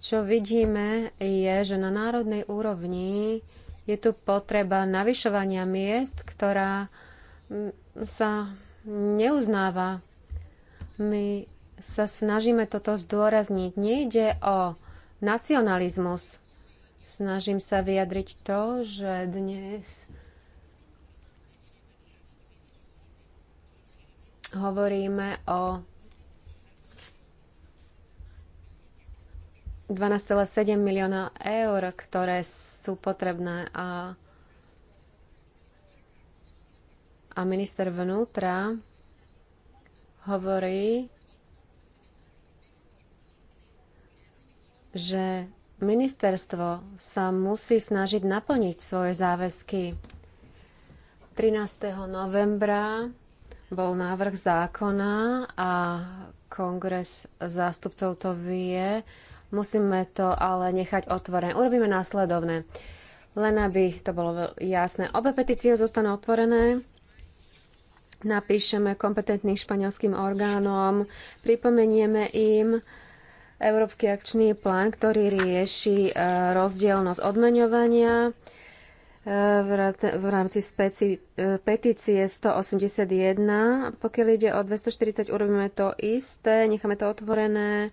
[SPEAKER 2] Čo vidíme je, že na národnej úrovni je tu potreba navyšovania miest, ktorá sa neuznáva. My sa snažíme toto zdôrazniť. Nejde o nacionalizmus. Snažím sa vyjadriť to, že dnes hovoríme o 12,7 milióna eur, ktoré sú potrebné a a minister vnútra hovorí, že ministerstvo sa musí snažiť naplniť svoje záväzky. 13. novembra bol návrh zákona a kongres zástupcov to vie. Musíme to ale nechať otvorené. Urobíme následovné. Len aby to bolo jasné. Obe petície zostanú otvorené napíšeme kompetentným španielským orgánom, pripomenieme im Európsky akčný plán, ktorý rieši e, rozdielnosť odmeňovania e, v rámci speci- e, petície 181. Pokiaľ ide o 240, urobíme to isté, necháme to otvorené.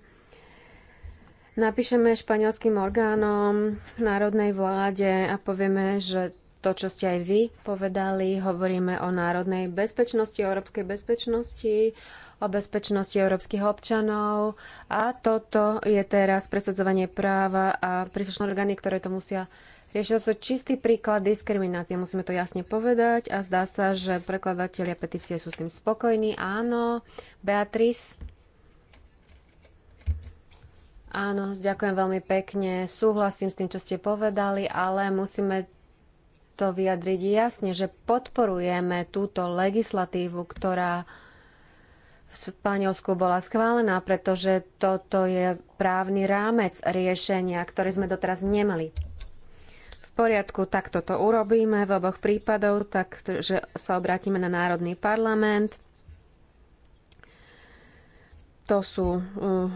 [SPEAKER 2] Napíšeme španielským orgánom, národnej vláde a povieme, že to, čo ste aj vy povedali. Hovoríme o národnej bezpečnosti, o európskej bezpečnosti, o bezpečnosti európskych občanov a toto je teraz presadzovanie práva a príslušné orgány, ktoré to musia riešiť. Toto čistý príklad diskriminácie, musíme to jasne povedať a zdá sa, že prekladatelia petície sú s tým spokojní. Áno, Beatrice. Áno, ďakujem veľmi pekne. Súhlasím s tým, čo ste povedali, ale musíme to vyjadriť jasne, že podporujeme túto legislatívu, ktorá v Španielsku bola schválená, pretože toto je právny rámec riešenia, ktoré sme doteraz nemali. V poriadku, tak toto urobíme v oboch prípadoch, takže sa obrátime na Národný parlament. To sú uh,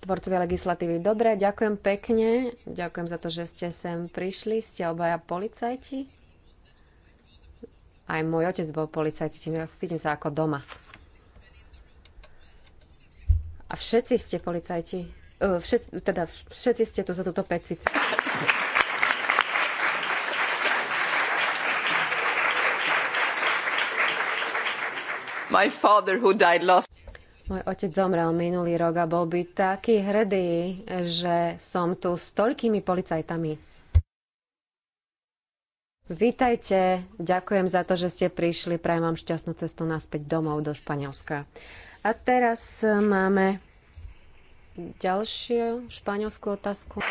[SPEAKER 2] tvorcovia legislatívy. Dobre, ďakujem pekne. Ďakujem za to, že ste sem prišli. Ste obaja policajti. Aj môj otec bol policajt, cítim sa ako doma. A všetci ste policajti. Všet, teda všetci ste tu za túto pecicu. My father who died last môj otec zomrel minulý rok a bol by taký hrdý, že som tu s toľkými policajtami. Vítajte, ďakujem za to, že ste prišli, prajem vám šťastnú cestu naspäť domov do Španielska. A teraz máme ďalšiu španielskú otázku.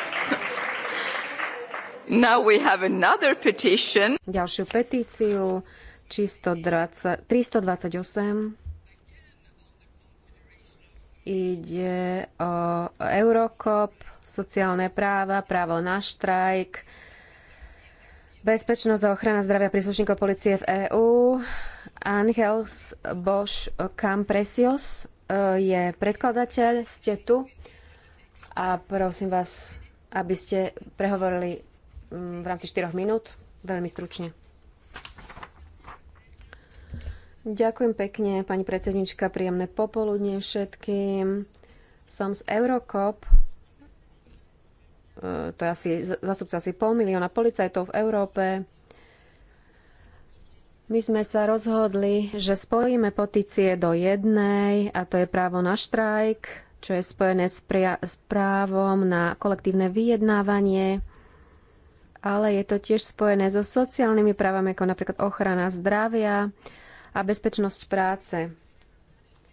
[SPEAKER 2] Now we have another petition. Ďalšiu petíciu, čisto 328 Ide o Eurokop, sociálne práva, právo na štrajk, bezpečnosť a ochrana zdravia príslušníkov policie v EÚ. Angels Bosch Campresios e, je predkladateľ, ste tu a prosím vás, aby ste prehovorili mm, v rámci 4 minút veľmi stručne. Ďakujem pekne, pani predsednička, príjemné popoludne všetkým. Som z Eurokop, e, to je asi, zastupca asi pol milióna policajtov v Európe. My sme sa rozhodli, že spojíme potície do jednej, a to je právo na štrajk, čo je spojené s, pria- s právom na kolektívne vyjednávanie, ale je to tiež spojené so sociálnymi právami, ako napríklad ochrana zdravia, a bezpečnosť práce.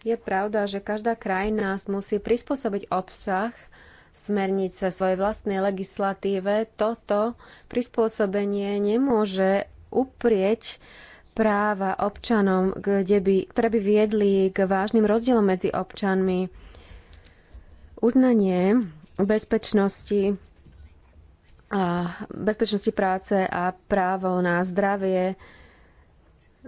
[SPEAKER 2] Je pravda, že každá krajina musí prispôsobiť obsah smernice svojej vlastnej legislatíve. Toto prispôsobenie nemôže uprieť práva občanom, kde by, ktoré by viedli k vážnym rozdielom medzi občanmi. Uznanie bezpečnosti a bezpečnosti práce a právo na zdravie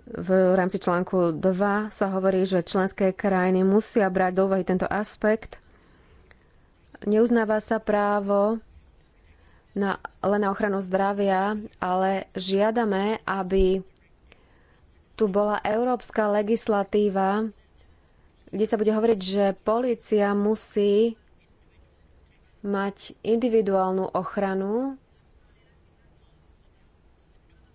[SPEAKER 2] v rámci článku 2 sa hovorí, že členské krajiny musia brať do úvahy tento aspekt. Neuznáva sa právo na, len na ochranu zdravia, ale žiadame, aby tu bola európska legislatíva, kde sa bude hovoriť, že polícia musí mať individuálnu ochranu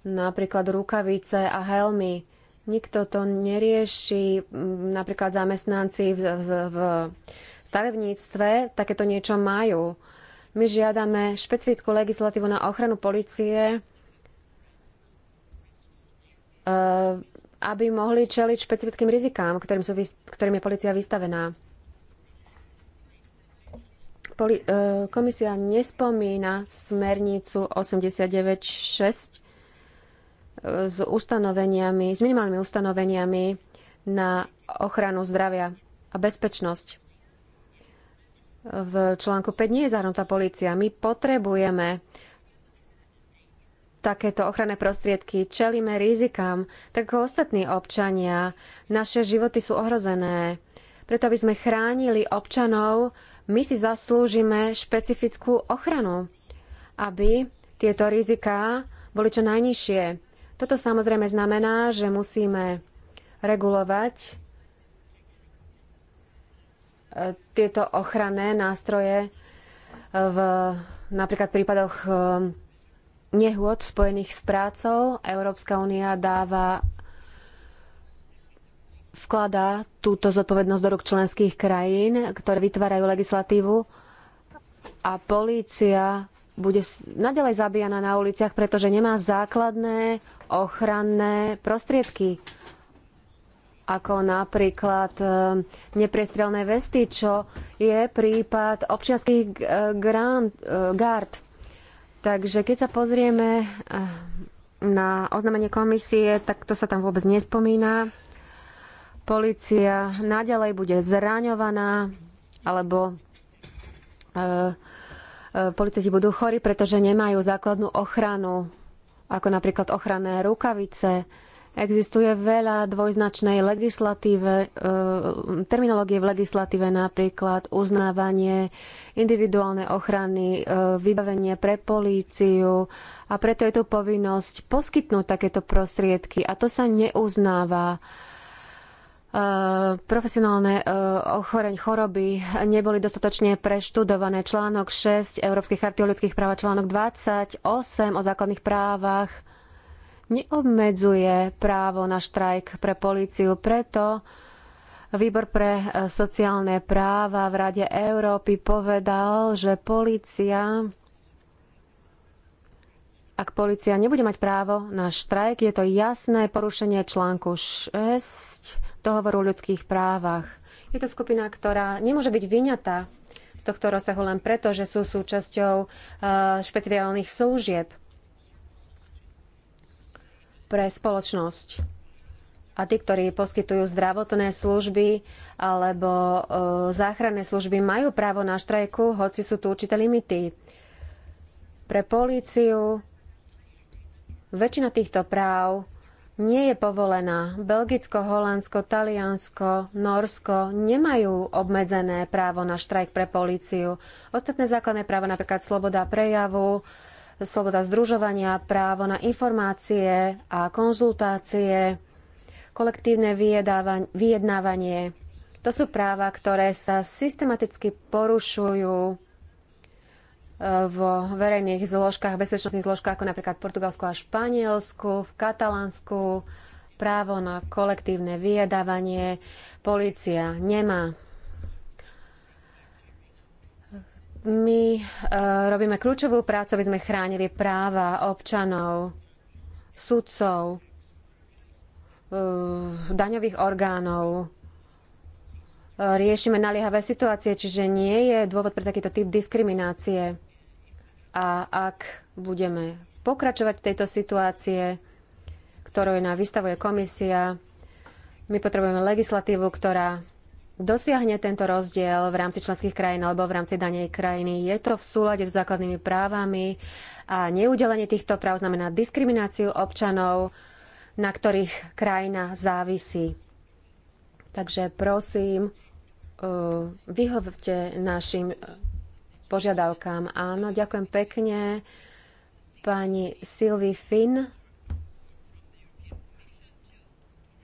[SPEAKER 2] napríklad rukavice a helmy. Nikto to nerieši, napríklad zamestnanci v, v, v stavebníctve takéto niečo majú. My žiadame špecifickú legislatívu na ochranu policie, e, aby mohli čeliť špecifickým rizikám, ktorým, sú, ktorým je policia vystavená. Poli, e, komisia nespomína smernicu 89.6 s ustanoveniami, s minimálnymi ustanoveniami na ochranu zdravia a bezpečnosť. V článku 5 nie je zahrnutá polícia. My potrebujeme takéto ochranné prostriedky, čelíme rizikám, tak ako ostatní občania. Naše životy sú ohrozené. Preto, aby sme chránili občanov, my si zaslúžime špecifickú ochranu, aby tieto riziká boli čo najnižšie. Toto samozrejme znamená, že musíme regulovať e, tieto ochranné nástroje e, v napríklad v prípadoch e, nehôd spojených s prácou. Európska únia dáva vkladá túto zodpovednosť do rúk členských krajín, ktoré vytvárajú legislatívu a polícia bude nadalej zabíjana na uliciach, pretože nemá základné ochranné prostriedky ako napríklad e, nepriestrelné vesty, čo je prípad občianských e, grand, e, gard. Takže keď sa pozrieme na oznámenie komisie, tak to sa tam vôbec nespomína. Polícia naďalej bude zraňovaná alebo e, E, policajti budú chorí, pretože nemajú základnú ochranu, ako napríklad ochranné rukavice. Existuje veľa dvojznačnej legislatíve, e, terminológie v legislatíve, napríklad uznávanie individuálnej ochrany, e, vybavenie pre políciu a preto je tu povinnosť poskytnúť takéto prostriedky a to sa neuznáva Eh, profesionálne eh, ochoreň choroby neboli dostatočne preštudované. Článok 6 Európskej charty o ľudských právach, článok 28 o základných právach neobmedzuje právo na štrajk pre políciu. Preto Výbor pre eh, sociálne práva v Rade Európy povedal, že polícia ak polícia nebude mať právo na štrajk, je to jasné porušenie článku 6 dohovoru o ľudských právach. Je to skupina, ktorá nemôže byť vyňatá z tohto rozsahu len preto, že sú súčasťou e, špeciálnych služieb pre spoločnosť. A tí, ktorí poskytujú zdravotné služby alebo e, záchranné služby, majú právo na štrajku, hoci sú tu určité limity. Pre políciu väčšina týchto práv nie je povolená. Belgicko, Holandsko, Taliansko, Norsko nemajú obmedzené právo na štrajk pre políciu. Ostatné základné práva, napríklad sloboda prejavu, sloboda združovania, právo na informácie a konzultácie, kolektívne vyjednávanie, to sú práva, ktoré sa systematicky porušujú v verejných zložkách, bezpečnostných zložkách, ako napríklad v Portugalsku a Španielsku, v Katalánsku, právo na kolektívne vyjadávanie, policia nemá. My e, robíme kľúčovú prácu, aby sme chránili práva občanov, sudcov, e, daňových orgánov. E, riešime naliehavé situácie, čiže nie je dôvod pre takýto typ diskriminácie. A ak budeme pokračovať v tejto situácie, ktorú nám vystavuje komisia, my potrebujeme legislatívu, ktorá dosiahne tento rozdiel v rámci členských krajín alebo v rámci danej krajiny. Je to v súlade s základnými právami a neudelenie týchto práv znamená diskrimináciu občanov, na ktorých krajina závisí. Takže prosím, eh, vyhovte našim požiadavkám. Áno, ďakujem pekne pani Sylvie Finn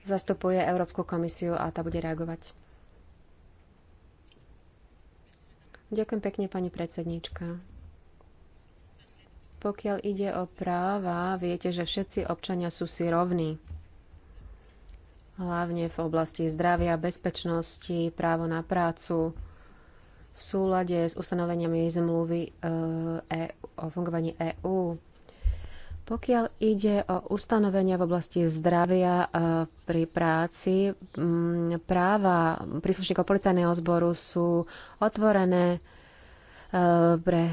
[SPEAKER 2] zastupuje Európsku komisiu a tá bude reagovať. Ďakujem pekne, pani predsedníčka. Pokiaľ ide o práva, viete, že všetci občania sú si rovní. Hlavne v oblasti zdravia, bezpečnosti, právo na prácu, v súlade s ustanoveniami zmluvy e, e o fungovaní EÚ. Pokiaľ ide o ustanovenia v oblasti zdravia e, pri práci, práva príslušníkov policajného zboru sú otvorené pre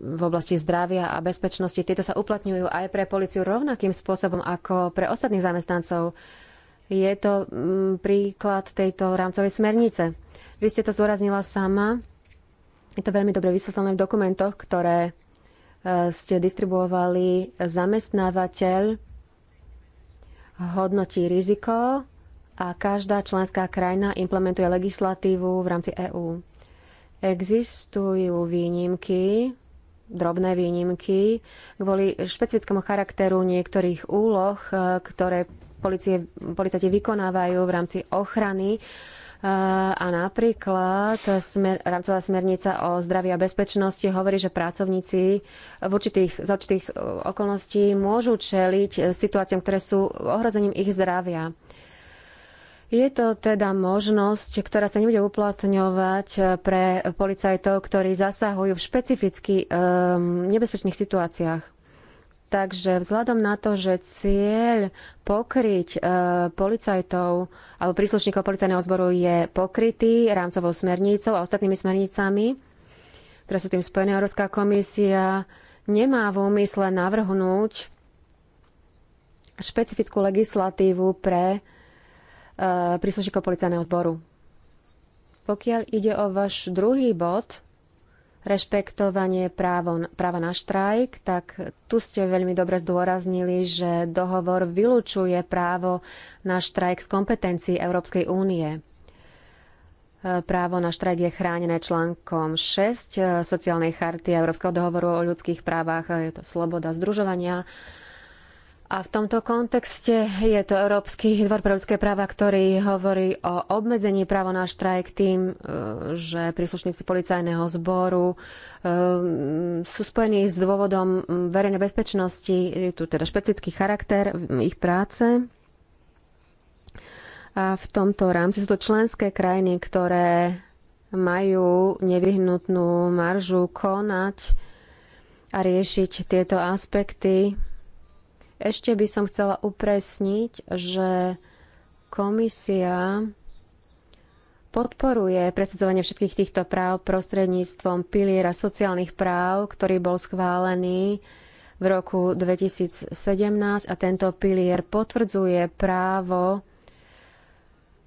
[SPEAKER 2] v oblasti zdravia a bezpečnosti. Tieto sa uplatňujú aj pre policiu rovnakým spôsobom ako pre ostatných zamestnancov. Je to príklad tejto rámcovej smernice. Vy ste to zdôraznila sama. Je to veľmi dobre vysvetlené v dokumentoch, ktoré e, ste distribuovali. Zamestnávateľ hodnotí riziko a každá členská krajina implementuje legislatívu v rámci EÚ. Existujú výnimky, drobné výnimky, kvôli špecifickému charakteru niektorých úloh, e, ktoré policie, policajti vykonávajú v rámci ochrany a napríklad smer, rámcová smernica o zdraví a bezpečnosti hovorí, že pracovníci v určitých, z určitých e, okolností môžu čeliť e, situáciám, ktoré sú ohrozením ich zdravia. Je to teda možnosť, ktorá sa nebude uplatňovať e, pre policajtov, ktorí zasahujú v špecificky um, nebezpečných situáciách. Takže vzhľadom na to, že cieľ pokryť e, policajtov alebo príslušníkov policajného zboru je pokrytý rámcovou smernicou a ostatnými smernicami, ktoré sú tým spojené, Európska komisia nemá v úmysle navrhnúť špecifickú legislatívu pre e, príslušníkov policajného zboru. Pokiaľ ide o váš druhý bod, rešpektovanie právo, práva na štrajk, tak tu ste veľmi dobre zdôraznili, že dohovor vylučuje právo na štrajk z kompetencií Európskej únie. E, právo na štrajk je chránené článkom 6 e, sociálnej charty Európskeho dohovoru o ľudských právach. E, je to sloboda združovania, a v tomto kontexte je to Európsky dvor pre ľudské práva, ktorý hovorí o obmedzení práva na štrajk tým, e, že príslušníci policajného zboru e, sú spojení s dôvodom verejnej bezpečnosti, je tu teda špecifický charakter ich práce. A v tomto rámci sú to členské krajiny, ktoré majú nevyhnutnú maržu konať a riešiť tieto aspekty ešte by som chcela upresniť, že komisia podporuje presadzovanie všetkých týchto práv prostredníctvom piliera sociálnych práv, ktorý bol schválený v roku 2017 a tento pilier potvrdzuje právo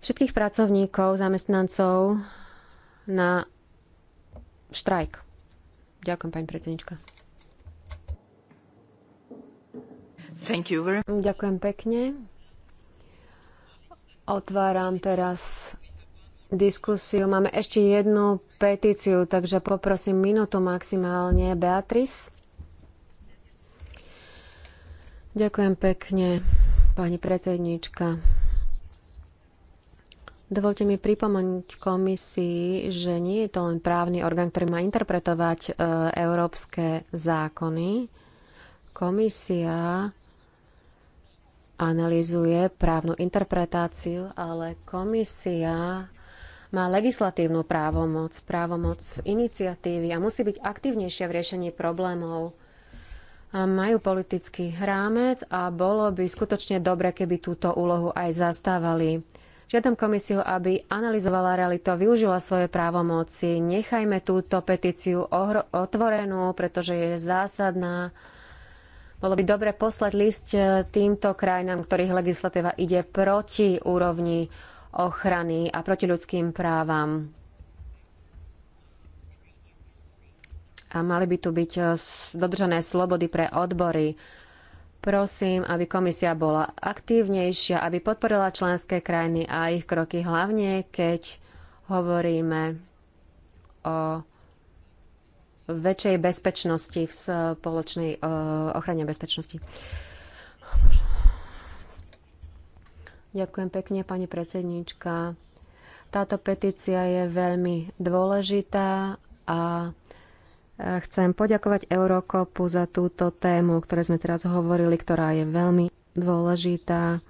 [SPEAKER 2] všetkých pracovníkov, zamestnancov na štrajk. Ďakujem, pani predsednička. Thank you very... Ďakujem pekne. Otváram teraz diskusiu. Máme ešte jednu petíciu, takže poprosím minútu maximálne. Beatrice. Ďakujem pekne, pani predsednička. Dovolte mi pripomenúť komisii, že nie je to len právny orgán, ktorý má interpretovať e, európske zákony. Komisia analýzuje právnu interpretáciu, ale komisia má legislatívnu právomoc, právomoc iniciatívy a musí byť aktívnejšia v riešení problémov. A majú politický rámec a bolo by skutočne dobre, keby túto úlohu aj zastávali. Žiadam komisiu, aby analyzovala realitu a využila svoje právomoci. Nechajme túto petíciu otvorenú, pretože je zásadná bolo by dobre poslať list e, týmto krajinám, ktorých legislatíva ide proti úrovni ochrany a proti ľudským právam. A mali by tu byť e, dodržané slobody pre odbory. Prosím, aby komisia bola aktívnejšia, aby podporila členské krajiny a ich kroky, hlavne keď hovoríme o väčšej bezpečnosti, v spoločnej e, ochrane bezpečnosti. Ďakujem pekne, pani predsedníčka. Táto petícia je veľmi dôležitá a e, chcem poďakovať Eurokopu za túto tému, ktoré ktorej sme teraz hovorili, ktorá je veľmi dôležitá.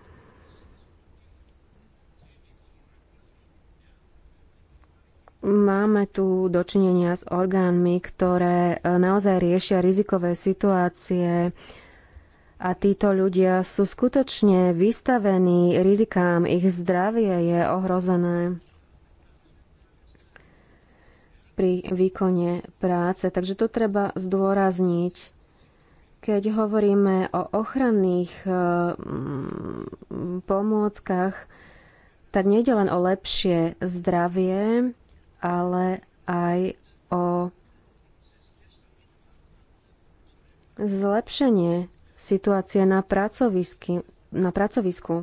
[SPEAKER 2] Máme tu dočinenia s orgánmi, ktoré e, naozaj riešia rizikové situácie a títo ľudia sú skutočne vystavení rizikám, ich zdravie je ohrozené pri výkone práce. Takže to treba zdôrazniť. Keď hovoríme o ochranných e, pomôckach, tak je len o lepšie zdravie, ale aj o zlepšenie situácie na, na pracovisku.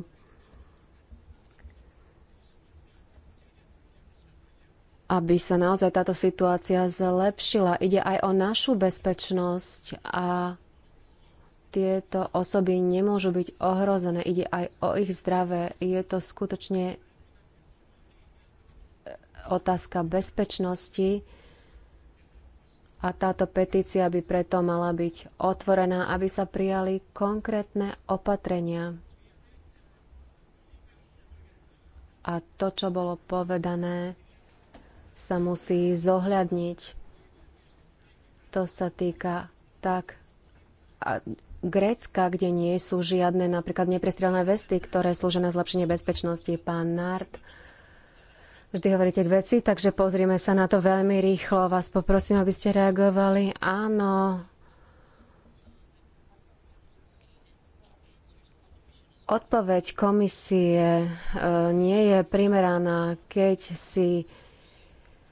[SPEAKER 2] aby sa naozaj táto situácia zlepšila. Ide aj o našu bezpečnosť a tieto osoby nemôžu byť ohrozené. Ide aj o ich zdravé. Je to skutočne otázka bezpečnosti a táto petícia by preto mala byť otvorená, aby sa prijali konkrétne opatrenia. A to, čo bolo povedané, sa musí zohľadniť. To sa týka tak Grécka, kde nie sú žiadne napríklad neprestrelné vesty, ktoré slúžia na zlepšenie bezpečnosti. Pán Nard vždy hovoríte k veci, takže pozrieme sa na to veľmi rýchlo. Vás poprosím, aby ste reagovali. Áno. Odpoveď komisie e, nie je primeraná, keď si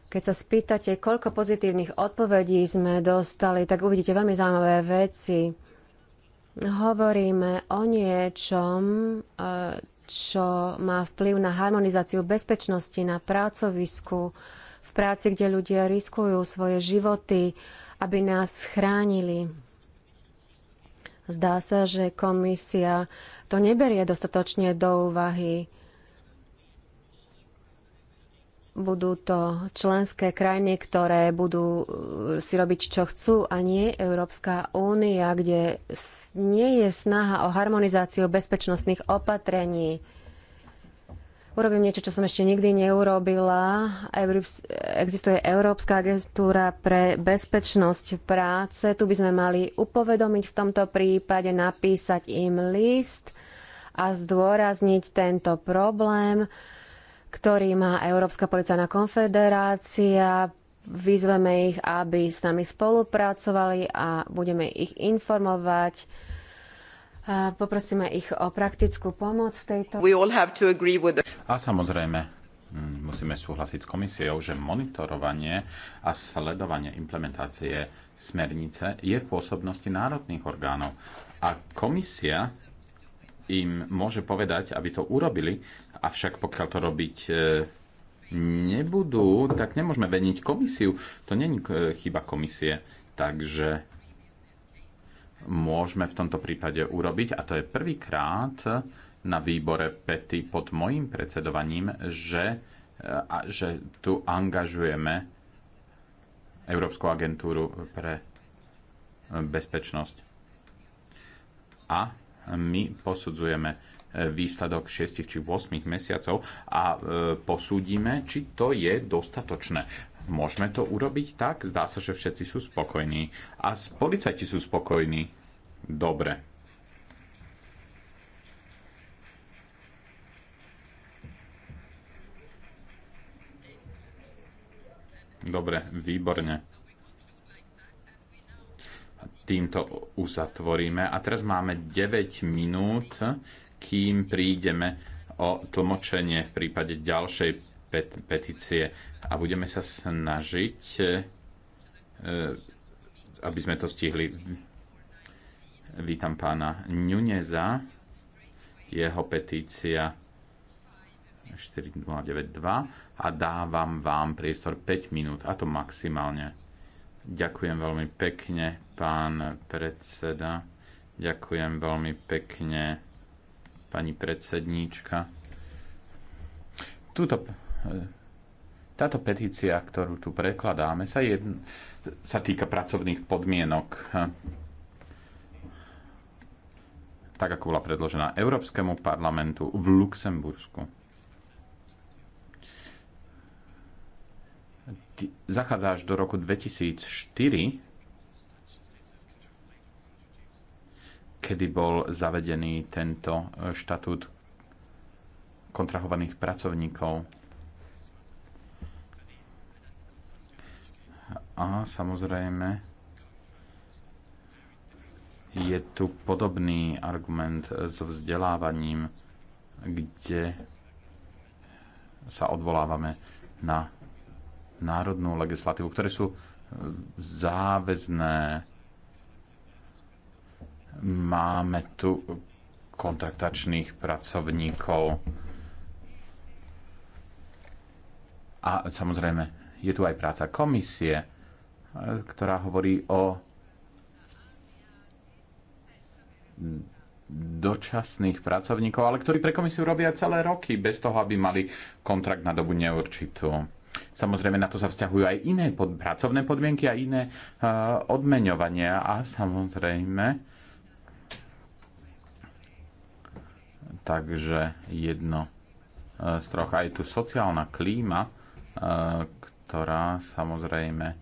[SPEAKER 2] keď sa spýtate, koľko pozitívnych odpovedí sme dostali, tak uvidíte veľmi zaujímavé veci. Hovoríme o niečom, e, čo má vplyv na harmonizáciu bezpečnosti na pracovisku, v práci, kde ľudia riskujú svoje životy, aby nás chránili. Zdá sa, že komisia to neberie dostatočne do úvahy. Budú to členské krajiny, ktoré budú e, si robiť, čo chcú a nie Európska únia, kde nie je snaha o harmonizáciu bezpečnostných opatrení. Urobím niečo, čo som ešte nikdy neurobila. Existuje Európska agentúra pre bezpečnosť práce. Tu by sme mali upovedomiť v tomto prípade, napísať im list a zdôrazniť tento problém ktorý má Európska policajná konfederácia. Vyzveme ich, aby s nami spolupracovali a budeme ich informovať. poprosíme ich o praktickú pomoc tejto.
[SPEAKER 3] A samozrejme, mm, musíme súhlasiť s komisiou, že monitorovanie a sledovanie implementácie smernice je v pôsobnosti národných orgánov. A komisia im môže povedať, aby to urobili, Avšak pokiaľ to robiť e, nebudú, tak nemôžeme veniť komisiu. To není e, chyba komisie. Takže môžeme v tomto prípade urobiť, a to je prvýkrát na výbore PETY pod mojim predsedovaním, že, e, a, že tu angažujeme Európsku agentúru pre bezpečnosť. A my posudzujeme E, výsledok 6 či 8 mesiacov a e, posúdime, či to je dostatočné. Môžeme to urobiť tak? Zdá sa, že všetci sú spokojní. A policajti sú spokojní. Dobre. Dobre, výborne. Týmto uzatvoríme. A teraz máme 9 minút kým prídeme o tlmočenie v prípade ďalšej petície a budeme sa snažiť, e, aby sme to stihli. Vítam pána Ňuneza, jeho petícia 4092 a dávam vám priestor 5 minút, a to maximálne. Ďakujem veľmi pekne, pán predseda. Ďakujem veľmi pekne pani predsedníčka. Tuto, e, táto petícia, ktorú tu prekladáme, sa, jedn, sa týka pracovných podmienok. E, tak, ako bola predložená Európskemu parlamentu v Luxembursku. Zachádza až do roku 2004 kedy bol zavedený tento e, štatút kontrahovaných pracovníkov. A samozrejme, je tu podobný argument so vzdelávaním, kde sa odvolávame na národnú legislatívu, ktoré sú e, záväzné Máme tu kontraktačných pracovníkov. A samozrejme, je tu aj práca komisie, e, ktorá hovorí o dočasných pracovníkov, ale ktorí pre komisiu robia celé roky, bez toho, aby mali kontrakt na dobu neurčitú. Samozrejme, na to sa vzťahujú aj iné pod, pracovné podmienky a iné uh, odmeňovania. A samozrejme, Takže jedno e, z troch. Aj tu sociálna klíma, e, ktorá samozrejme e,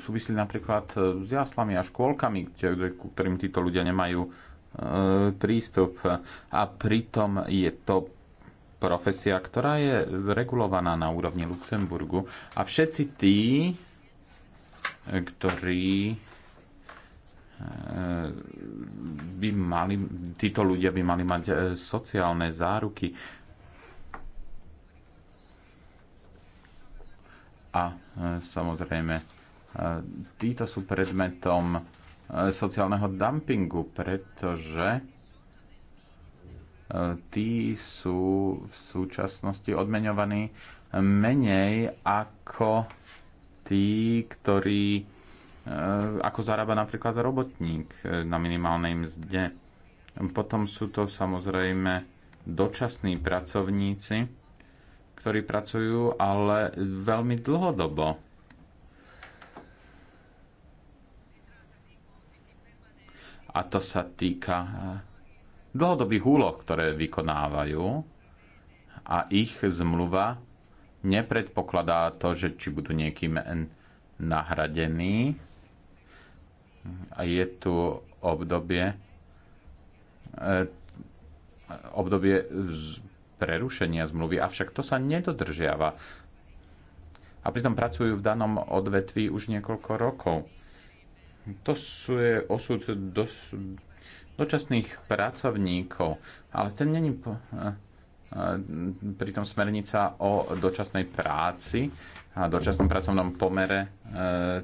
[SPEAKER 3] súvisí napríklad s jaslami a škôlkami, ku ktorým títo ľudia nemajú prístup. A pritom je to profesia, ktorá je regulovaná na úrovni Luxemburgu. A všetci tí, ktorí by mali, títo ľudia by mali mať e, sociálne záruky a e, samozrejme e, títo sú predmetom sociálneho dumpingu, pretože tí sú v súčasnosti odmeňovaní menej ako tí, ktorí E, ako zarába napríklad robotník e, na minimálnej mzde. Potom sú to samozrejme dočasní pracovníci, ktorí pracujú ale veľmi dlhodobo. A to sa týka e, dlhodobých úloh, ktoré vykonávajú a ich zmluva nepredpokladá to, že či budú niekým nahradení a je tu obdobie, e, obdobie prerušenia zmluvy, avšak to sa nedodržiava. A pritom pracujú v danom odvetví už niekoľko rokov. To sú je osud dos, dočasných pracovníkov, ale ten není e, e, pritom smernica o dočasnej práci a dočasnom pracovnom pomere e,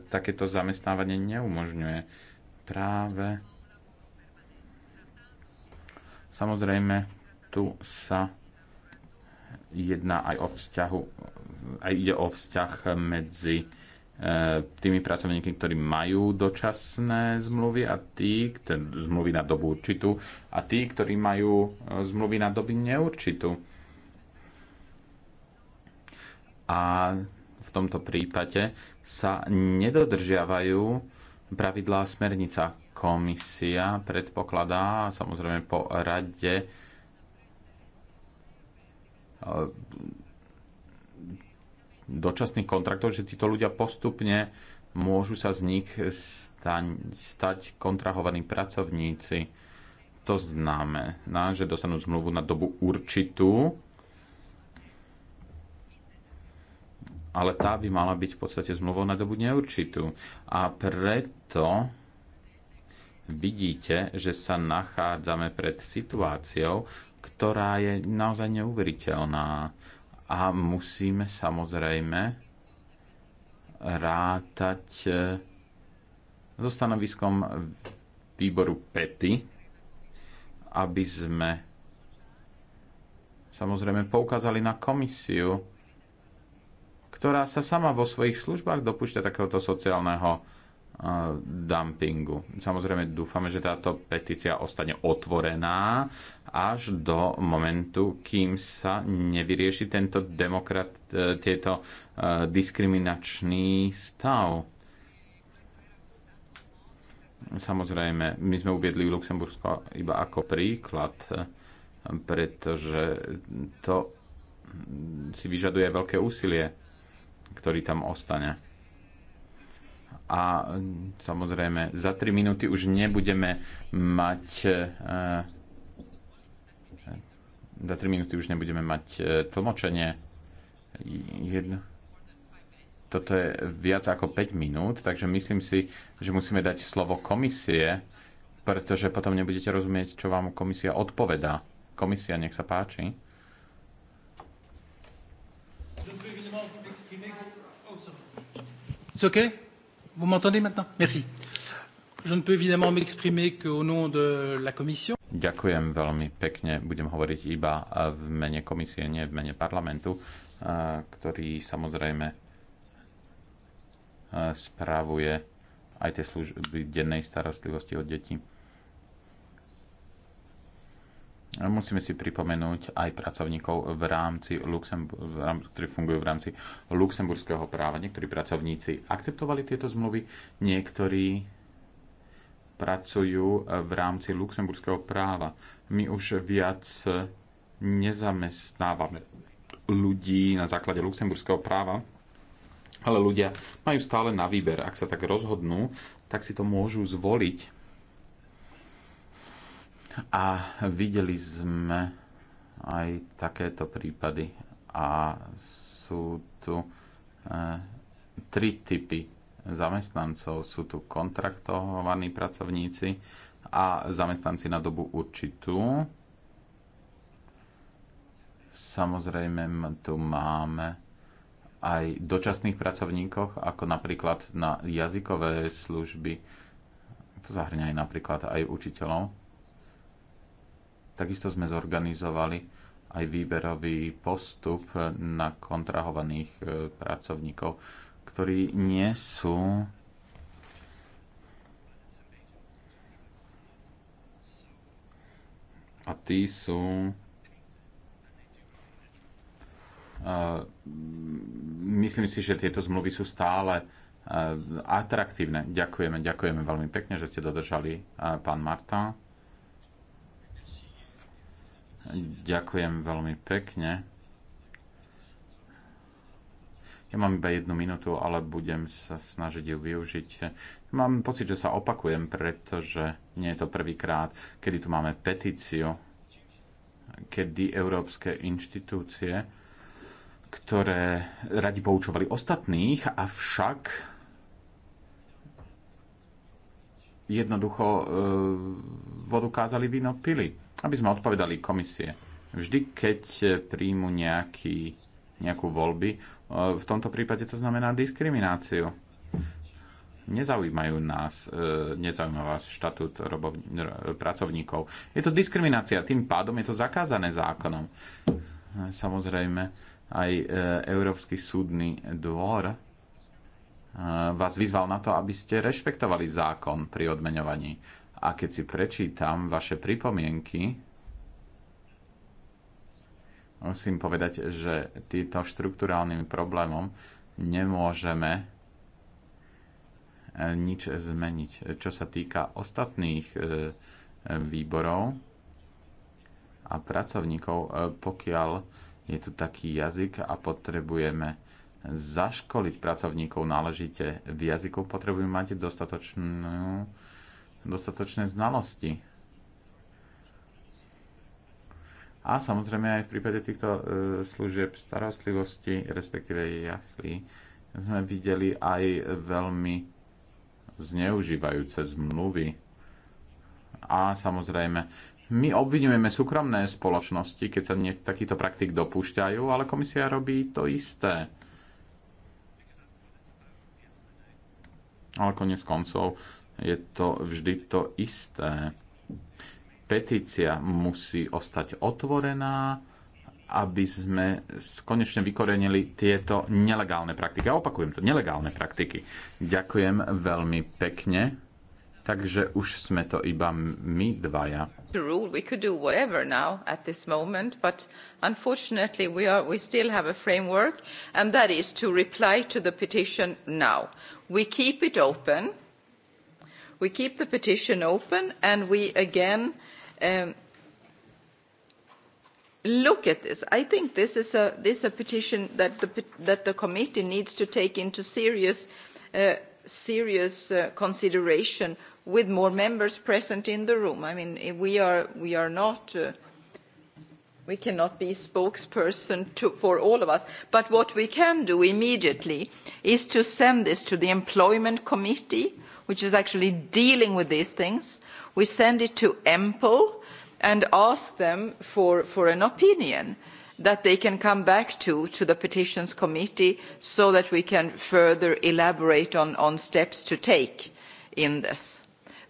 [SPEAKER 3] takéto zamestnávanie neumožňuje. Práve samozrejme tu sa jedná aj o vzťahu, aj ide o vzťah medzi e, tými pracovníkmi, ktorí majú dočasné zmluvy a tí, ktorí zmluvy na dobu určitú a tí, ktorí majú e, zmluvy na doby neurčitú. A tomto prípade sa nedodržiavajú pravidlá smernica. Komisia predpokladá, samozrejme po rade, eh, dočasných kontraktov, že títo ľudia postupne môžu sa z nich stať kontrahovaní pracovníci. To znamená, že dostanú zmluvu na dobu určitú, ale tá by mala byť v podstate zmluvou na dobu neurčitú. A preto vidíte, že sa nachádzame pred situáciou, ktorá je naozaj neuveriteľná. A musíme samozrejme rátať e, so stanoviskom výboru PETY, aby sme samozrejme poukázali na komisiu, ktorá sa sama vo svojich službách dopúšťa takéhoto sociálneho e, dumpingu. Samozrejme dúfame, že táto petícia ostane otvorená až do momentu, kým sa nevyrieši tento demokrat, e, tieto e, diskriminačný stav. Samozrejme, my sme uviedli Luxembursko iba ako príklad, pretože to si vyžaduje veľké úsilie ktorý tam ostane. A mm, samozrejme, za 3 minúty už nebudeme mať e, e, za 3 minúty už nebudeme mať e, tlmočenie. Jedno. Toto je viac ako 5 minút, takže myslím si, že musíme dať slovo komisie, pretože potom nebudete rozumieť, čo vám komisia odpovedá. Komisia, nech sa páči. C'est OK Vous m'entendez maintenant Merci. Je ne peux évidemment m'exprimer qu'au nom de la Commission. Ďakujem veľmi pekne. Budem hovoriť iba v mene komisie, nie v mene parlamentu, ktorý samozrejme spravuje aj tie služby dennej starostlivosti od detí. Musíme si pripomenúť aj pracovníkov v rámci, Luxembur- ktorí fungujú v rámci luxemburského práva. Niektorí pracovníci akceptovali tieto zmluvy, niektorí pracujú v rámci luxemburského práva. My už viac nezamestnávame ľudí na základe luxemburského práva, ale ľudia majú stále na výber. Ak sa tak rozhodnú, tak si to môžu zvoliť a videli sme aj takéto prípady. A sú tu e, tri typy zamestnancov. Sú tu kontraktovaní pracovníci a zamestnanci na dobu určitú. Samozrejme, tu máme aj dočasných pracovníkoch, ako napríklad na jazykové služby. To zahrňa aj napríklad aj učiteľov Takisto sme zorganizovali aj výberový postup na kontrahovaných e, pracovníkov, ktorí nie sú a tí sú e, myslím si, že tieto zmluvy sú stále e, atraktívne. Ďakujeme, ďakujeme veľmi pekne, že ste dodržali pán Marta. Ďakujem veľmi pekne. Ja mám iba jednu minútu, ale budem sa snažiť ju využiť. Mám pocit, že sa opakujem, pretože nie je to prvýkrát, kedy tu máme petíciu, kedy európske inštitúcie, ktoré radi poučovali ostatných, avšak jednoducho e, vodu kázali, víno pili aby sme odpovedali komisie. Vždy, keď príjmu nejaký, nejakú voľby, e, v tomto prípade to znamená diskrimináciu. Nezaujímajú nás, e, nezaujíma vás štatút robov, pracovníkov. Je to diskriminácia, tým pádom je to zakázané zákonom. E, samozrejme, aj Európsky súdny dvor vás vyzval na to, aby ste rešpektovali zákon pri odmeňovaní. A keď si prečítam vaše pripomienky, musím povedať, že týmto štruktúrálnym problémom nemôžeme eh, nič zmeniť. Čo sa týka ostatných eh, výborov a pracovníkov, eh, pokiaľ je tu taký jazyk a potrebujeme zaškoliť pracovníkov náležite v jazyku, potrebujeme mať dostatočnú dostatočné znalosti. A samozrejme aj v prípade týchto e, služieb starostlivosti, respektíve jaslí, sme videli aj veľmi zneužívajúce zmluvy. A samozrejme, my obvinujeme súkromné spoločnosti, keď sa nie, takýto praktik dopúšťajú, ale komisia robí to isté. Ale konec koncov je to vždy to isté. Petícia musí ostať otvorená, aby sme konečne vykorenili tieto nelegálne praktiky. A opakujem to, nelegálne praktiky. Ďakujem veľmi pekne. Takže už sme to iba my dvaja.
[SPEAKER 1] We could do whatever now at this moment, but unfortunately we, are, we still have a framework, and that is to reply to the petition now. We keep it open we keep the petition open and we again um, look at this. I think this is a, this is a petition that the, that the committee needs to take into serious, uh, serious uh, consideration with more members present in the room. I mean, we are, we are not... Uh, we cannot be spokesperson to, for all of us. But what we can do immediately is to send this to the Employment Committee, which is actually dealing with these things. We send it to EMPL and ask them for, for an opinion that they can come back to to the petitions committee so that we can further elaborate on, on steps to take in this.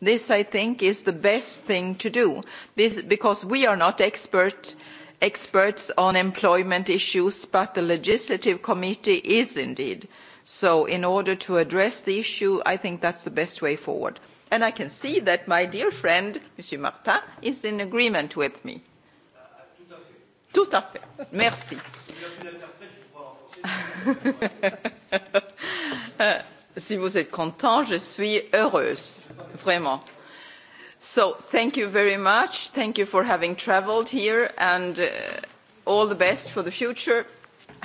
[SPEAKER 1] This, I think, is the best thing to do because we are not expert, experts on employment issues, but the legislative committee is indeed so in order to address the issue i think that's the best way forward and i can see that my dear friend mr martin is in agreement with me tout à fait merci [laughs] euh, si vous êtes content je suis heureuse vraiment so thank you very much thank you for having travelled here and uh, all the best for the future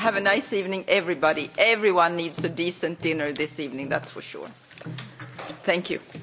[SPEAKER 1] have a nice evening, everybody. Everyone needs a decent dinner this evening, that's for sure. Thank you.